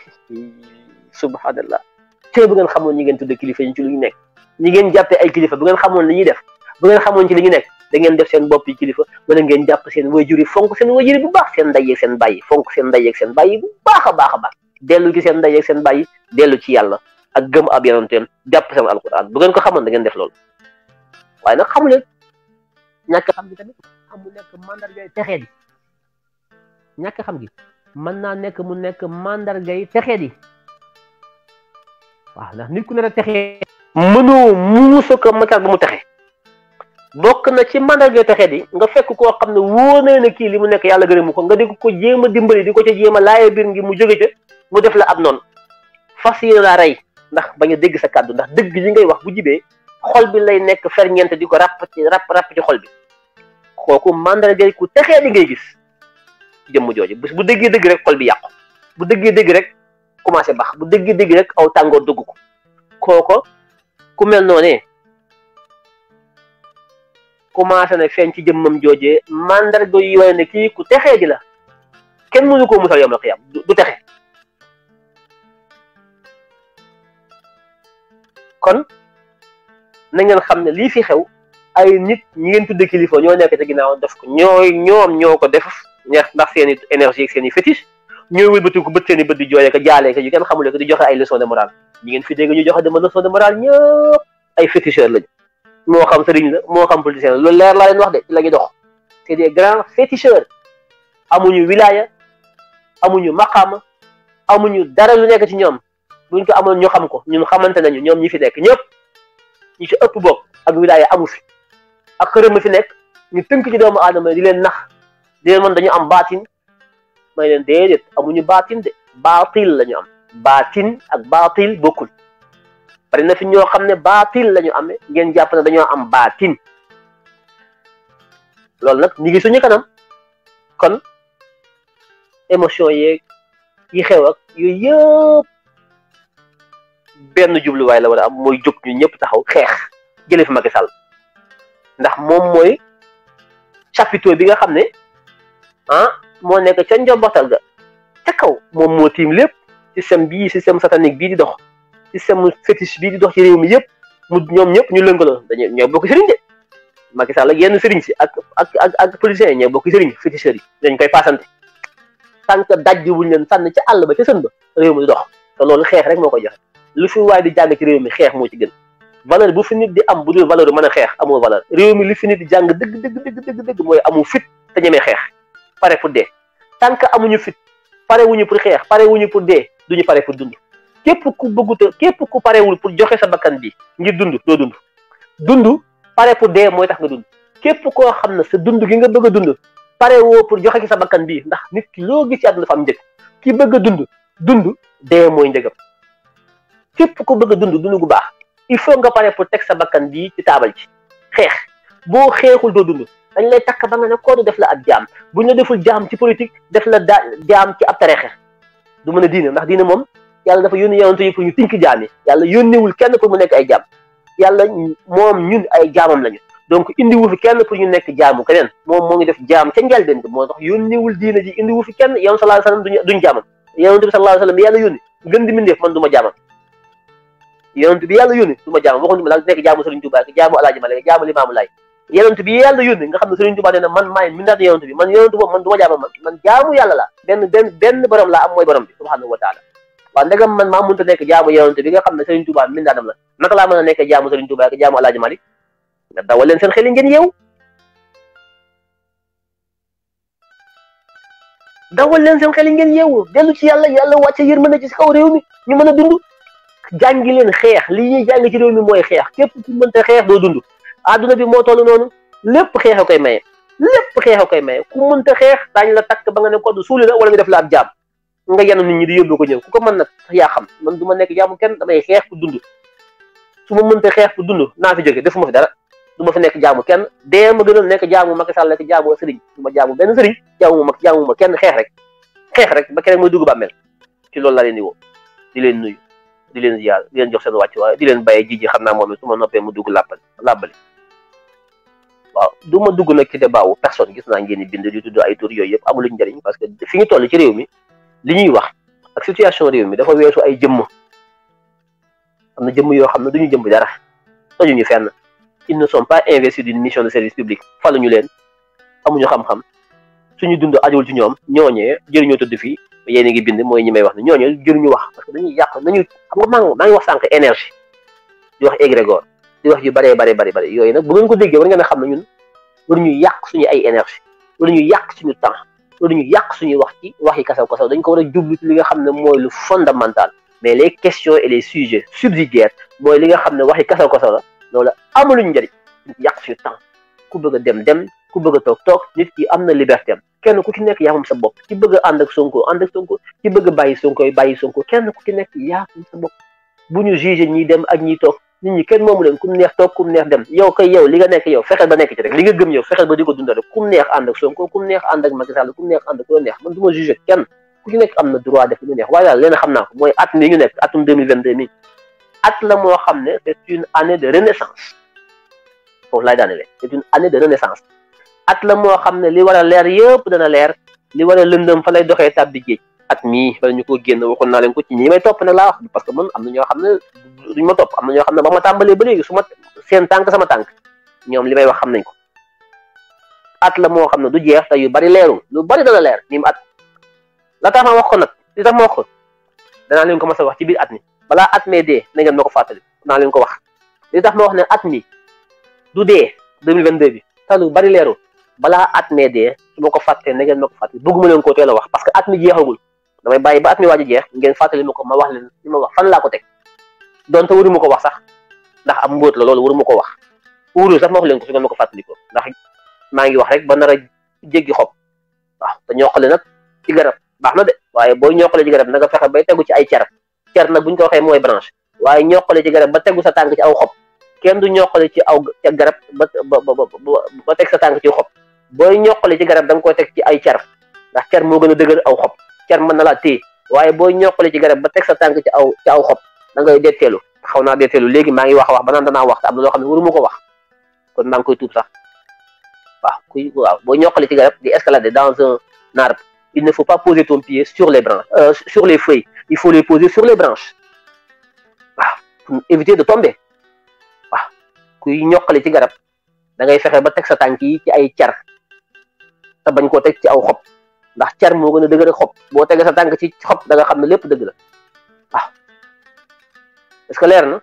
subhanallah te bu xam xamoon ñi ngeen tudde kilifa yi ci lu ñu nekk ñi ngeen jàppee ay kilifa bu ngeen xamoon li ñuy def bu ngeen xamoon ci li ñu nekk da ngeen def seen bopp yi kilifa wala ngeen jàpp seen wajur yi fonk seen wajur yi bu baax seen ndey ak seen bàyyi fonk seen ndey seen bàyyi bu a baax a dellu ci seen ndey seen bàyyi dellu ci yàlla ak gëm ab yonanteem jàpp seen alquran bu ngeen ko xamoon da ngeen def loolu waaye nag xamu leen ñàkk xam gi tamit xamu nekk texee ñàkk xam gi mën naa nekk mu nekk mandargay texee di waaw ndax nit ku ne la texee mënoo muusa ko macar ba mu texee bokk na ci mandarga texe di nga fekk koo xam ne wóor na ne kii li mu nekk yàlla gërëmu ko nga di ko jéem a dimbali di ko ca jéem a biir ngi mu jóge ca mu def la ab noonu fas yéene laa rey ndax bañ a dégg sa kàddu ndax dëgg li ngay wax bu jibee xol bi lay nekk fer ferñeent di ko ràpp ci ràpp ràpp ci xol bi kooku mandarga ku texee di ngay gis jëmm jooju bu déggee dëgg rek xol bi yàqu bu déggee dëgg rek commencé baax bu déggee dégg rek aw tàngoor dugg ko kooko commencé na feeñ ci jëmmam joojee mandarga yi wane ne kii ku texee di la kenn mënu koo musal yom la xiyam du texe kon na ngeen xam ne lii fi xew ay nit ñi ngeen tudde kilifa ñoo nekk ci ginnaaw def ko ñooy ñoom ñoo ko def ñax ndax seen i énergie ak seen i fétiche ñooy wëlbati ko bët seen i bët di jooyee ko jaalee ko yu kenn xamule ko di joxe ay leçon de morale ñi ngeen fi dégg ñu joxe dama leçon de morale ñëpp ay féticheur lañu moo xam sëriñ la moo xam politicien la loolu leer laa leen wax de la ñuy dox c'est des grands féticheurs amuñu amu ñu maqaama amuñu dara lu nekk ci ñoom buñ ko amoon ñu xam ko ñu xamante nañu ñoom ñi fi nekk ñëpp ñu ci ëpp bokk ak wilaya amu fi ak xërëm fi nekk ñu tënk ci doomu aadama di leen nax di leen mën dañu am baatin may leen déedéet amuñu baatin de baatil la ñu am baatin ak baatil bokkul bari na fi ñoo xam ne baatin lañu ñu amee ngeen jàpp ne dañoo am baatin loolu nag ñu ngi suñu kanam kon émotion yeeg yi xew ak yooyu yëpp benn jubluwaay la war a am mooy jóg ñu ñëpp taxaw xeex jëlee fi Macky Sall ndax moom mooy chapiteau bi nga xam ne ah moo nekk ca njombatal ga ca kaw moom moo tiim lépp système bii si système satanique bii di dox. système mu fétiche bi di dox ci réew mi yëpp mu ñoom ñëpp ñu lëngaloo dañuy ñoo bokk sëriñ de Macky Sall ak yenn sëriñ si ak ak ak ak politiciens yi ñoo bokk sëriñ féticheurs yi dañ koy paasante tànk dajji wuñ leen sànn ci àll ba ca sën ba réew mi di dox te loolu xeex rek moo ko joxe lu fi waay di jàng ci réew mi xeex moo ci gën valeur bu fi nit di am bu dul valeur mën a xeex amoo valeur réew mi li fi nit di jàng dëgg dëgg dëgg dëgg mooy amu fit te ñemee xeex pare pour dee tànk amuñu fit pare wuñu xeex pare pour dee duñu pare pour dund képp ku bëgguta képp ku parewul pour joxe sa bakkan bi ngir dund doo dund dund pare pour dee mooy tax nga dund képp koo xam ne sa dund gi nga bëgg dund pare woo pour joxe ci sa bakkan bi ndax nit ki loo gis ci àdduna dafa am njëg ki bëgg a dund dund dee mooy njëgam képp ku bëgg a dund dund gu baax il faut nga pare pour teg sa bakkan bi ci taabal ci xeex boo xeexul doo dund dañ lay takk ba nga ne koodu def la ak jaam bu ñu deful jaam ci politique def la daa jaam ci ab tareexe du mën a diine ndax moom yàlla dafa yónni yonent yi pour ñu tënk jaam yi yàlla yónnewul kenn pour mu nekk ay jaam yàlla moom ñun ay jaamam lañu donc indi wu fi kenn pour ñu nekk jaamu keneen moom moo ngi def jaam ca njëlbéen moo tax yónnewul diina ji indi wu fi kenn yow sallallahu alayhi wasallam duñ jaamam yonent bi sallallahu alayhi wasallam yàlla yónni gën di du ma jaamam jaamu Sëriñ Tuubaa ak jaamu Alaaji Malik jaamu Limaamu Laay yonent bi yàlla nga xam ne Sëriñ Tuubaa nee na man maay mindaat yonent bi man yonent man du jaamam man jaamu yàlla la benn benn benn borom laa am mooy borom bi subhanahu wa waaw ndegam man maa mënut a nekk jaamu yonent bi nga xam ne Serigne Touba min na la naka laa mën a nekk jaamu Serigne Touba ak jaamu Alaaji Malik nga dawal leen seen xel yi ngeen yeewu dawal leen seen xel yi ngeen yeewu dellu ci yàlla yàlla wàcce yërmande ci si kaw réew mi ñu mën a dund jàngi leen xeex li ñuy jàng ci réew mi mooy xeex képp ku mënta xeex doo dund adduna bi moo toll noonu lépp xeex a koy maye lépp xeex a koy maye ku mënta xeex daañu la takk ba nga ne ko du suuli la wala ñu def la ab nga yenn nit ñi di yóbbu ko ñëw ku ko mën nag yaa xam man du ma nekk jaamu kenn damay xeex ku dund su ma mënta xeex ku dund naa fi jóge defuma fi dara du ma fi nekk jaamu kenn dee ma gënal nekk jaamu Macky Sall nekk jaamu sëriñ du ma jaamu benn sëriñ jaamu ma jaamu ma kenn xeex rek xeex rek ba keneen mooy dugg bàmmeel ci loolu laa leen di woo leen nuyu di leen ziar di leen jox seen wàccuwaay di leen bàyyee jiji xam naa moom su ma noppee mu ma dugg nag ci débat wu personne gis naa ngeen bind di tudd ay tur yooyu yëpp amuluñ njëriñ parce que fi ñu toll ci réew mi li ñuy wax ak situation réew mi dafa weesu ay jëmm am na jëmm yoo xam ne duñu jëmm dara tojuñu fenn ils ne sont pas investis d'une mission de service public faluñu leen amuñu xam-xam ñu dund ajul ci ñoom ñooñee jëriñoo tëdd fii yéen a ngi bind mooy ñi may wax ne ñooñee jëriñu wax parce que dañuy yàq nañu xam nga maa ngi wax sànq énergie di wax égrégore di wax yu bëree bëri bëri yooyu nag bu ngeen ko déggee war ngeen a xam na ñun war ñu yàq suñu ay énergie war ñu yàq suñu temps loolu ñu yàq suñuy wax ci waxi kasaw kasaw dañ ko war a jublu ci li nga xam ne mooy lu fondamental mais les questions et les sujets subsidiaires mooy li nga xam ne waxi kasaw kasaw la loolu amaluñ njëriñ yàq suñu temps ku bëgg a dem dem ku bëgg a toog toog nit ki am na liberté am kenn ku ci nekk yaa sa bopp ci bëgg a ànd ak sonko ànd ak sonko ci bëgg a bàyyi sonko bàyyi sonko kenn ku ci nekk yaa sa bopp bu ñu jugé ñi dem ak ñi toog nit ñi kenn moomu leen kum neex toog kum neex dem yow kay yow li nga nekk yow fexeel ba nekk ci rek li nga gëm yow fexeel ba di ko dundal kum neex ànd ak Sonko kum neex ànd ak Macky Sall kum neex ànd ak ku neex man du ma jugé kenn ku ci nekk am na droit def lu neex waaye daal leen xam naa ko mooy at mi ñu nekk atum 2022 mi at la moo xam ne c'est une année de renaissance foofu laay daanele c'est une année de renaissance at la moo xam ne li war a leer yëpp dana leer li war a lëndëm fa lay doxee tàbbi géej at mi wala ñu ko genn waxon na leen ko ci ñi may top na la wax parce que man amna ño xamne duñ ma top amna ño xamne ba ma tambalé ba légui suma ma seen tànk sama tank ñom limay wax xamnañ ko at la mo xamne du jeex tay yu bari leeru lu bari da la leer nim at la tax ma wax ko nak ci tax mo wax ko na leen ko mësa wax ci biir at ni bala at me dé na ngeen mako fatali na leen ko wax li tax ma wax ne at ni du dé 2022 bi te lu bari leeru bala at me dé su ma ko fàttee na ngeen mako fatali bëgguma leen ko téla wax parce que at ni jeexagul damay bàyyi ba at mi waaj a jeex ngeen fàttali ma ko ma wax leen li ma wax fan laa ko teg donte waru ma ko wax sax ndax am mbóot la loolu waru ma ko wax wóorul sax ma wax leen ko su ngeen ma ko fàttaliko ndax maa ngi wax rek ba nar a jéggi xob waaw te ñoqale nag ci garab baax na de waaye booy ñoqale ci garab na nga fexe bay tegu ci ay cer cer nag buñ ko waxee mooy branche waaye ñoqale ci garab ba tegu sa tànk ci aw xob kenn du ñoqale ci aw ca garab ba ba ba teg sa tànk ci xob booy ñoqale ci garab da nga koy teg ci ay cer ndax cer moo gën a dëgër aw xob car mën na laa téye waaye boo ñoqale ci garab ba teg sa tànk ci aw ci aw da ngay detteelu xaw naa detteelu léegi maa ngi wax wax ba naan danaa wax am na loo xam ne ko wax kon maa koy tuub sax waaw kuy boo ñoqale ci garab di escalader dans un arbre il ne faut les branches euh, les feuilles il faut les poser sur les de tomber waaw ñoqale ci garab da ngay fexe ba teg sa tànk yi ci ay car te bañ koo teg ci aw xob ndax car moo gën a dëgër xob boo tegee sa tànk ci xob da xam ne lépp dëgg la waaw est-ce leer na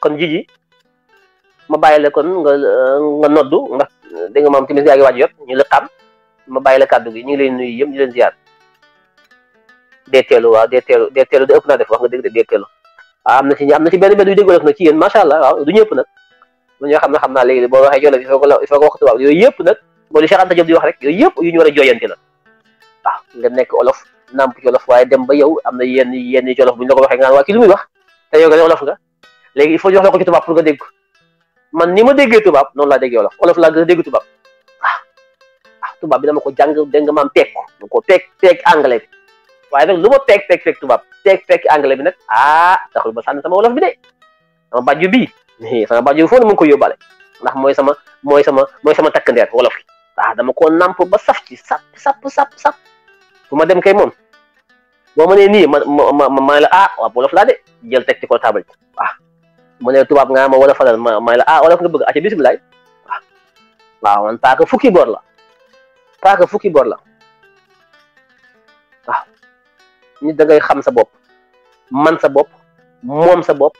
kon jiji ma bàyyi la kon nga nga noddu ndax dégg nga maam timis yaa ngi waaj yot ñu la xam ma bàyyi la kàddu gi ñu ngi leen nuyu yëpp ñu leen ziar dee de ëpp naa def wax nga dëgg de dee teelu waaw am na na na nag lu xam ne xam naa léegi boo waxee jolof il faut que il faut que wax yooyu yëpp nag boo di seexanta jëm di wax rek yun yëpp yu ñu war a jooyanti la waaw nga nek olof namp jolof waaye dem ba yow Amna na yenn yenn jolof bu ñu ko waxee nga waa kii lu muy wax te yow nga olof nga léegi il faut ñu la ko ci tubaab pour nga dégg man ni ma déggee tubaab non la déggee olof olof la gën a dégg tubaab ah ah tubaab bi dama ko jàng denga nga pek. peeg ko pek ko peeg Wa anglais bi pek pek lu ma Pek pek peeg tubaab peeg peeg anglais bi nag ah taxul ba sànni sama wolof bi de sama bàjju bii sama bàjju bi foo ne mu ko yóbbaale ndax mooy sama moy sama moy sama tak ndeer olof ah dama ko namp ba saf ci sap sap sap sap bu ma dem kay mom bo ma nee nii ma ma ma la ah wa bolof la de jël tek ci ko table ci ah mo ne tubab nga ma wala falal ma ma la ah wolof nga bëgg acca bisimilaay ah waaw ah, man paaka fukki bor la paaka fukki bor la waaw ni da ngay xam sa bop man sa bop mom sa bop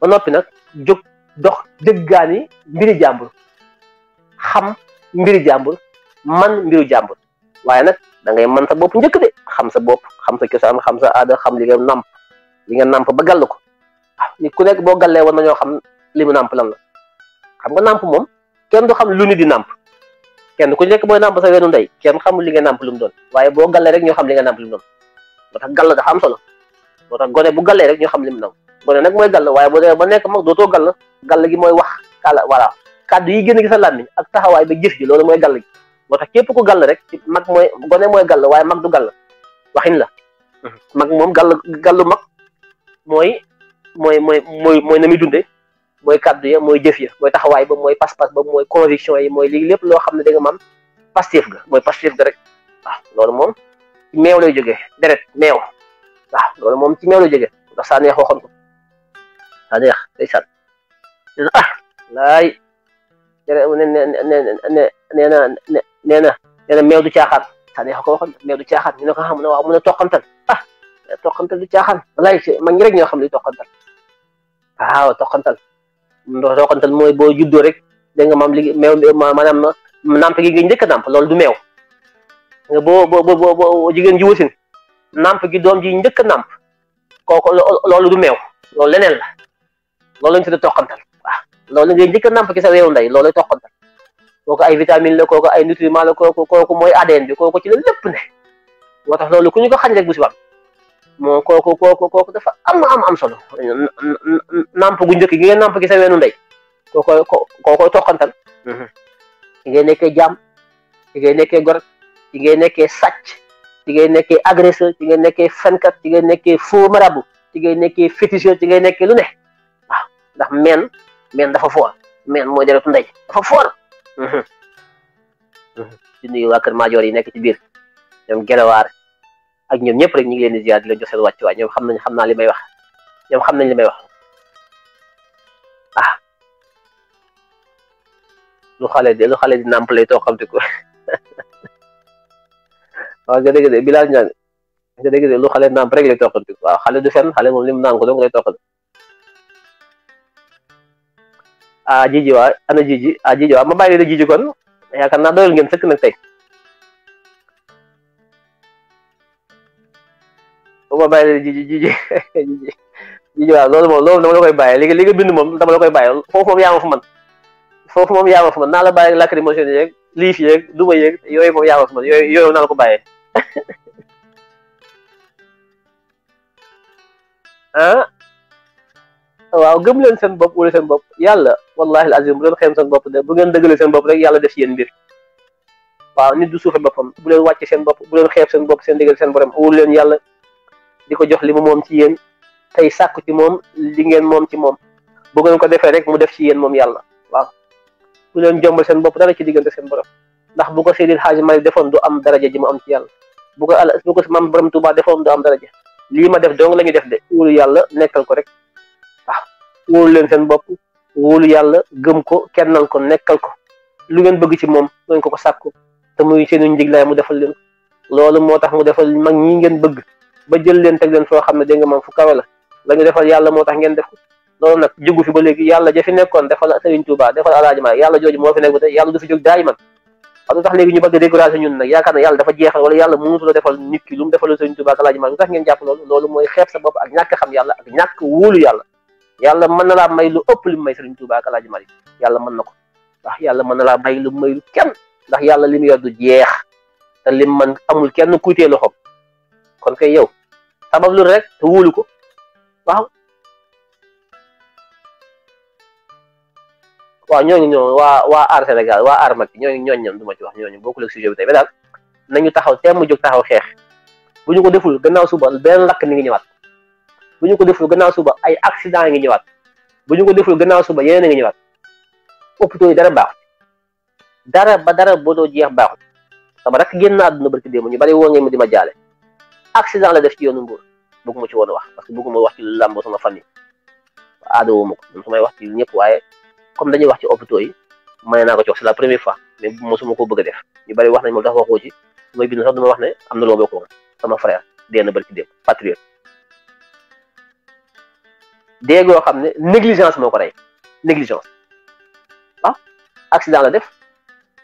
ba nopi nak jóg dox deggani mbiri jambur xam mbir jàmbur man mbiru jàmbur waaye nag da ngay man sa bopp njëkk de xam sa bopp xam sa cosaan xam sa aada xam li nga namp li nga namp ba gàll ko ah nekk boo gàllee war nañoo xam li mu namp lan la xam nga namp moom kenn du xam lu ni di namp kenn ku nekk booy namp sa weenu ndey kenn xamul li nga namp lu mu doon waaye boo gàllee rek ñoo xam li nga namp lu mu doon moo tax gàll dafa am solo moo tax gone bu gàllee rek ñoo xam li mu nam gone nag mooy gàll waaye boo demee ba nekk mag dootoo gàll gàll gi mooy wax kàlla voilà kàddu yi génn gi sa làmmiñ ak taxawaay ba jëf ji loolu mooy gàll gi moo tax képp ko gàll rek ci mag mooy gone mooy gàll waaye mag du gàll waxin la mhm. mag moom gàll gàllu mag mooy mooy mooy mooy mooy na muy dunde mooy kàddu ya mooy jëf ya mooy taxawaay ba mooy pas-pas ba mooy conviction yi mooy lii lépp loo xam ne da nga maam pastif ga mooy pastif ga rek waaw loolu moom ci meew lay jógee deret meew waaw loolu moom ci meew lay jógee ndax saa neex ko saa nee na nee na nee na meew du caaxaan xanaa xa ko waxoon meew du caaxaan ñu ne ko xam ah, ne waaw mu ne toqantal ah toqantal du caaxaan walaay mag ñi rek ñoo xam ne toqantal waaw toqantal ndox toqantal mooy boo juddoo rek da nga maam liggéey meew maanaam namp gi nga njëkk a namp loolu du meew nga jigéen ji wasin namp gi doom njëkk a namp kooku loolu du meew loolu leneen la loolu lañ loolu ngay njëkk a nàmp ci sa weewu ndey loolu toqantal kooku ay vitamine la kooku ay nutriments la kooku kooku mooy ADN bi kooku ci la ne moo tax loolu ku ñu ko xañ rek bu si wam mo kooku kooku kooku dafa am am am solo nàmp gu njëkk gi nga nàmp gi sa weenu ndey kookoy kookoy toqantal ci ngay nekkee jaam ci ngay nekkee gor ci ngay nekkee sàcc ci ngay nekkee agresseur ci ngay nekkee fenkat ci ngay nekkee faux marabout ci ngay nekkee féticheur ci ngay nekkee lu ne waaw ndax men meen dafa foor meen mooy deretu ndey dafa foor mhm. Mhm. di nuyu waa maajoor yi nekk ci biir ñoom gelawaar ak ñoom ñëpp rek ñu ngi leen di ziar di leen jox seen ñoom xam nañ xam naa li may wax ñoom xam nañ li may wax ah lu xale di lu xale di nàmp la too xam te ko waaw nga dégg de bilaal ñaan nga dégg de lu xale nàmp rek lay too xam te ko waaw xale du fenn xale moom li mu ko dong lay too xam ah jiji waa ana jiji ah jiji waa ma bàyyi leen jiji kon yaakaar naa doyal ngeen sëkk nag tey ma bàyyi leen jiji jiji jiji waa loolu moom loolu dama la koy bàyyi léegi léegi bind moom dama la koy bàyyi foofu moom yaa ma fa man foofu moom yaa ma fa man naa la bàyyi lacrymogène yeeg liif yeeg duma yeeg yooyu moom yaa ma fa man yooyu naa la ko bàyyee ah waaw gëm leen seen bopp wala seen bopp yàlla wallahi azim bu leen xeem seen bopp de bu ngeen dëggalee seen bopp rek yàlla def si yéen mbir waaw nit du suufe boppam bu leen wàcce seen bopp bu leen xeeb seen bopp seen dëggal seen borom wul leen yàlla di ko jox li mu moom ci yéen tey sàkku ci moom li ngeen moom ci moom bu ngeen ko defee rek mu def ci yéen moom yàlla waaw bu leen jombal seen bopp dara ci diggante seen borom ndax bu ko Seydil Hadji Malick defoon du am daraja ji mu am ci yàlla bu ko ala bu ko mam borom tuba defoon du am daraja lii ma def dong la ñu def de wul yàlla nekkal ko rek wóolu leen seen bopp wóolu yàlla gëm ko kennal ko nekkal ko lu ngeen bëgg ci moom ngeen ko ko sàkku te muy seenu njiglaay mu defal leen ko loolu moo tax mu defal mag ñi ngeen bëgg ba jël leen teg leen foo xam ne dégg nga moom fu kawe la la ñu defal yàlla moo tax ngeen def ko loolu na yàlla dafa loolu loolu mooy xeeb sa bopp ak ñàkk xam yàlla ak ñàkk wóolu yàlla yalla man na la may lu ëpp li may Serigne Touba kala djimari yalla man nako ndax yalla man na la may lu may lu kenn ndax yalla lim mu du jeex te lim man amul kenn kuy tee xop kon kay yow sabab lu rek te wóolu ko waaw. wa ñooñu ñoo wa wa ar senegal wa ar mak ñooñu ñooñu ñam duma ci wax ñooñu bokku lek sujet bi tey ba daal nañu taxaw temm juk taxaw xex buñu ko deful gannaaw suba ben lak ni nga ñewat bu ñu ko deful gannaaw suba ay accident ngi ñëwaat bu ñu ko deful gannaaw suba yeneen a ngi ñëwaat hôpitaux yi dara baax dara ba dara boo doo jeex baaxut sama rak génn na àdduna barki démb ñu bari woo ngeen ma di ma jaale accident la def ci yoonu Mbour bëgguma ci woon wax parce que bëgguma wax ci làmb sama famille ko man wax ci ñëpp waaye comme dañuy wax ci hôpitaux yi may naa ko ci wax c'est la ko bëgg a def ñu bari wax nañ moom tax waxoo ci su may bind sax du ma wax ne am na loo bokk sama frère dee na barki démb patriote dee goo xam ne négligence moo ko rey négligence ah accident la def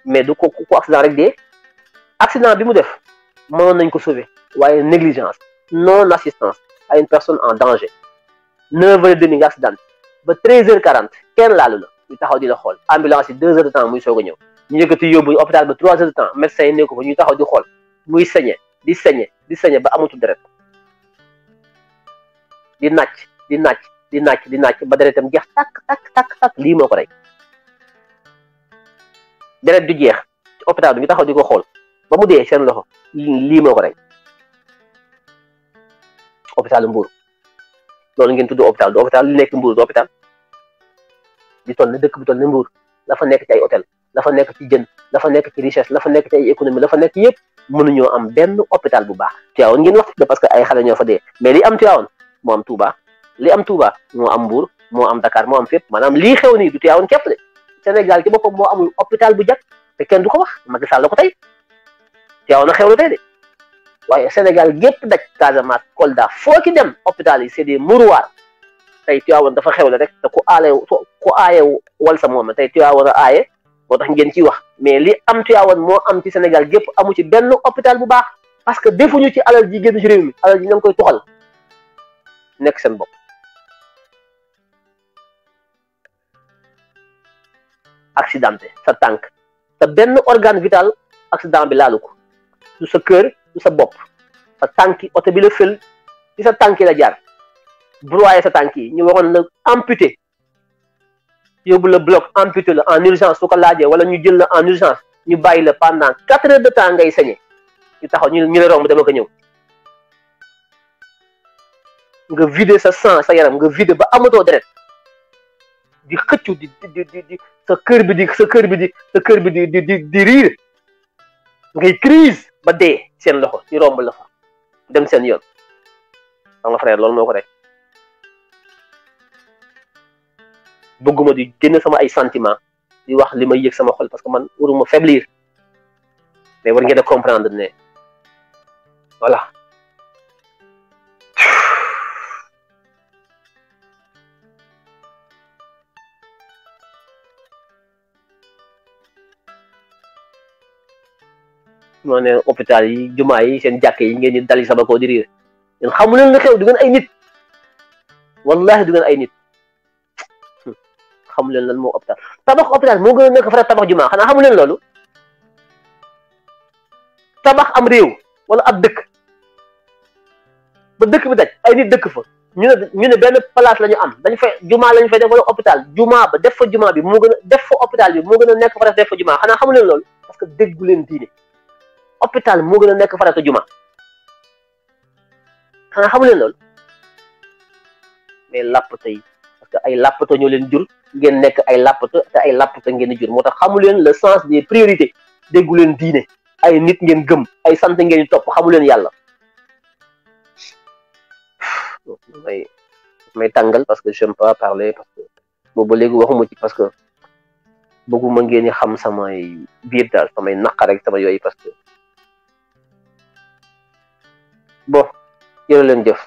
mais du ko ku accident rek dee accident bi mu def mënoon nañ ko sauver waaye négligence non assistance à une personne en danger neuf heures et demie nga accident ba treize heures quarante kenn laalu la ñu taxaw di la xool ambulance yi deux heures de temps muy soog a ñëw ñu yëkkati yóbbu hôpital ba trois heures de temps médecin yi nekk ko fa ñuy taxaw di xool muy sañe di sañe di sañe ba amatul deret di nàcc di nàcc di nàcc di nàcc ba deretam jeex takk takk takk takk lii moo ko rey deret du jeex ci hôpital bi tax taxaw di ko xool ba mu dee seen loxo lii moo ko rey hôpital Mbour loolu ngeen tudd hôpital du hôpital nekk Mbour du hôpital di dëkk bi toll ne Mbour la fa nekk ci ay hôtel la fa nekk ci jën la fa nekk ci richesse la fa nekk ci ay économie la fa nekk yëpp mënuñoo am benn hôpital bu baax Tivaouane ngeen wax parce que ay xale ñoo fa dee mais li am Tivaouane moo am Touba li am Touba moo am Mbour moo am Dakar moo am fépp maanaam lii xew nii du Tiwaawan képp de Sénégal ci boppam moo amul hôpital bu jag te kenn du ko wax Macky Sall la ko tey Tiwaawan a xew na tey de waaye Sénégal gépp foo ci dem hôpital yi c'est des mouroirs dafa xew la rek te ku aalee ku aaye wal sa moom tey Tiwaawan a aaye moo tax ngeen ci wax mais li am Tiwaawan moo am ci Sénégal gépp amu ci benn hôpital bu baax parce que ñu ci alal ji génn ci réew mi alal ji ña koy tuxal nekk seen bopp accidenté sa tank, sa benn organe vital accident bi lu ko du sa cœur du sa bop sa tanki auto bi la fël ci sa tanki la jaar broyer sa tanki ñu waxon la amputer yobul le bloc amputé le en urgence ko laaje wala ñu jël le en urgence ñu bàyyi le pendant 4 heures de temps ngay sañe ñu taxaw ñu ñu la romb dama ko ñew nga vider sa sang sa yaram nga vider ba amato deret di xëccu di di di sa kër bi di sa kër bi di kër bi di di di di riir ngay crise ba dee seen loxo ci romb la dem seen yoon xam nga loolu moo ko rek bëgguma di génn sama ay sentiment di wax li may yëg sama xol parce que man waruma faiblir mais war ngeen a comprendre ne voilà mané hôpital yi juma yi sen jàkk yi ngeen ni dali sama ko di riir xamu leen la xew du ngeen ay nit wallahi du ngeen ay nit xamu leen lan mo hôpital tabax hôpital mo gëna nek fa tabax juma xana xamu leen lolu tabax am rew wala ab dekk ba dekk bi daj ay nit dekk fa ñu ñu ne benn place lañu am dañ fay juma lañ fay def wala hôpital juma ba def fa juma bi mo gëna def fa hôpital bi mo gëna nek fa def fa juma xana xamu leen lolu parce que déggu leen diine hôpital moo gën a nekk farata juma xanaa xamu leen loolu mais yi parce que ay làppata ñoo leen jur ngeen nekk ay làppata te ay làppata ngeen jur moo tax xamu leen le sens des priorité déggu leen diine ay nit ngeen gëm ay sant ngeen topp xamu leen yàlla. may may tàngal parce que j'aime pas parler parce que boobu léegi waxuma ci parce que bëgguma ngeen di xam samay biir daal samay naqar rek sama yooyu parce que. bo jërë leen jëf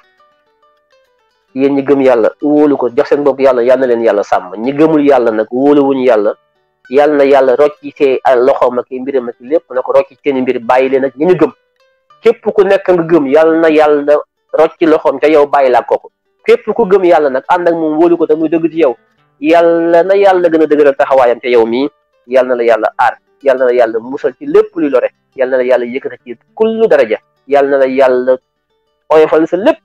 yéen ñi gëm yàlla wóolu ko jox seen bopp yàlla yal na leen yàlla sàmm ñi gëmul yàlla nag wóoluwuñu yàlla yàlla na yàlla rocci see loxoom ak mbiram ak lépp na ko rocci seeni mbir bàyyi leen ak ñi ñu gëm képp ku nekk gëm yàlla na yàlla rocci loxoom ca yow bàyyi laa kooku képp ku gëm yàlla nag ànd ak moom wóolu ko te muy dëgg ci yow yàlla na yàlla gën a dëgëral taxawaayam ca yow mii yàlla na la yàlla aar yàlla na yàlla musal ci lépp luy lore yàlla na la yàlla yëkkata kullu daraja yàlla oyofal sa lépp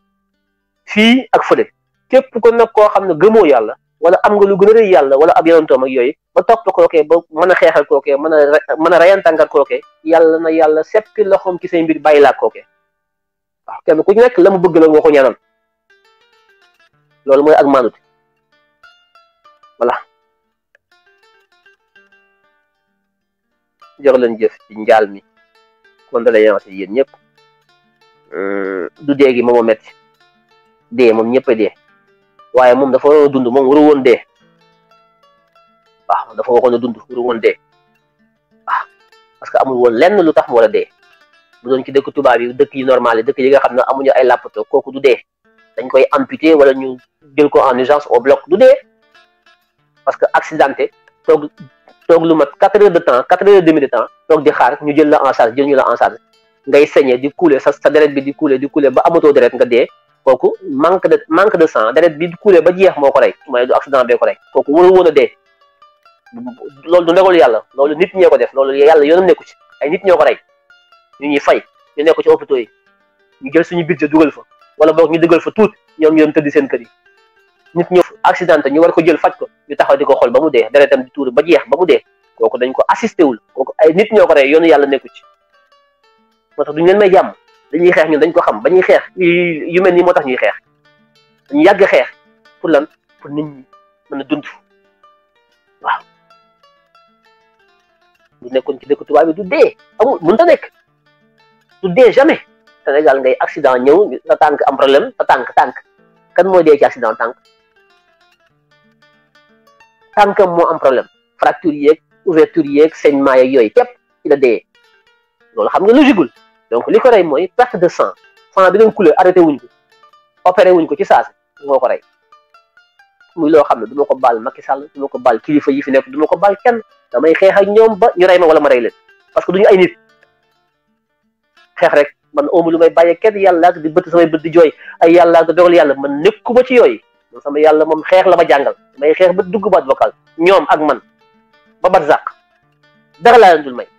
fii ak fële képp ko nag koo xam ne gëmoo yàlla wala am nga lu gën a rëy yàlla wala ab yonantoom ak yooyu ba topp kookee ba mën a xeexal kookee mën a mën a rayantàngat kookee yàlla na yàlla seppi loxoom ci say mbir bàyyi laa kookee waaw kenn ku nekk la mu bëgg la nga ko ñaanal loolu mooy ak maanut voilà jox leen jëf ci njaal mi condoléances yéen ñëpp du dee gi moom moo métti dee moom ñëpp a dee waaye moom dafa waroon dund moom waru woon dee waaw dafa waxoon dund waru woon dee parce que amul woon lenn lu tax mu war a dee bu doon ci dëkk tubaab yi dëkk yi normal yi dëkk yi nga xam ne amuñu ay làppato kooku du dee dañ koy amputé wala ñu jël ko en urgence au bloc du dee parce que accidente toog toog lu mat quatre heures de temps quatre heures de temps toog di xaar ñu jël la en charge jël ñu la en ngay saigner di couler sa sa deret bi di couler di kule ba amatoo deret nga dee kooku manque de manque de sang deret bi di couler ba jeex moo ko rey mooy du accident bee ko rey kooku warul woon a loolu du ndogalu yàlla loolu nit ñee ko def loolu yàlla yoonam nekku ci nit ñoo ko rey ñu ñuy fay ñu nekk ci hôpitaux yi jël suñu budget dugal fa wala boog ñu dugal fa tuut ñoom ñu dem tëdd seen kër yi nit ñëw accidenté ñu war ko jël faj ko ñu taxaw di ko xool ba mu dee deretam di tuur ba jeex ba mu dee kooku dañ ko assisté wul kooku ay nit ñoo ko rey yoonu yàlla nekku ci moo tax duñu leen may jàmm dañuy xeex ñun dañ ko xam ba ñuy xeex yu mel nii moo tax ñuy xeex dañu yàgg xeex pour lan pour nit ñi mën a dund waaw bu nekkoon ci dëkk tubaab du dee amul mënut nekk du dee jamais Sénégal ngay accident ñëw sa tànk am problème sa tànk tànk kan mooy dee ci accident tànk tànkam moo am problème fracture yeeg ouverture yeeg saignement yeeg yooyu képp ci la dee loolu xam nga logique donc li ko rey mooy perte de sang sang bi doon couleur arrêté wuñ ko opéré wuñ ko ci saasi moo ko rey muy loo xam ne du ma ko baal Macky Sall du ma ko baal kilifa yi fi nekk du ma ko baal kenn damay xeex ak ñoom ba ñu rey ma wala ma rey leen parce que du ñu ay nit xeex rek man oomu lu may bàyyee kenn yàlla ak di bëtt samay bët di jooy ay yàlla ak di dogal yàlla man nekkuma ci yooy man sama yàlla moom xeex la ma jàngal damay xeex ba dugg baat vocal ñoom ak man ba bat zàq dara may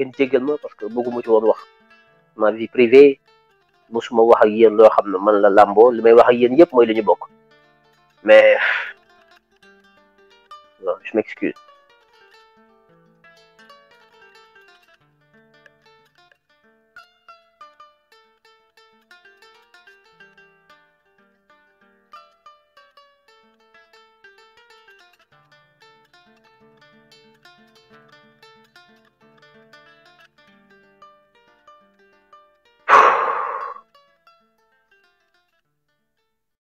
ngeen jéggal ma parce que bëgguma ci woon wax ma vie privée mosuma wax ak yéen loo xam ne man la làmboo li may wax ak yéen yëpp mooy li ñu bokk mais non je m'excuse